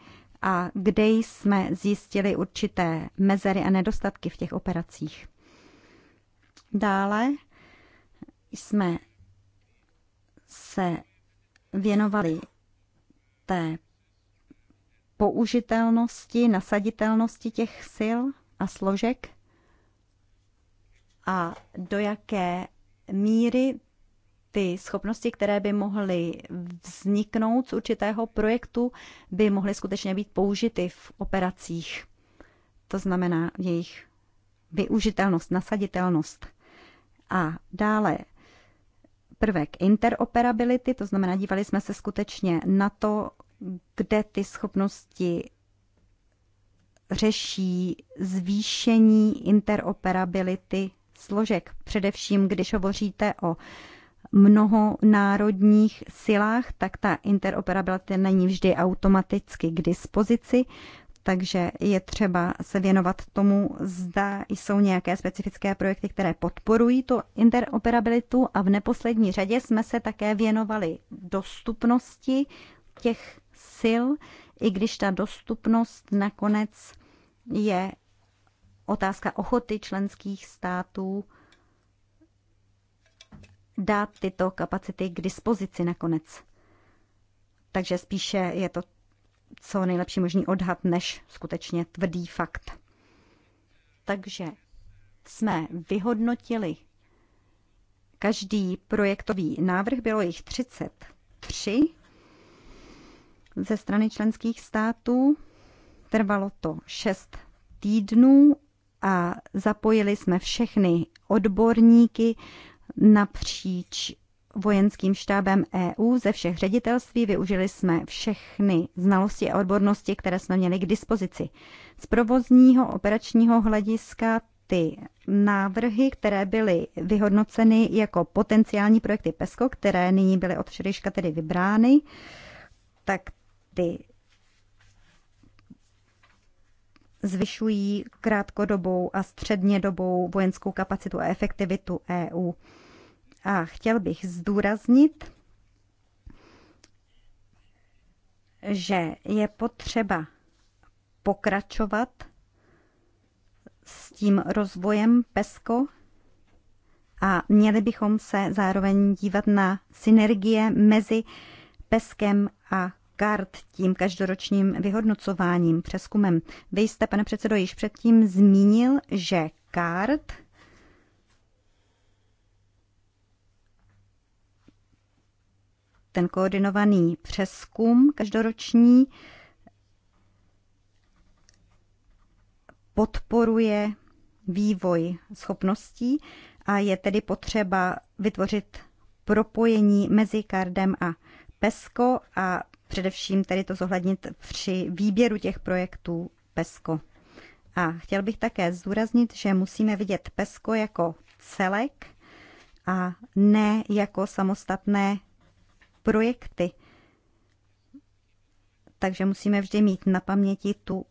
a kde jsme zjistili určité mezery a nedostatky v těch operacích. Dále jsme se věnovali té použitelnosti, nasaditelnosti těch sil a složek a do jaké míry ty schopnosti, které by mohly vzniknout z určitého projektu, by mohly skutečně být použity v operacích. To znamená jejich využitelnost, nasaditelnost. A dále prvek interoperability, to znamená, dívali jsme se skutečně na to, kde ty schopnosti řeší zvýšení interoperability složek. Především, když hovoříte o mnoho národních silách, tak ta interoperabilita není vždy automaticky k dispozici, takže je třeba se věnovat tomu, zda jsou nějaké specifické projekty, které podporují tu interoperabilitu a v neposlední řadě jsme se také věnovali dostupnosti těch sil, i když ta dostupnost nakonec je otázka ochoty členských států dát tyto kapacity k dispozici nakonec. Takže spíše je to co nejlepší možný odhad, než skutečně tvrdý fakt. Takže jsme vyhodnotili každý projektový návrh, bylo jich 33 ze strany členských států. Trvalo to 6 týdnů a zapojili jsme všechny odborníky napříč vojenským štábem EU ze všech ředitelství využili jsme všechny znalosti a odbornosti, které jsme měli k dispozici. Z provozního operačního hlediska ty návrhy, které byly vyhodnoceny jako potenciální projekty PESCO, které nyní byly od včerejška tedy vybrány, tak ty zvyšují krátkodobou a střednědobou vojenskou kapacitu a efektivitu EU. A chtěl bych zdůraznit, že je potřeba pokračovat s tím rozvojem PESCO a měli bychom se zároveň dívat na synergie mezi PESCem a kart tím každoročním vyhodnocováním, přeskumem. Vy jste, pane předsedo, již předtím zmínil, že kart ten koordinovaný přeskum každoroční podporuje vývoj schopností a je tedy potřeba vytvořit propojení mezi Kardem a PESCO a především tedy to zohlednit při výběru těch projektů PESCO. A chtěl bych také zdůraznit, že musíme vidět PESCO jako celek a ne jako samostatné projekty. Takže musíme vždy mít na paměti tu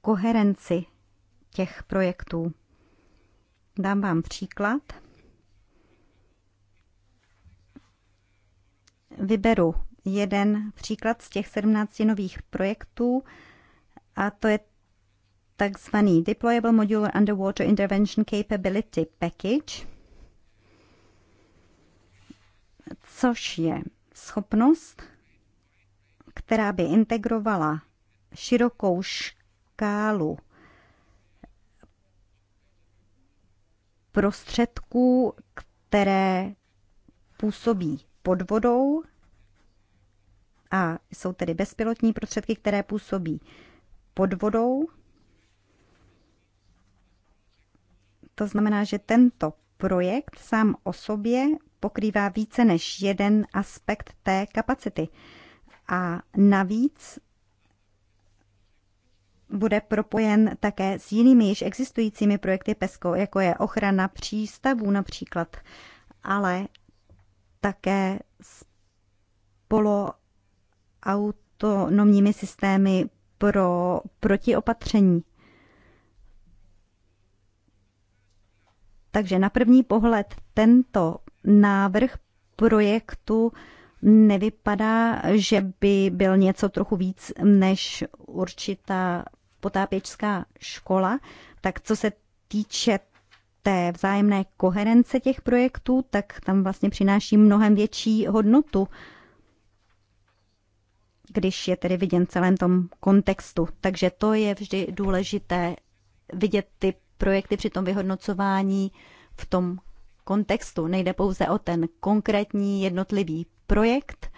koherenci těch projektů. Dám vám příklad. Vyberu jeden příklad z těch 17 nových projektů a to je takzvaný Deployable Modular Underwater Intervention Capability Package, což je schopnost, která by integrovala širokou škálu prostředků, které působí pod vodou a jsou tedy bezpilotní prostředky, které působí pod vodou. To znamená, že tento projekt sám o sobě pokrývá více než jeden aspekt té kapacity. A navíc bude propojen také s jinými již existujícími projekty PESCO, jako je ochrana přístavů například, ale také s poloautonomními systémy pro protiopatření. Takže na první pohled tento návrh projektu nevypadá, že by byl něco trochu víc než určitá potápěčská škola, tak co se týče té vzájemné koherence těch projektů, tak tam vlastně přináší mnohem větší hodnotu, když je tedy viděn celém tom kontextu. Takže to je vždy důležité vidět ty projekty při tom vyhodnocování v tom kontextu. Nejde pouze o ten konkrétní jednotlivý projekt,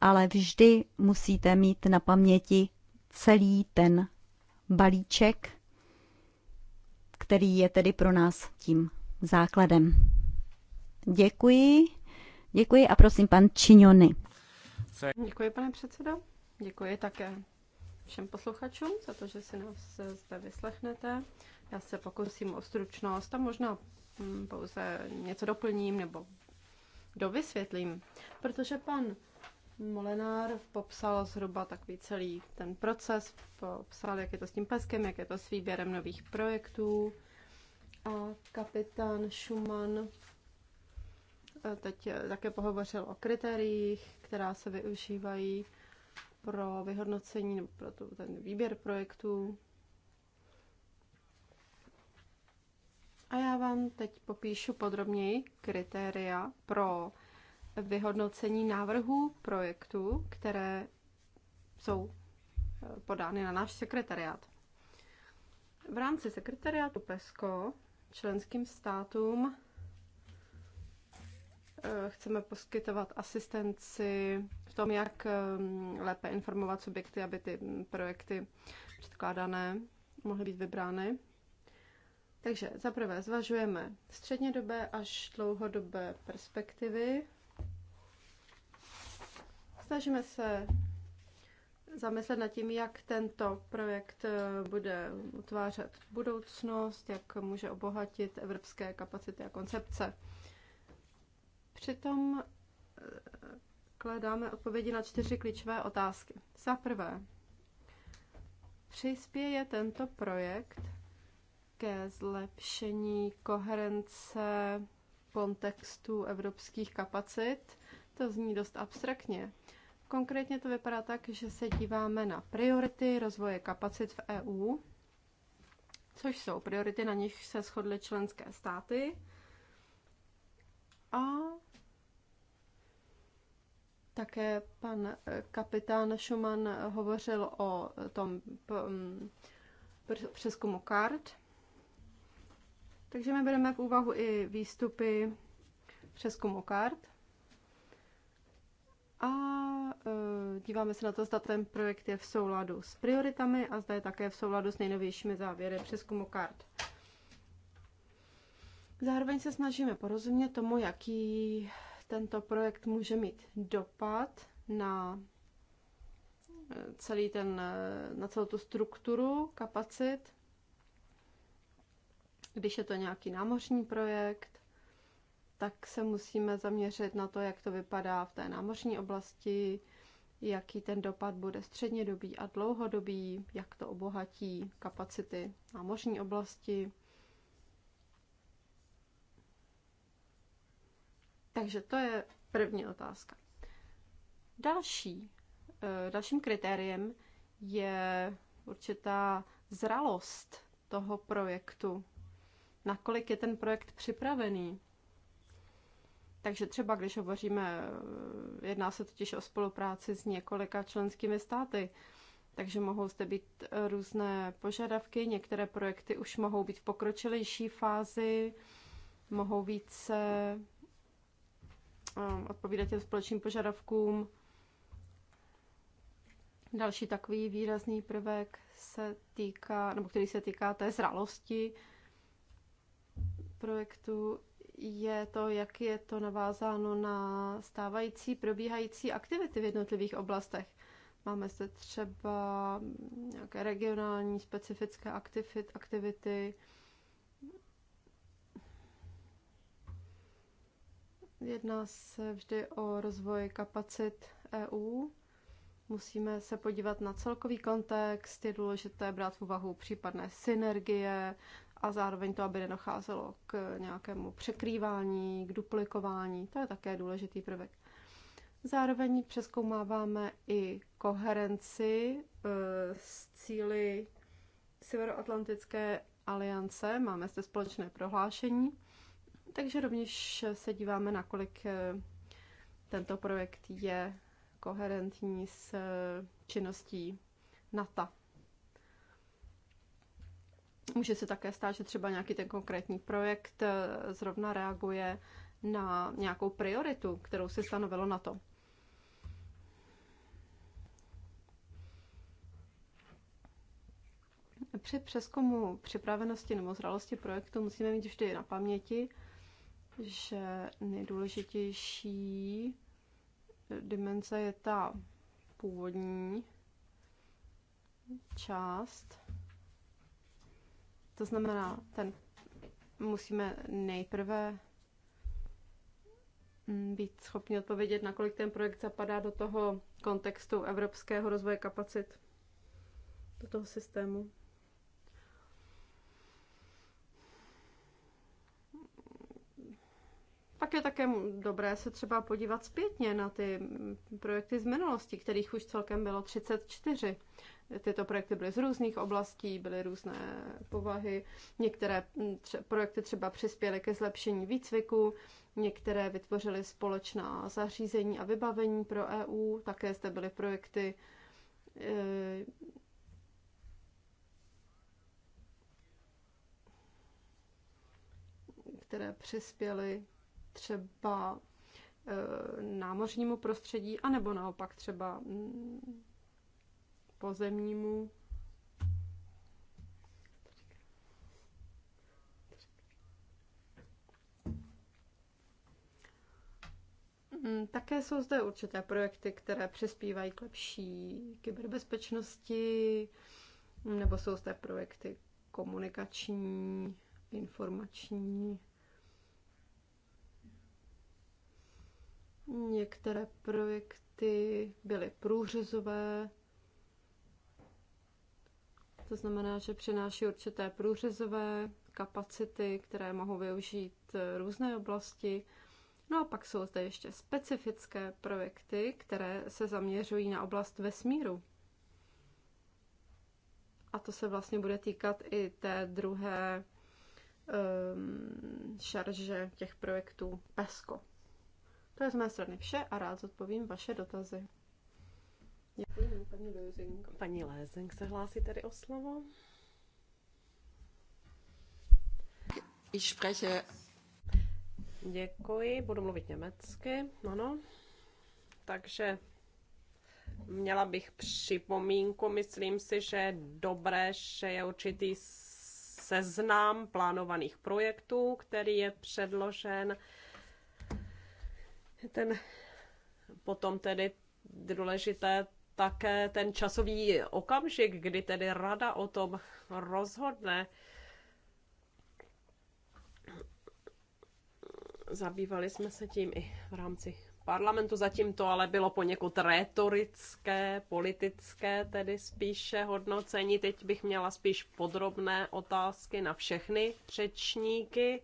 ale vždy musíte mít na paměti celý ten balíček, který je tedy pro nás tím základem. Děkuji. Děkuji a prosím pan Činiony. Děkuji, pane předsedo. Děkuji také všem posluchačům za to, že si nás zde vyslechnete. Já se pokusím o stručnost a možná Mm, pouze něco doplním nebo dovysvětlím, protože pan Molenár popsal zhruba takový celý ten proces, popsal, jak je to s tím peskem, jak je to s výběrem nových projektů a kapitán Schumann eh, teď eh, také pohovořil o kritériích, která se využívají pro vyhodnocení nebo pro ten výběr projektů. A já vám teď popíšu podrobněji kritéria pro vyhodnocení návrhů projektů, které jsou eh, podány na náš sekretariát. V rámci sekretariátu PESCO členským státům eh, chceme poskytovat asistenci v tom, jak eh, lépe informovat subjekty, aby ty projekty předkládané mohly být vybrány. Takže zaprvé zvažujeme střednědobé až dlouhodobé perspektivy. Snažíme se zamyslet nad tím, jak tento projekt eh, bude utvářet budoucnost, jak může obohatit evropské kapacity a koncepce. Přitom eh, kladáme odpovědi na čtyři klíčové otázky. Za prvé, přispěje tento projekt ke zlepšení koherence kontextu evropských kapacit. To zní dost abstraktně. Konkrétně to vypadá tak, že se díváme na priority rozvoje kapacit v EU, což jsou priority, na nich se shodly členské státy. A také pan eh, kapitán Schumann hovořil o tom mm, přeskumu kart. Takže my bereme v úvahu i výstupy přes Komokart. a e, díváme se na to, zda ten projekt je v souladu s prioritami a zda je také v souladu s nejnovějšími závěry přes Komokart. Zároveň se snažíme porozumět tomu, jaký tento projekt může mít dopad na e, celý ten, e, na celou tu strukturu kapacit když je to nějaký námořní projekt, tak se musíme zaměřit na to, jak to vypadá v té námořní oblasti, jaký ten dopad bude střednědobý a dlouhodobý, jak to obohatí kapacity námořní oblasti. Takže to je první otázka. Další, eh, dalším kritériem je určitá zralost toho projektu nakolik je ten projekt připravený. Takže třeba když hovoříme, eh, jedná se totiž o spolupráci s několika členskými státy, takže mohou zde být eh, různé požadavky, některé projekty už mohou být v pokročilejší fázi, mohou více eh, odpovídat těm společným požadavkům. Další takový výrazný prvek se týká, nebo který se týká té zralosti projektu je to, jak je to navázáno na stávající, probíhající aktivity v jednotlivých oblastech. Máme zde třeba nějaké regionální specifické aktivit, aktivity. Jedná se vždy o rozvoj kapacit EU. Musíme se podívat na celkový kontext, je důležité brát v úvahu případné synergie, a zároveň to, aby nedocházelo k nějakému překrývání, k duplikování. To je také důležitý prvek. Zároveň přeskoumáváme i koherenci eh, s cíly Severoatlantické aliance. Máme zde společné prohlášení, takže rovněž se díváme, nakolik eh, tento projekt je koherentní s eh, činností NATO. Může se také stát, že třeba nějaký ten konkrétní projekt eh, zrovna reaguje na nějakou prioritu, kterou se stanovilo na to. Při přeskumu připravenosti nebo zralosti projektu musíme mít vždy na paměti, že nejdůležitější dimenze je ta původní část, to znamená, ten musíme nejprve mm, být schopni odpovědět, nakolik ten projekt zapadá do toho kontextu evropského rozvoje kapacit, do toho systému. Pak je také dobré se třeba podívat zpětně na ty projekty z minulosti, kterých už celkem bylo 34. Tyto projekty byly z různých oblastí, byly různé povahy. Některé mm, tře- projekty třeba přispěly ke zlepšení výcviku, některé vytvořily společná zařízení a vybavení pro EU. Také zde byly projekty e, které přispěly třeba e, námořnímu prostředí, anebo naopak třeba mm, pozemnímu. Mm, také jsou zde určité projekty, které přispívají k lepší kyberbezpečnosti, nebo jsou zde projekty komunikační, informační. Některé projekty byly průřezové, to znamená, že přináší určité průřezové kapacity, které mohou využít eh, různé oblasti. No a pak jsou zde ještě specifické projekty, které se zaměřují na oblast vesmíru. A to se vlastně bude týkat i té druhé um, šarže těch projektů PESCO. To je z mé strany vše a rád zodpovím vaše dotazy. Děkuji, paní Lézing. Paní Lézing se hlásí tady o slovo. Ich spreche. Děkuji, budu mluvit německy, ano. Takže měla bych připomínku, myslím si, že je dobré, že je určitý seznam plánovaných projektů, který je předložen. Ten potom tedy důležité také ten časový okamžik, kdy tedy rada o tom rozhodne. Zabývali jsme se tím i v rámci parlamentu. Zatím to ale bylo poněkud retorické, politické, tedy spíše hodnocení. Teď bych měla spíš podrobné otázky na všechny řečníky.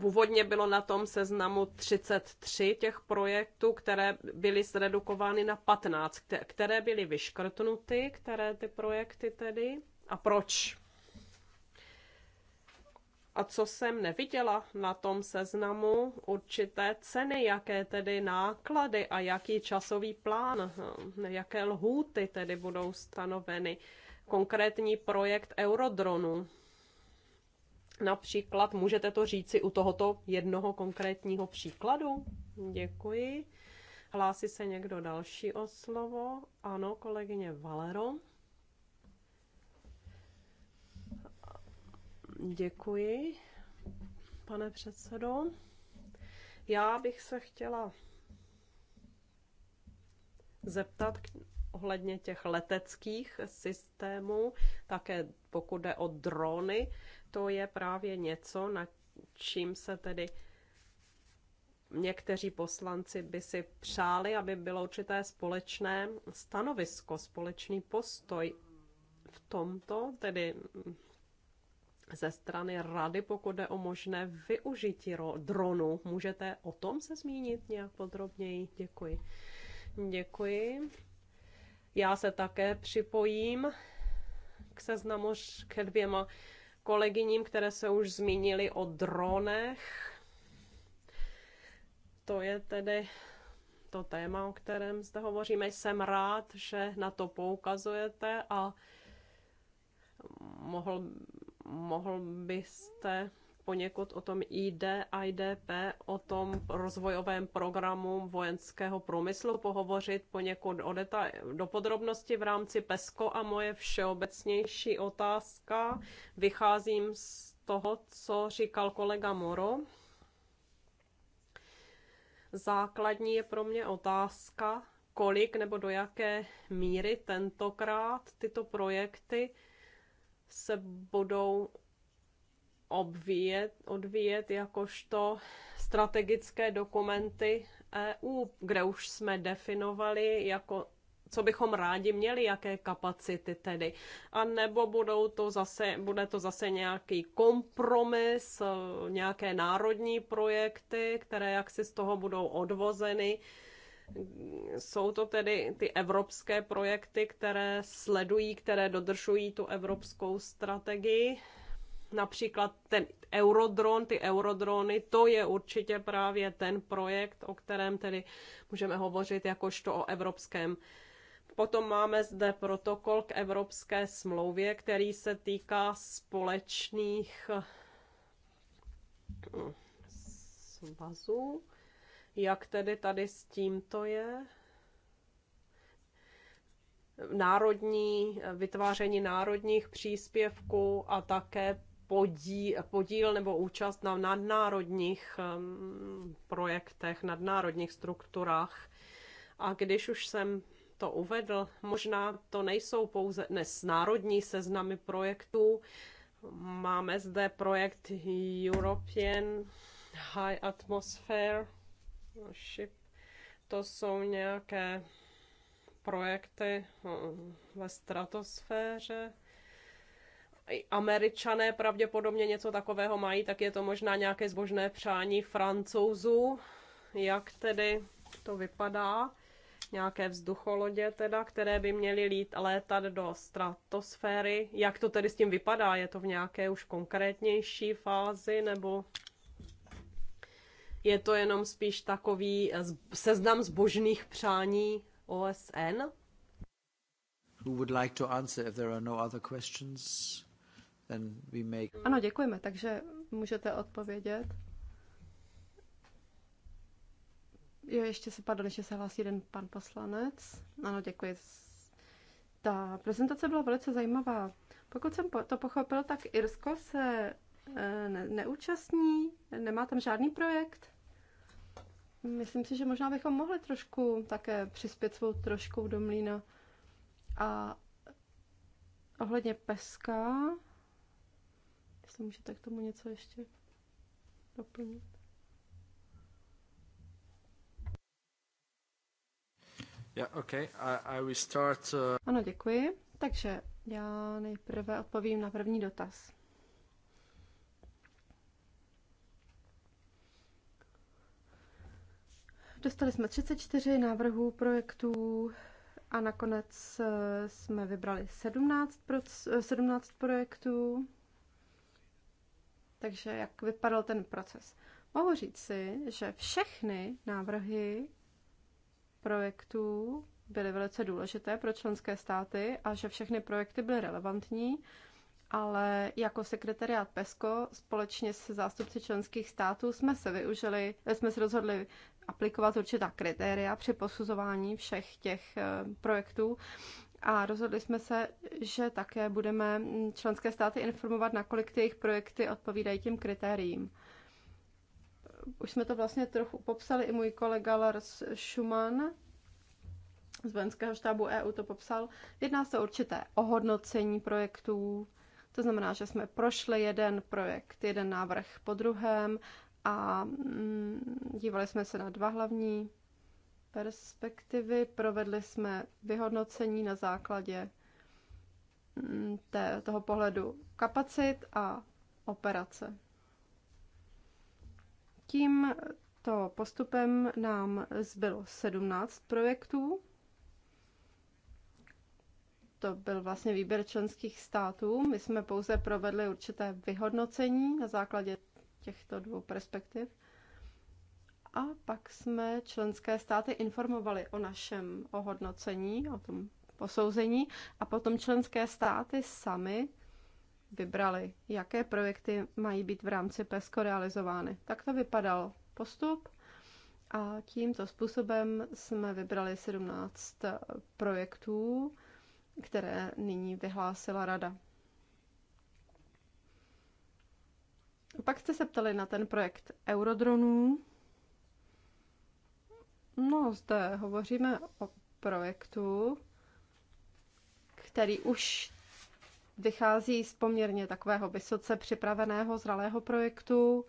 Původně bylo na tom seznamu 33 těch projektů, které byly zredukovány na 15, které byly vyškrtnuty, které ty projekty tedy a proč. A co jsem neviděla na tom seznamu, určité ceny, jaké tedy náklady a jaký časový plán, hm, jaké lhůty tedy budou stanoveny. Konkrétní projekt Eurodronu Například můžete to říci u tohoto jednoho konkrétního příkladu? Děkuji. Hlásí se někdo další o slovo? Ano, kolegyně Valero. Děkuji, pane předsedo. Já bych se chtěla zeptat ohledně těch leteckých systémů, také pokud jde o drony to je právě něco, na čím se tedy někteří poslanci by si přáli, aby bylo určité společné stanovisko, společný postoj v tomto, tedy ze strany rady, pokud jde o možné využití dronu. Můžete o tom se zmínit nějak podrobněji? Děkuji. Děkuji. Já se také připojím k seznamu k dvěma kolegyním, které se už zmínili o dronech. To je tedy to téma, o kterém zde hovoříme. Jsem rád, že na to poukazujete a mohl, mohl byste poněkud o tom IDIDP, o tom rozvojovém programu vojenského průmyslu pohovořit poněkud o deta- do podrobnosti v rámci PESCO a moje všeobecnější otázka. Vycházím z toho, co říkal kolega Moro. Základní je pro mě otázka, kolik nebo do jaké míry tentokrát tyto projekty se budou obvíjet, odvíjet jakožto strategické dokumenty EU, kde už jsme definovali jako co bychom rádi měli, jaké kapacity tedy. A nebo budou to zase, bude to zase nějaký kompromis, e, nějaké národní projekty, které jaksi z toho budou odvozeny. Jsou to tedy ty evropské projekty, které sledují, které dodržují tu evropskou strategii, například ten eurodron, ty eurodrony, to je určitě právě ten projekt, o kterém tedy můžeme hovořit jakožto o evropském. Potom máme zde protokol k evropské smlouvě, který se týká společných hm, svazů. Jak tedy tady s tímto je? národní, vytváření národních příspěvků a také podíl, podíl nebo účast na nadnárodních projektech, nadnárodních strukturách. A když už jsem to uvedl, možná to nejsou pouze dnes národní seznamy projektů. Máme zde projekt European High Atmosphere Ship. To jsou nějaké projekty ve stratosféře, Američané pravděpodobně něco takového mají, tak je to možná nějaké zbožné přání francouzů, jak tedy to vypadá nějaké vzducholodě teda, které by měly lít, létat do stratosféry. Jak to tedy s tím vypadá? Je to v nějaké už konkrétnější fázi nebo je to jenom spíš takový seznam zbožných přání OSN? Who would like to answer if there are no other questions? Make... Ano, děkujeme, takže můžete odpovědět. Jo, ještě se, pardon, ještě se hlásí jeden pan poslanec. Ano, děkuji. Ta prezentace byla velice zajímavá. Pokud jsem to pochopil, tak Irsko se eh, neúčastní, nemá tam žádný projekt. Myslím si, že možná bychom mohli trošku také přispět svou troškou do mlína. A ohledně peska, jestli můžete k tomu něco ještě doplnit. Yeah, okay. I, I will start, uh... Ano, děkuji. Takže já nejprve odpovím na první dotaz. Dostali jsme 34 návrhů projektů a nakonec eh, jsme vybrali 17, pro, 17 projektů. Takže jak vypadal ten proces? Mohu říct si, že všechny návrhy projektů byly velice důležité pro členské státy a že všechny projekty byly relevantní, ale jako sekretariát PESCO společně s zástupci členských států jsme se využili, jsme se rozhodli aplikovat určitá kritéria při posuzování všech těch eh, projektů a rozhodli jsme se, že také budeme členské státy informovat, nakolik ty jejich projekty odpovídají těm kritériím. Už jsme to vlastně trochu popsali, i můj kolega Lars Schumann z vojenského štábu EU to popsal. Jedná se o určité ohodnocení projektů, to znamená, že jsme prošli jeden projekt, jeden návrh po druhém a mm, dívali jsme se na dva hlavní perspektivy. Provedli jsme vyhodnocení na základě mm, té, toho pohledu kapacit a operace. Tímto postupem nám zbylo 17 projektů. To byl vlastně výběr členských států. My jsme pouze provedli určité vyhodnocení na základě těchto dvou perspektiv. A pak jsme členské státy informovali o našem ohodnocení, o tom posouzení a potom členské státy sami vybrali, jaké projekty mají být v rámci PESCO realizovány. Tak to vypadal postup a tímto způsobem jsme vybrali 17 projektů, které nyní vyhlásila rada. Pak jste se ptali na ten projekt Eurodronů. No, zde hovoříme o projektu, který už vychází z poměrně takového vysoce připraveného, zralého projektu.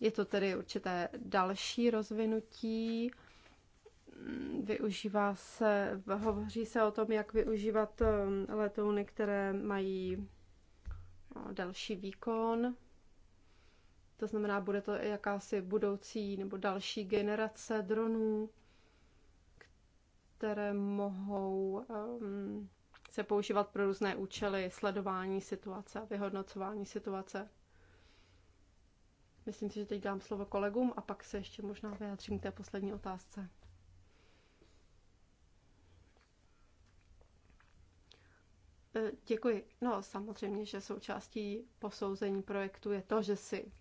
Je to tedy určité další rozvinutí. Využívá se, hovoří se o tom, jak využívat um, letouny, které mají uh, další výkon. To znamená, bude to jakási budoucí nebo další generace dronů, které mohou um, se používat pro různé účely sledování situace vyhodnocování situace. Myslím si, že teď dám slovo kolegům a pak se ještě možná vyjádřím k té poslední otázce. E, děkuji. No, samozřejmě, že součástí posouzení projektu je to, že si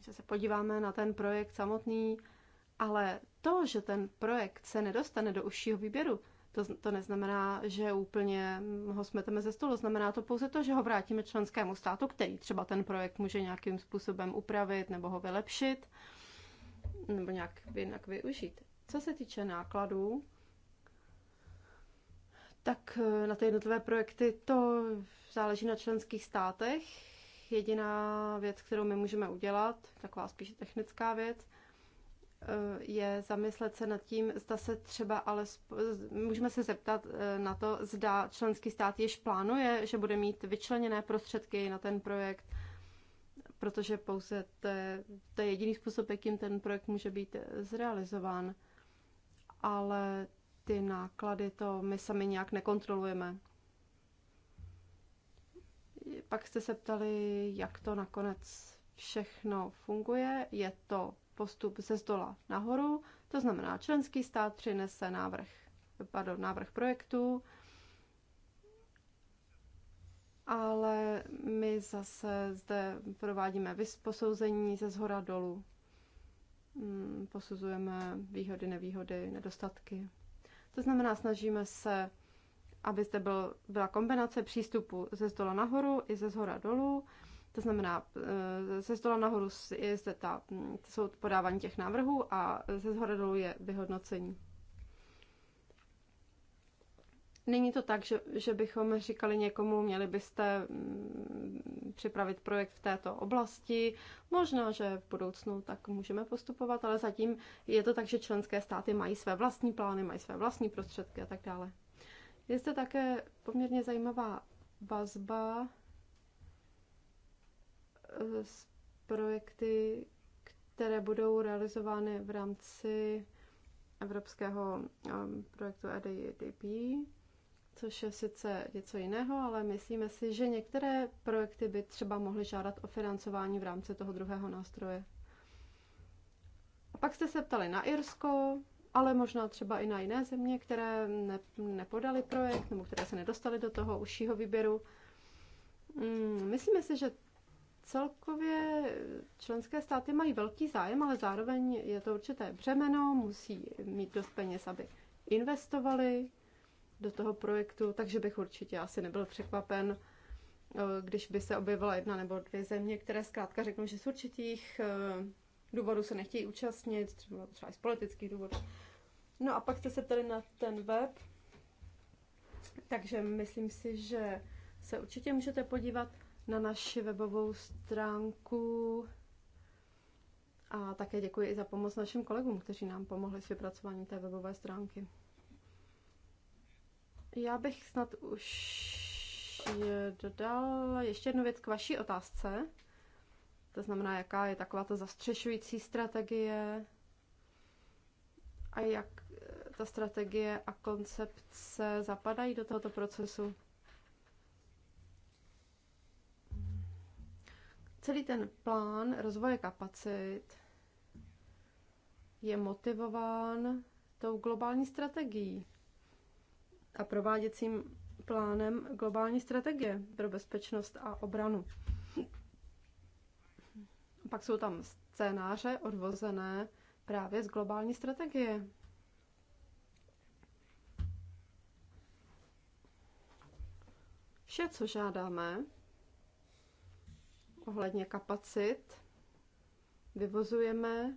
že se podíváme na ten projekt samotný, ale to, že ten projekt se nedostane do užšího výběru, to, to neznamená, že úplně ho smeteme ze stolu, znamená to pouze to, že ho vrátíme členskému státu, který třeba ten projekt může nějakým způsobem upravit nebo ho vylepšit nebo nějak jinak využít. Co se týče nákladů, tak eh, na ty jednotlivé projekty to záleží na členských státech. Jediná věc, kterou my můžeme udělat, taková spíše technická věc, eh, je zamyslet se nad tím, zda se třeba ale můžeme se zeptat eh, na to, zda členský stát již plánuje, že bude mít vyčleněné prostředky na ten projekt, protože pouze to je, to je jediný způsob, jakým ten projekt může být eh, zrealizován. Ale ty náklady to my sami nějak nekontrolujeme. Pak jste se ptali, jak to nakonec všechno funguje. Je to postup ze zdola nahoru, to znamená, členský stát přinese návrh, pardon, návrh projektu, ale my zase zde provádíme posouzení ze zhora dolů. Hmm, posuzujeme výhody, nevýhody, nedostatky. To znamená, snažíme se aby zde byl, byla kombinace přístupu ze stola nahoru i ze zhora dolů. To znamená, eh, ze stola nahoru je zde ta, hm, jsou podávání těch návrhů a ze zhora dolů je vyhodnocení. Není to tak, že, že bychom říkali někomu, měli byste hm, připravit projekt v této oblasti. Možná, že v budoucnu tak můžeme postupovat, ale zatím je to tak, že členské státy mají své vlastní plány, mají své vlastní prostředky a tak dále. Je zde také poměrně zajímavá vazba eh, s projekty, které budou realizovány v rámci evropského eh, projektu EDIDP, což je sice něco jiného, ale myslíme si, že některé projekty by třeba mohly žádat o financování v rámci toho druhého nástroje. A pak jste se ptali na Irsko, ale možná třeba i na jiné země, které ne, nepodali projekt nebo které se nedostaly do toho užšího výběru. Mm, myslíme si, že celkově členské státy mají velký zájem, ale zároveň je to určité břemeno, musí mít dost peněz, aby investovali do toho projektu, takže bych určitě asi nebyl překvapen, když by se objevila jedna nebo dvě země, které zkrátka řeknou, že z určitých důvodů se nechtějí účastnit, třeba, třeba i z politických důvodů. No a pak jste se ptali na ten web, takže myslím si, že se určitě můžete podívat na naši webovou stránku a také děkuji i za pomoc našim kolegům, kteří nám pomohli s vypracováním té webové stránky. Já bych snad už dodal ještě jednu věc k vaší otázce. To znamená, jaká je taková ta zastřešující strategie a jak eh, ta strategie a koncepce zapadají do tohoto procesu. Celý ten plán rozvoje kapacit je motivován tou globální strategií a prováděcím plánem globální strategie pro bezpečnost a obranu. Pak jsou tam scénáře odvozené právě z globální strategie. Vše, co žádáme ohledně kapacit, vyvozujeme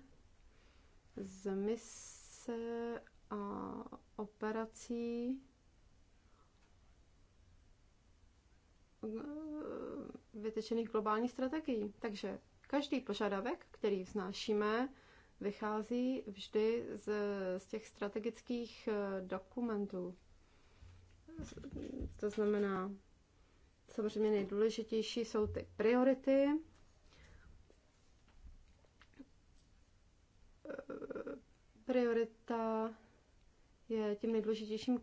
z mise a operací vytečených globální strategií. Takže Každý požadavek, který vznášíme, vychází vždy z, z těch strategických eh, dokumentů. To znamená, samozřejmě nejdůležitější jsou ty priority, eh, priorita je tím nejdůležitějším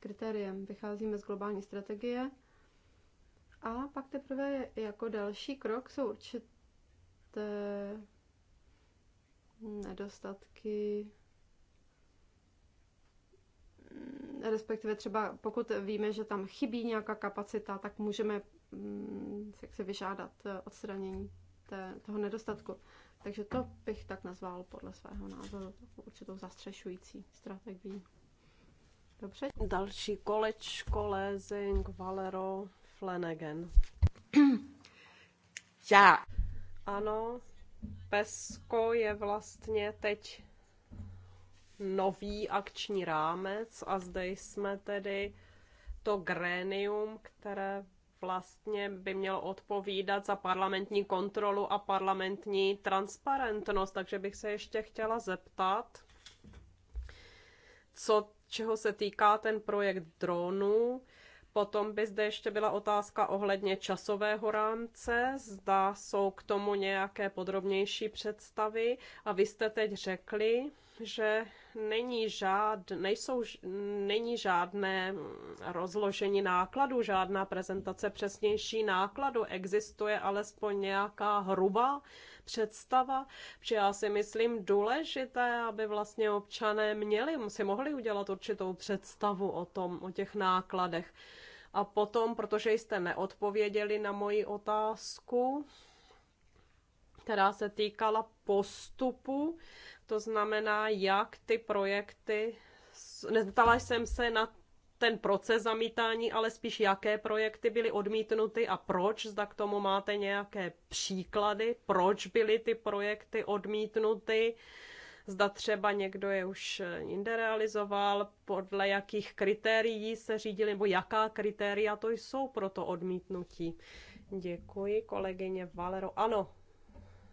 kritériem. Vycházíme z globální strategie, a pak teprve jako další krok jsou určité nedostatky, respektive třeba pokud víme, že tam chybí nějaká kapacita, tak můžeme mm, jak se vyžádat eh, odstranění té, toho nedostatku. Takže to bych tak nazval podle svého názoru určitou zastřešující strategii. Dobře. Další kolečko, lézing, Valero, Flanagan. Já. Ano, PESCO je vlastně teď nový akční rámec a zde jsme tedy to grénium, které vlastně by mělo odpovídat za parlamentní kontrolu a parlamentní transparentnost. Takže bych se ještě chtěla zeptat, co, čeho se týká ten projekt dronů, Potom by zde ještě byla otázka ohledně časového rámce. Zda jsou k tomu nějaké podrobnější představy. A vy jste teď řekli, že není, žád, nejsou, není žádné rozložení nákladu, žádná prezentace přesnější nákladu. Existuje alespoň nějaká hruba představa, že já si myslím důležité, aby vlastně občané měli, si mohli udělat určitou představu o tom, o těch nákladech. A potom, protože jste neodpověděli na moji otázku, která se týkala postupu, to znamená, jak ty projekty, nezeptala jsem se na ten proces zamítání, ale spíš jaké projekty byly odmítnuty a proč, zda k tomu máte nějaké příklady, proč byly ty projekty odmítnuty, Zda třeba někdo je už eh, jinde realizoval, podle jakých kritérií se řídili, nebo jaká kritéria to jsou pro to odmítnutí. Děkuji, kolegyně Valero. Ano,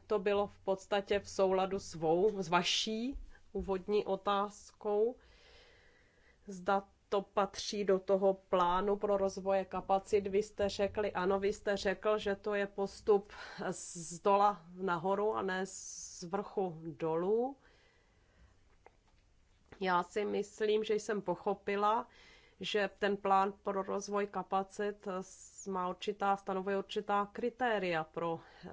to bylo v podstatě v souladu s, s vaší úvodní otázkou. Zda to patří do toho plánu pro rozvoje kapacit. Vy jste řekli, ano, vy jste řekl, že to je postup z dola nahoru a ne z vrchu dolů. Já si myslím, že jsem pochopila, že ten plán pro rozvoj kapacit eh, má určitá, stanovuje určitá kritéria pro eh,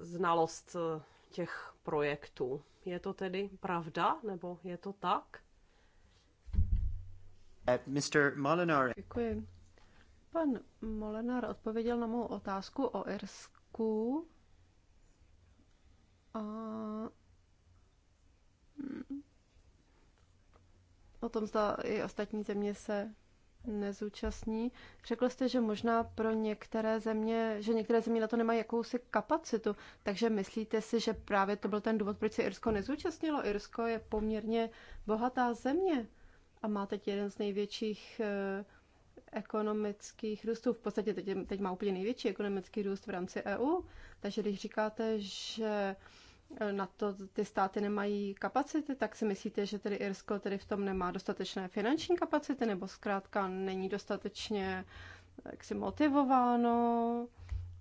znalost eh, těch projektů. Je to tedy pravda, nebo je to tak? Mr. Molinar. Děkuji. Pan Molinar odpověděl na mou otázku o Irsku. A o tom, zda i ostatní země se nezúčastní. Řekl jste, že možná pro některé země, že některé země na to nemají jakousi kapacitu, takže myslíte si, že právě to byl ten důvod, proč se Irsko nezúčastnilo? Irsko je poměrně bohatá země a má teď jeden z největších eh, ekonomických růstů. V podstatě teď, teď má úplně největší ekonomický růst v rámci EU. Takže když říkáte, že Eh, na to ty státy nemají kapacity, tak si myslíte, že tedy Irsko tedy v tom nemá dostatečné finanční kapacity, nebo zkrátka není dostatečně eh, jaksi motivováno,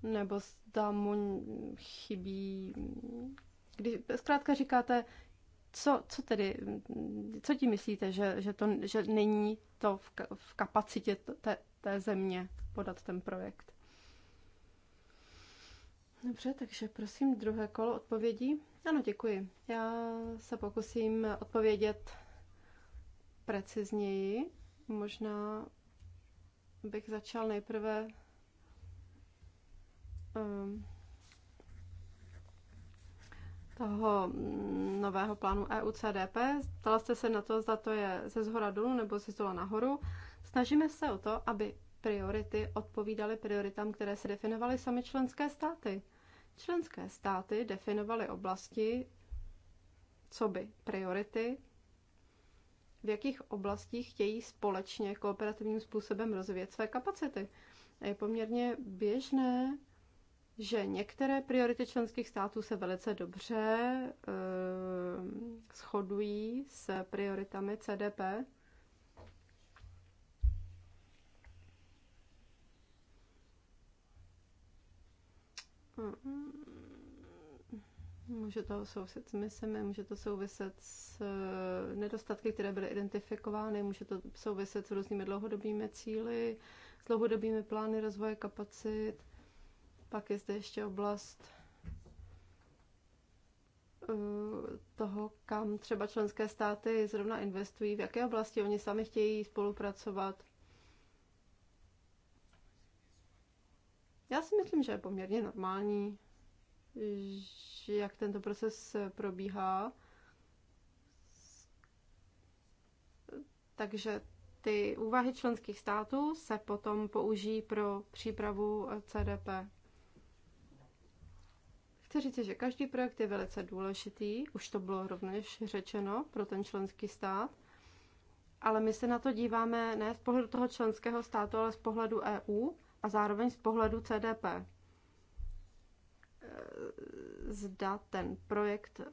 nebo zda mu chybí... Když zkrátka říkáte, co, co tedy, co tím myslíte, že, že, to, že není to v, v kapacitě té, té země podat ten projekt? Dobře, takže prosím druhé kolo odpovědí. Ano, děkuji. Já se pokusím odpovědět precizněji. Možná bych začal nejprve um, toho nového plánu EUCDP. Ptala jste se na to, zda to je ze zhora dolů nebo ze zdola nahoru. Snažíme se o to, aby priority odpovídaly prioritám, které se definovaly sami členské státy. Členské státy definovaly oblasti, co by priority, v jakých oblastích chtějí společně kooperativním způsobem rozvíjet své kapacity. A je poměrně běžné, že některé priority členských států se velice dobře e, shodují s prioritami CDP, Mm. Může to souviset s misemi, může to souviset s eh, nedostatky, které byly identifikovány, může to souviset s různými dlouhodobými cíly, s dlouhodobými plány rozvoje kapacit. Pak je zde ještě oblast eh, toho, kam třeba členské státy zrovna investují, v jaké oblasti oni sami chtějí spolupracovat, Já si myslím, že je poměrně normální, že jak tento proces probíhá. Takže ty úvahy členských států se potom použijí pro přípravu CDP. Chci říct, že každý projekt je velice důležitý, už to bylo rovněž řečeno pro ten členský stát, ale my se na to díváme ne z pohledu toho členského státu, ale z pohledu EU a zároveň z pohledu CDP. Eh, zda ten projekt eh,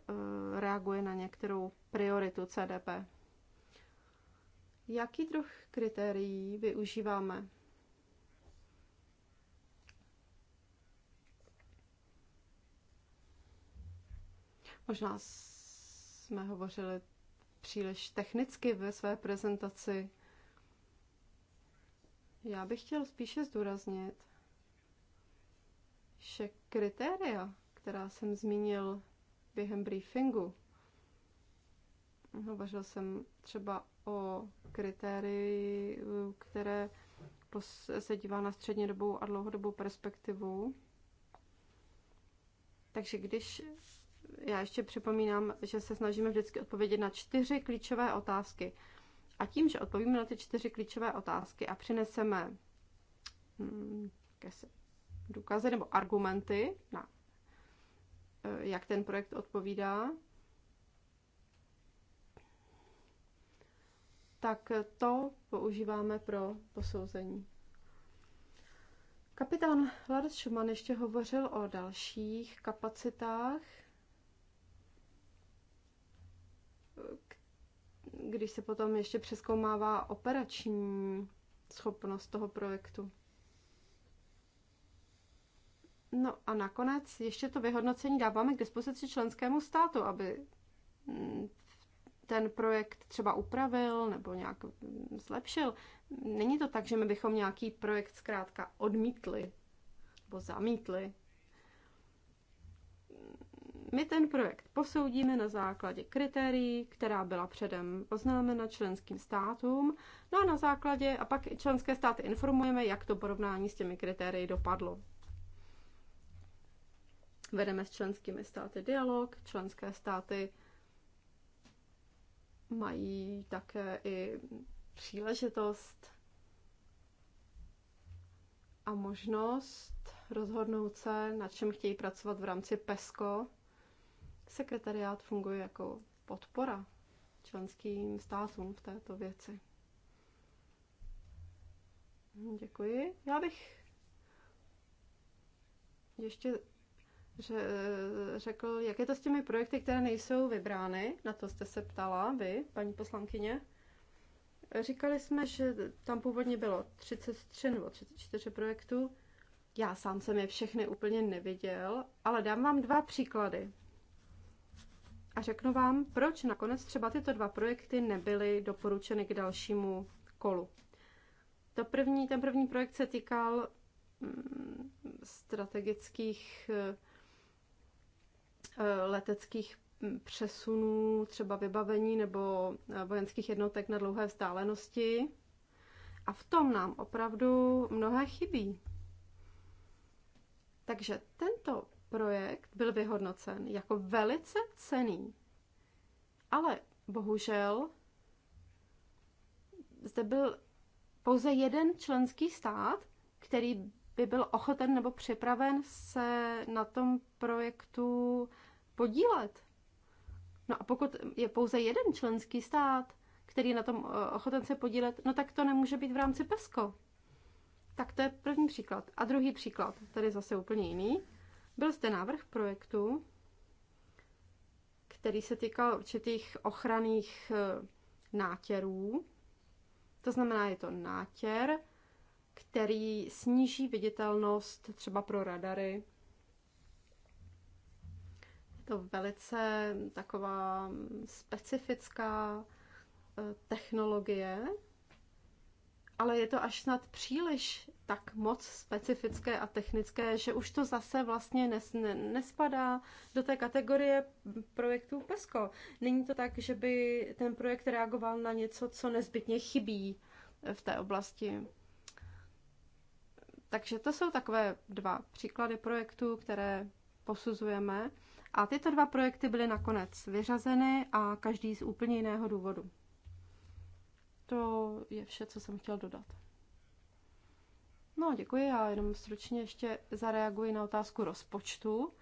reaguje na některou prioritu CDP. Jaký druh kritérií využíváme? Možná jsme hovořili příliš technicky ve své prezentaci. Já bych chtěl spíše zdůraznit, že kritéria, která jsem zmínil během briefingu, hovořil no, jsem třeba o kritérii, které se dívá na střednědobou a dlouhodobou perspektivu. Takže když já ještě připomínám, že se snažíme vždycky odpovědět na čtyři klíčové otázky. A tím, že odpovíme na ty čtyři klíčové otázky a přineseme hmm, důkazy nebo argumenty, na, eh, jak ten projekt odpovídá, tak to používáme pro posouzení. Kapitán Lars Schumann ještě hovořil o dalších kapacitách když se potom ještě přeskoumává operační schopnost toho projektu. No a nakonec ještě to vyhodnocení dáváme k dispozici členskému státu, aby mm, ten projekt třeba upravil nebo nějak mm, zlepšil. Není to tak, že my bychom nějaký projekt zkrátka odmítli nebo zamítli. My ten projekt posoudíme na základě kritérií, která byla předem oznámena členským státům, no a na základě, a pak členské státy informujeme, jak to porovnání s těmi kritérii dopadlo. Vedeme s členskými státy dialog, členské státy mají také i příležitost a možnost rozhodnout se, na čem chtějí pracovat v rámci PESCO, Sekretariát funguje jako podpora členským státům v této věci. Děkuji. Já bych ještě řekl, jak je to s těmi projekty, které nejsou vybrány. Na to jste se ptala vy, paní poslankyně. Říkali jsme, že tam původně bylo 33 nebo 34 projektů. Já sám jsem je všechny úplně neviděl, ale dám vám dva příklady a řeknu vám, proč nakonec třeba tyto dva projekty nebyly doporučeny k dalšímu kolu. To první, ten první projekt se týkal mm, strategických eh, leteckých přesunů, třeba vybavení nebo eh, vojenských jednotek na dlouhé vzdálenosti. A v tom nám opravdu mnohé chybí. Takže tento projekt byl vyhodnocen jako velice cený. Ale bohužel zde byl pouze jeden členský stát, který by byl ochoten nebo připraven se na tom projektu podílet. No a pokud je pouze jeden členský stát, který je na tom eh, ochoten se podílet, no tak to nemůže být v rámci PESCO. Tak to je první příklad. A druhý příklad, tady zase úplně jiný. Byl zde návrh projektu, který se týkal určitých ochranných eh, nátěrů. To znamená, je to nátěr, který sníží viditelnost třeba pro radary. Je to velice taková specifická eh, technologie, ale je to až snad příliš tak moc specifické a technické, že už to zase vlastně nes, ne, nespadá do té kategorie projektů PESCO. Není to tak, že by ten projekt reagoval na něco, co nezbytně chybí eh, v té oblasti. Takže to jsou takové dva příklady projektů, které posuzujeme. A tyto dva projekty byly nakonec vyřazeny a každý z úplně jiného důvodu to je vše, co jsem chtěl dodat. No, děkuji. Já jenom stručně ještě zareaguji na otázku rozpočtu.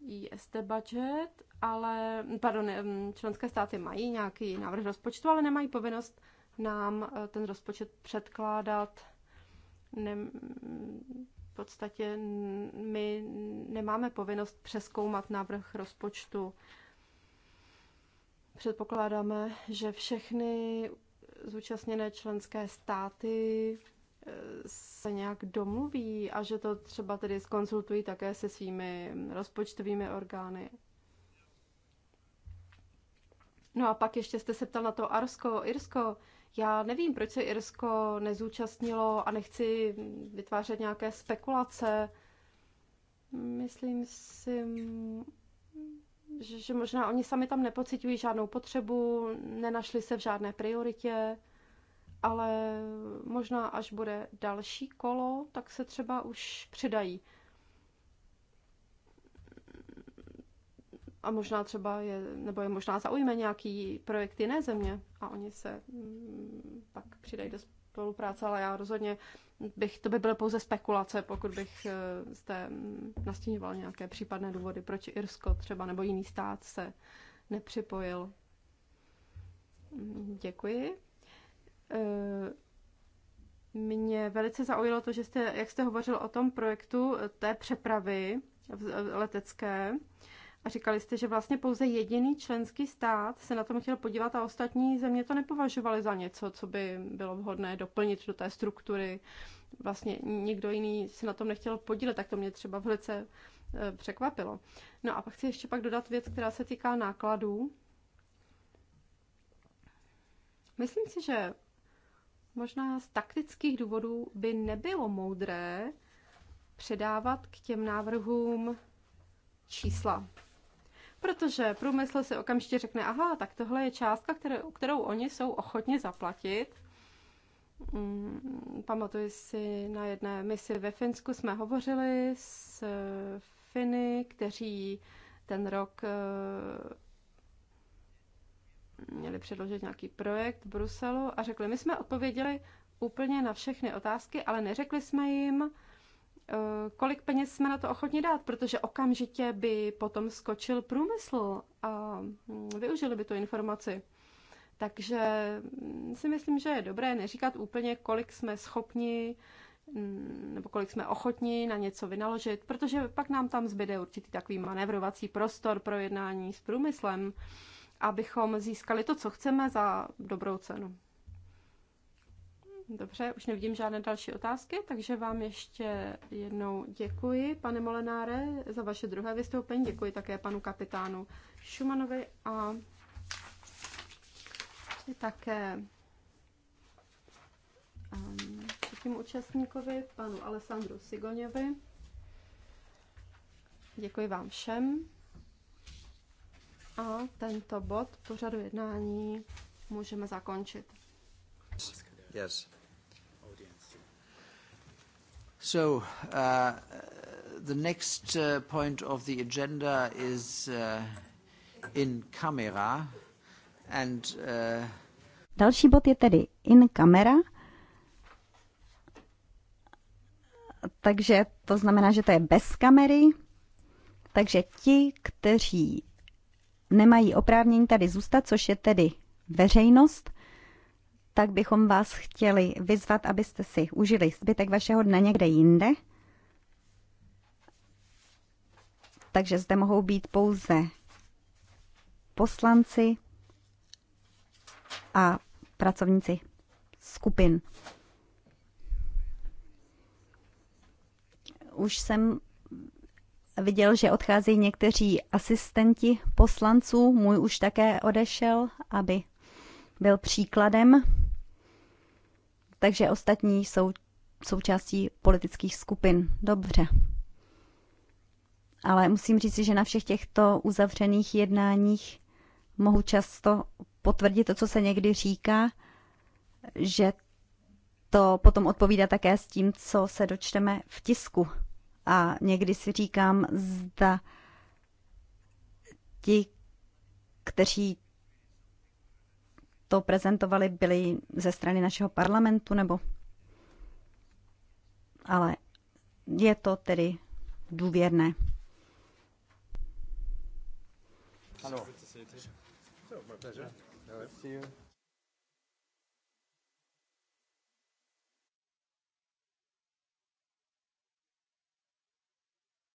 Je zde budget, ale, pardon, členské státy mají nějaký návrh rozpočtu, ale nemají povinnost nám eh, ten rozpočet předkládat. Ne, v podstatě my nemáme povinnost přeskoumat návrh rozpočtu Předpokládáme, že všechny zúčastněné členské státy eh, se nějak domluví a že to třeba tedy skonsultují také se svými rozpočtovými orgány. No a pak ještě jste se ptal na to Arsko, Irsko. Já nevím, proč se Irsko nezúčastnilo a nechci vytvářet nějaké spekulace. Myslím si, že možná oni sami tam nepocitují žádnou potřebu, nenašli se v žádné prioritě, ale možná až bude další kolo, tak se třeba už přidají. A možná třeba je, nebo je možná zaujme nějaký projekt jiné země a oni se pak mm, přidají do spolupráce, ale já rozhodně bych, to by byly pouze spekulace, pokud bych jste eh, mm, nastěňoval nějaké případné důvody, proč Irsko třeba nebo jiný stát se nepřipojil. Mm, děkuji. Eh, mě velice zaujalo to, že jste, jak jste hovořil o tom projektu té přepravy letecké, a říkali jste, že vlastně pouze jediný členský stát se na tom chtěl podívat a ostatní země to nepovažovali za něco, co by bylo vhodné doplnit do té struktury. Vlastně nikdo jiný se na tom nechtěl podílet, tak to mě třeba velice e, překvapilo. No a pak chci ještě pak dodat věc, která se týká nákladů. Myslím si, že možná z taktických důvodů by nebylo moudré předávat k těm návrhům čísla protože průmysl si okamžitě řekne, aha, tak tohle je částka, kterou, kterou oni jsou ochotni zaplatit. Mm, pamatuji si na jedné misi ve Finsku, jsme hovořili s eh, Finy, kteří ten rok eh, měli předložit nějaký projekt v Bruselu a řekli, my jsme odpověděli úplně na všechny otázky, ale neřekli jsme jim, Eh, kolik peněz jsme na to ochotni dát, protože okamžitě by potom skočil průmysl a mm, využili by tu informaci. Takže mm, si myslím, že je dobré neříkat úplně, kolik jsme schopni mm, nebo kolik jsme ochotni na něco vynaložit, protože pak nám tam zbyde určitý takový manevrovací prostor pro jednání s průmyslem, abychom získali to, co chceme za dobrou cenu. Dobře, už nevidím žádné další otázky, takže vám ještě jednou děkuji, pane Molenáre, za vaše druhé vystoupení. Děkuji také panu kapitánu Šumanovi a také ehm, třetím účastníkovi, panu Alessandru Sigoněvi. Děkuji vám všem. A tento bod pořadu jednání můžeme zakončit. Yes. So, uh, the next uh, point of the agenda is uh, in camera and uh... Další bod je tedy in camera. Takže to znamená, že to je bez kamery. Takže ti, kteří nemají oprávnění tady zůstat, což je tedy veřejnost, tak bychom vás chtěli vyzvat, abyste si užili zbytek vašeho dne někde jinde. Takže zde mohou být pouze poslanci a pracovníci skupin. Už jsem viděl, že odcházejí někteří asistenti poslanců, můj už také odešel, aby byl příkladem takže ostatní jsou součástí politických skupin. Dobře. Ale musím říct, že na všech těchto uzavřených jednáních mohu často potvrdit to, co se někdy říká, že to potom odpovídá také s tím, co se dočteme v tisku. A někdy si říkám, zda ti, kteří to prezentovali, byly ze strany našeho parlamentu, nebo... Ale je to tedy důvěrné. Hello. So, my pleasure. See you.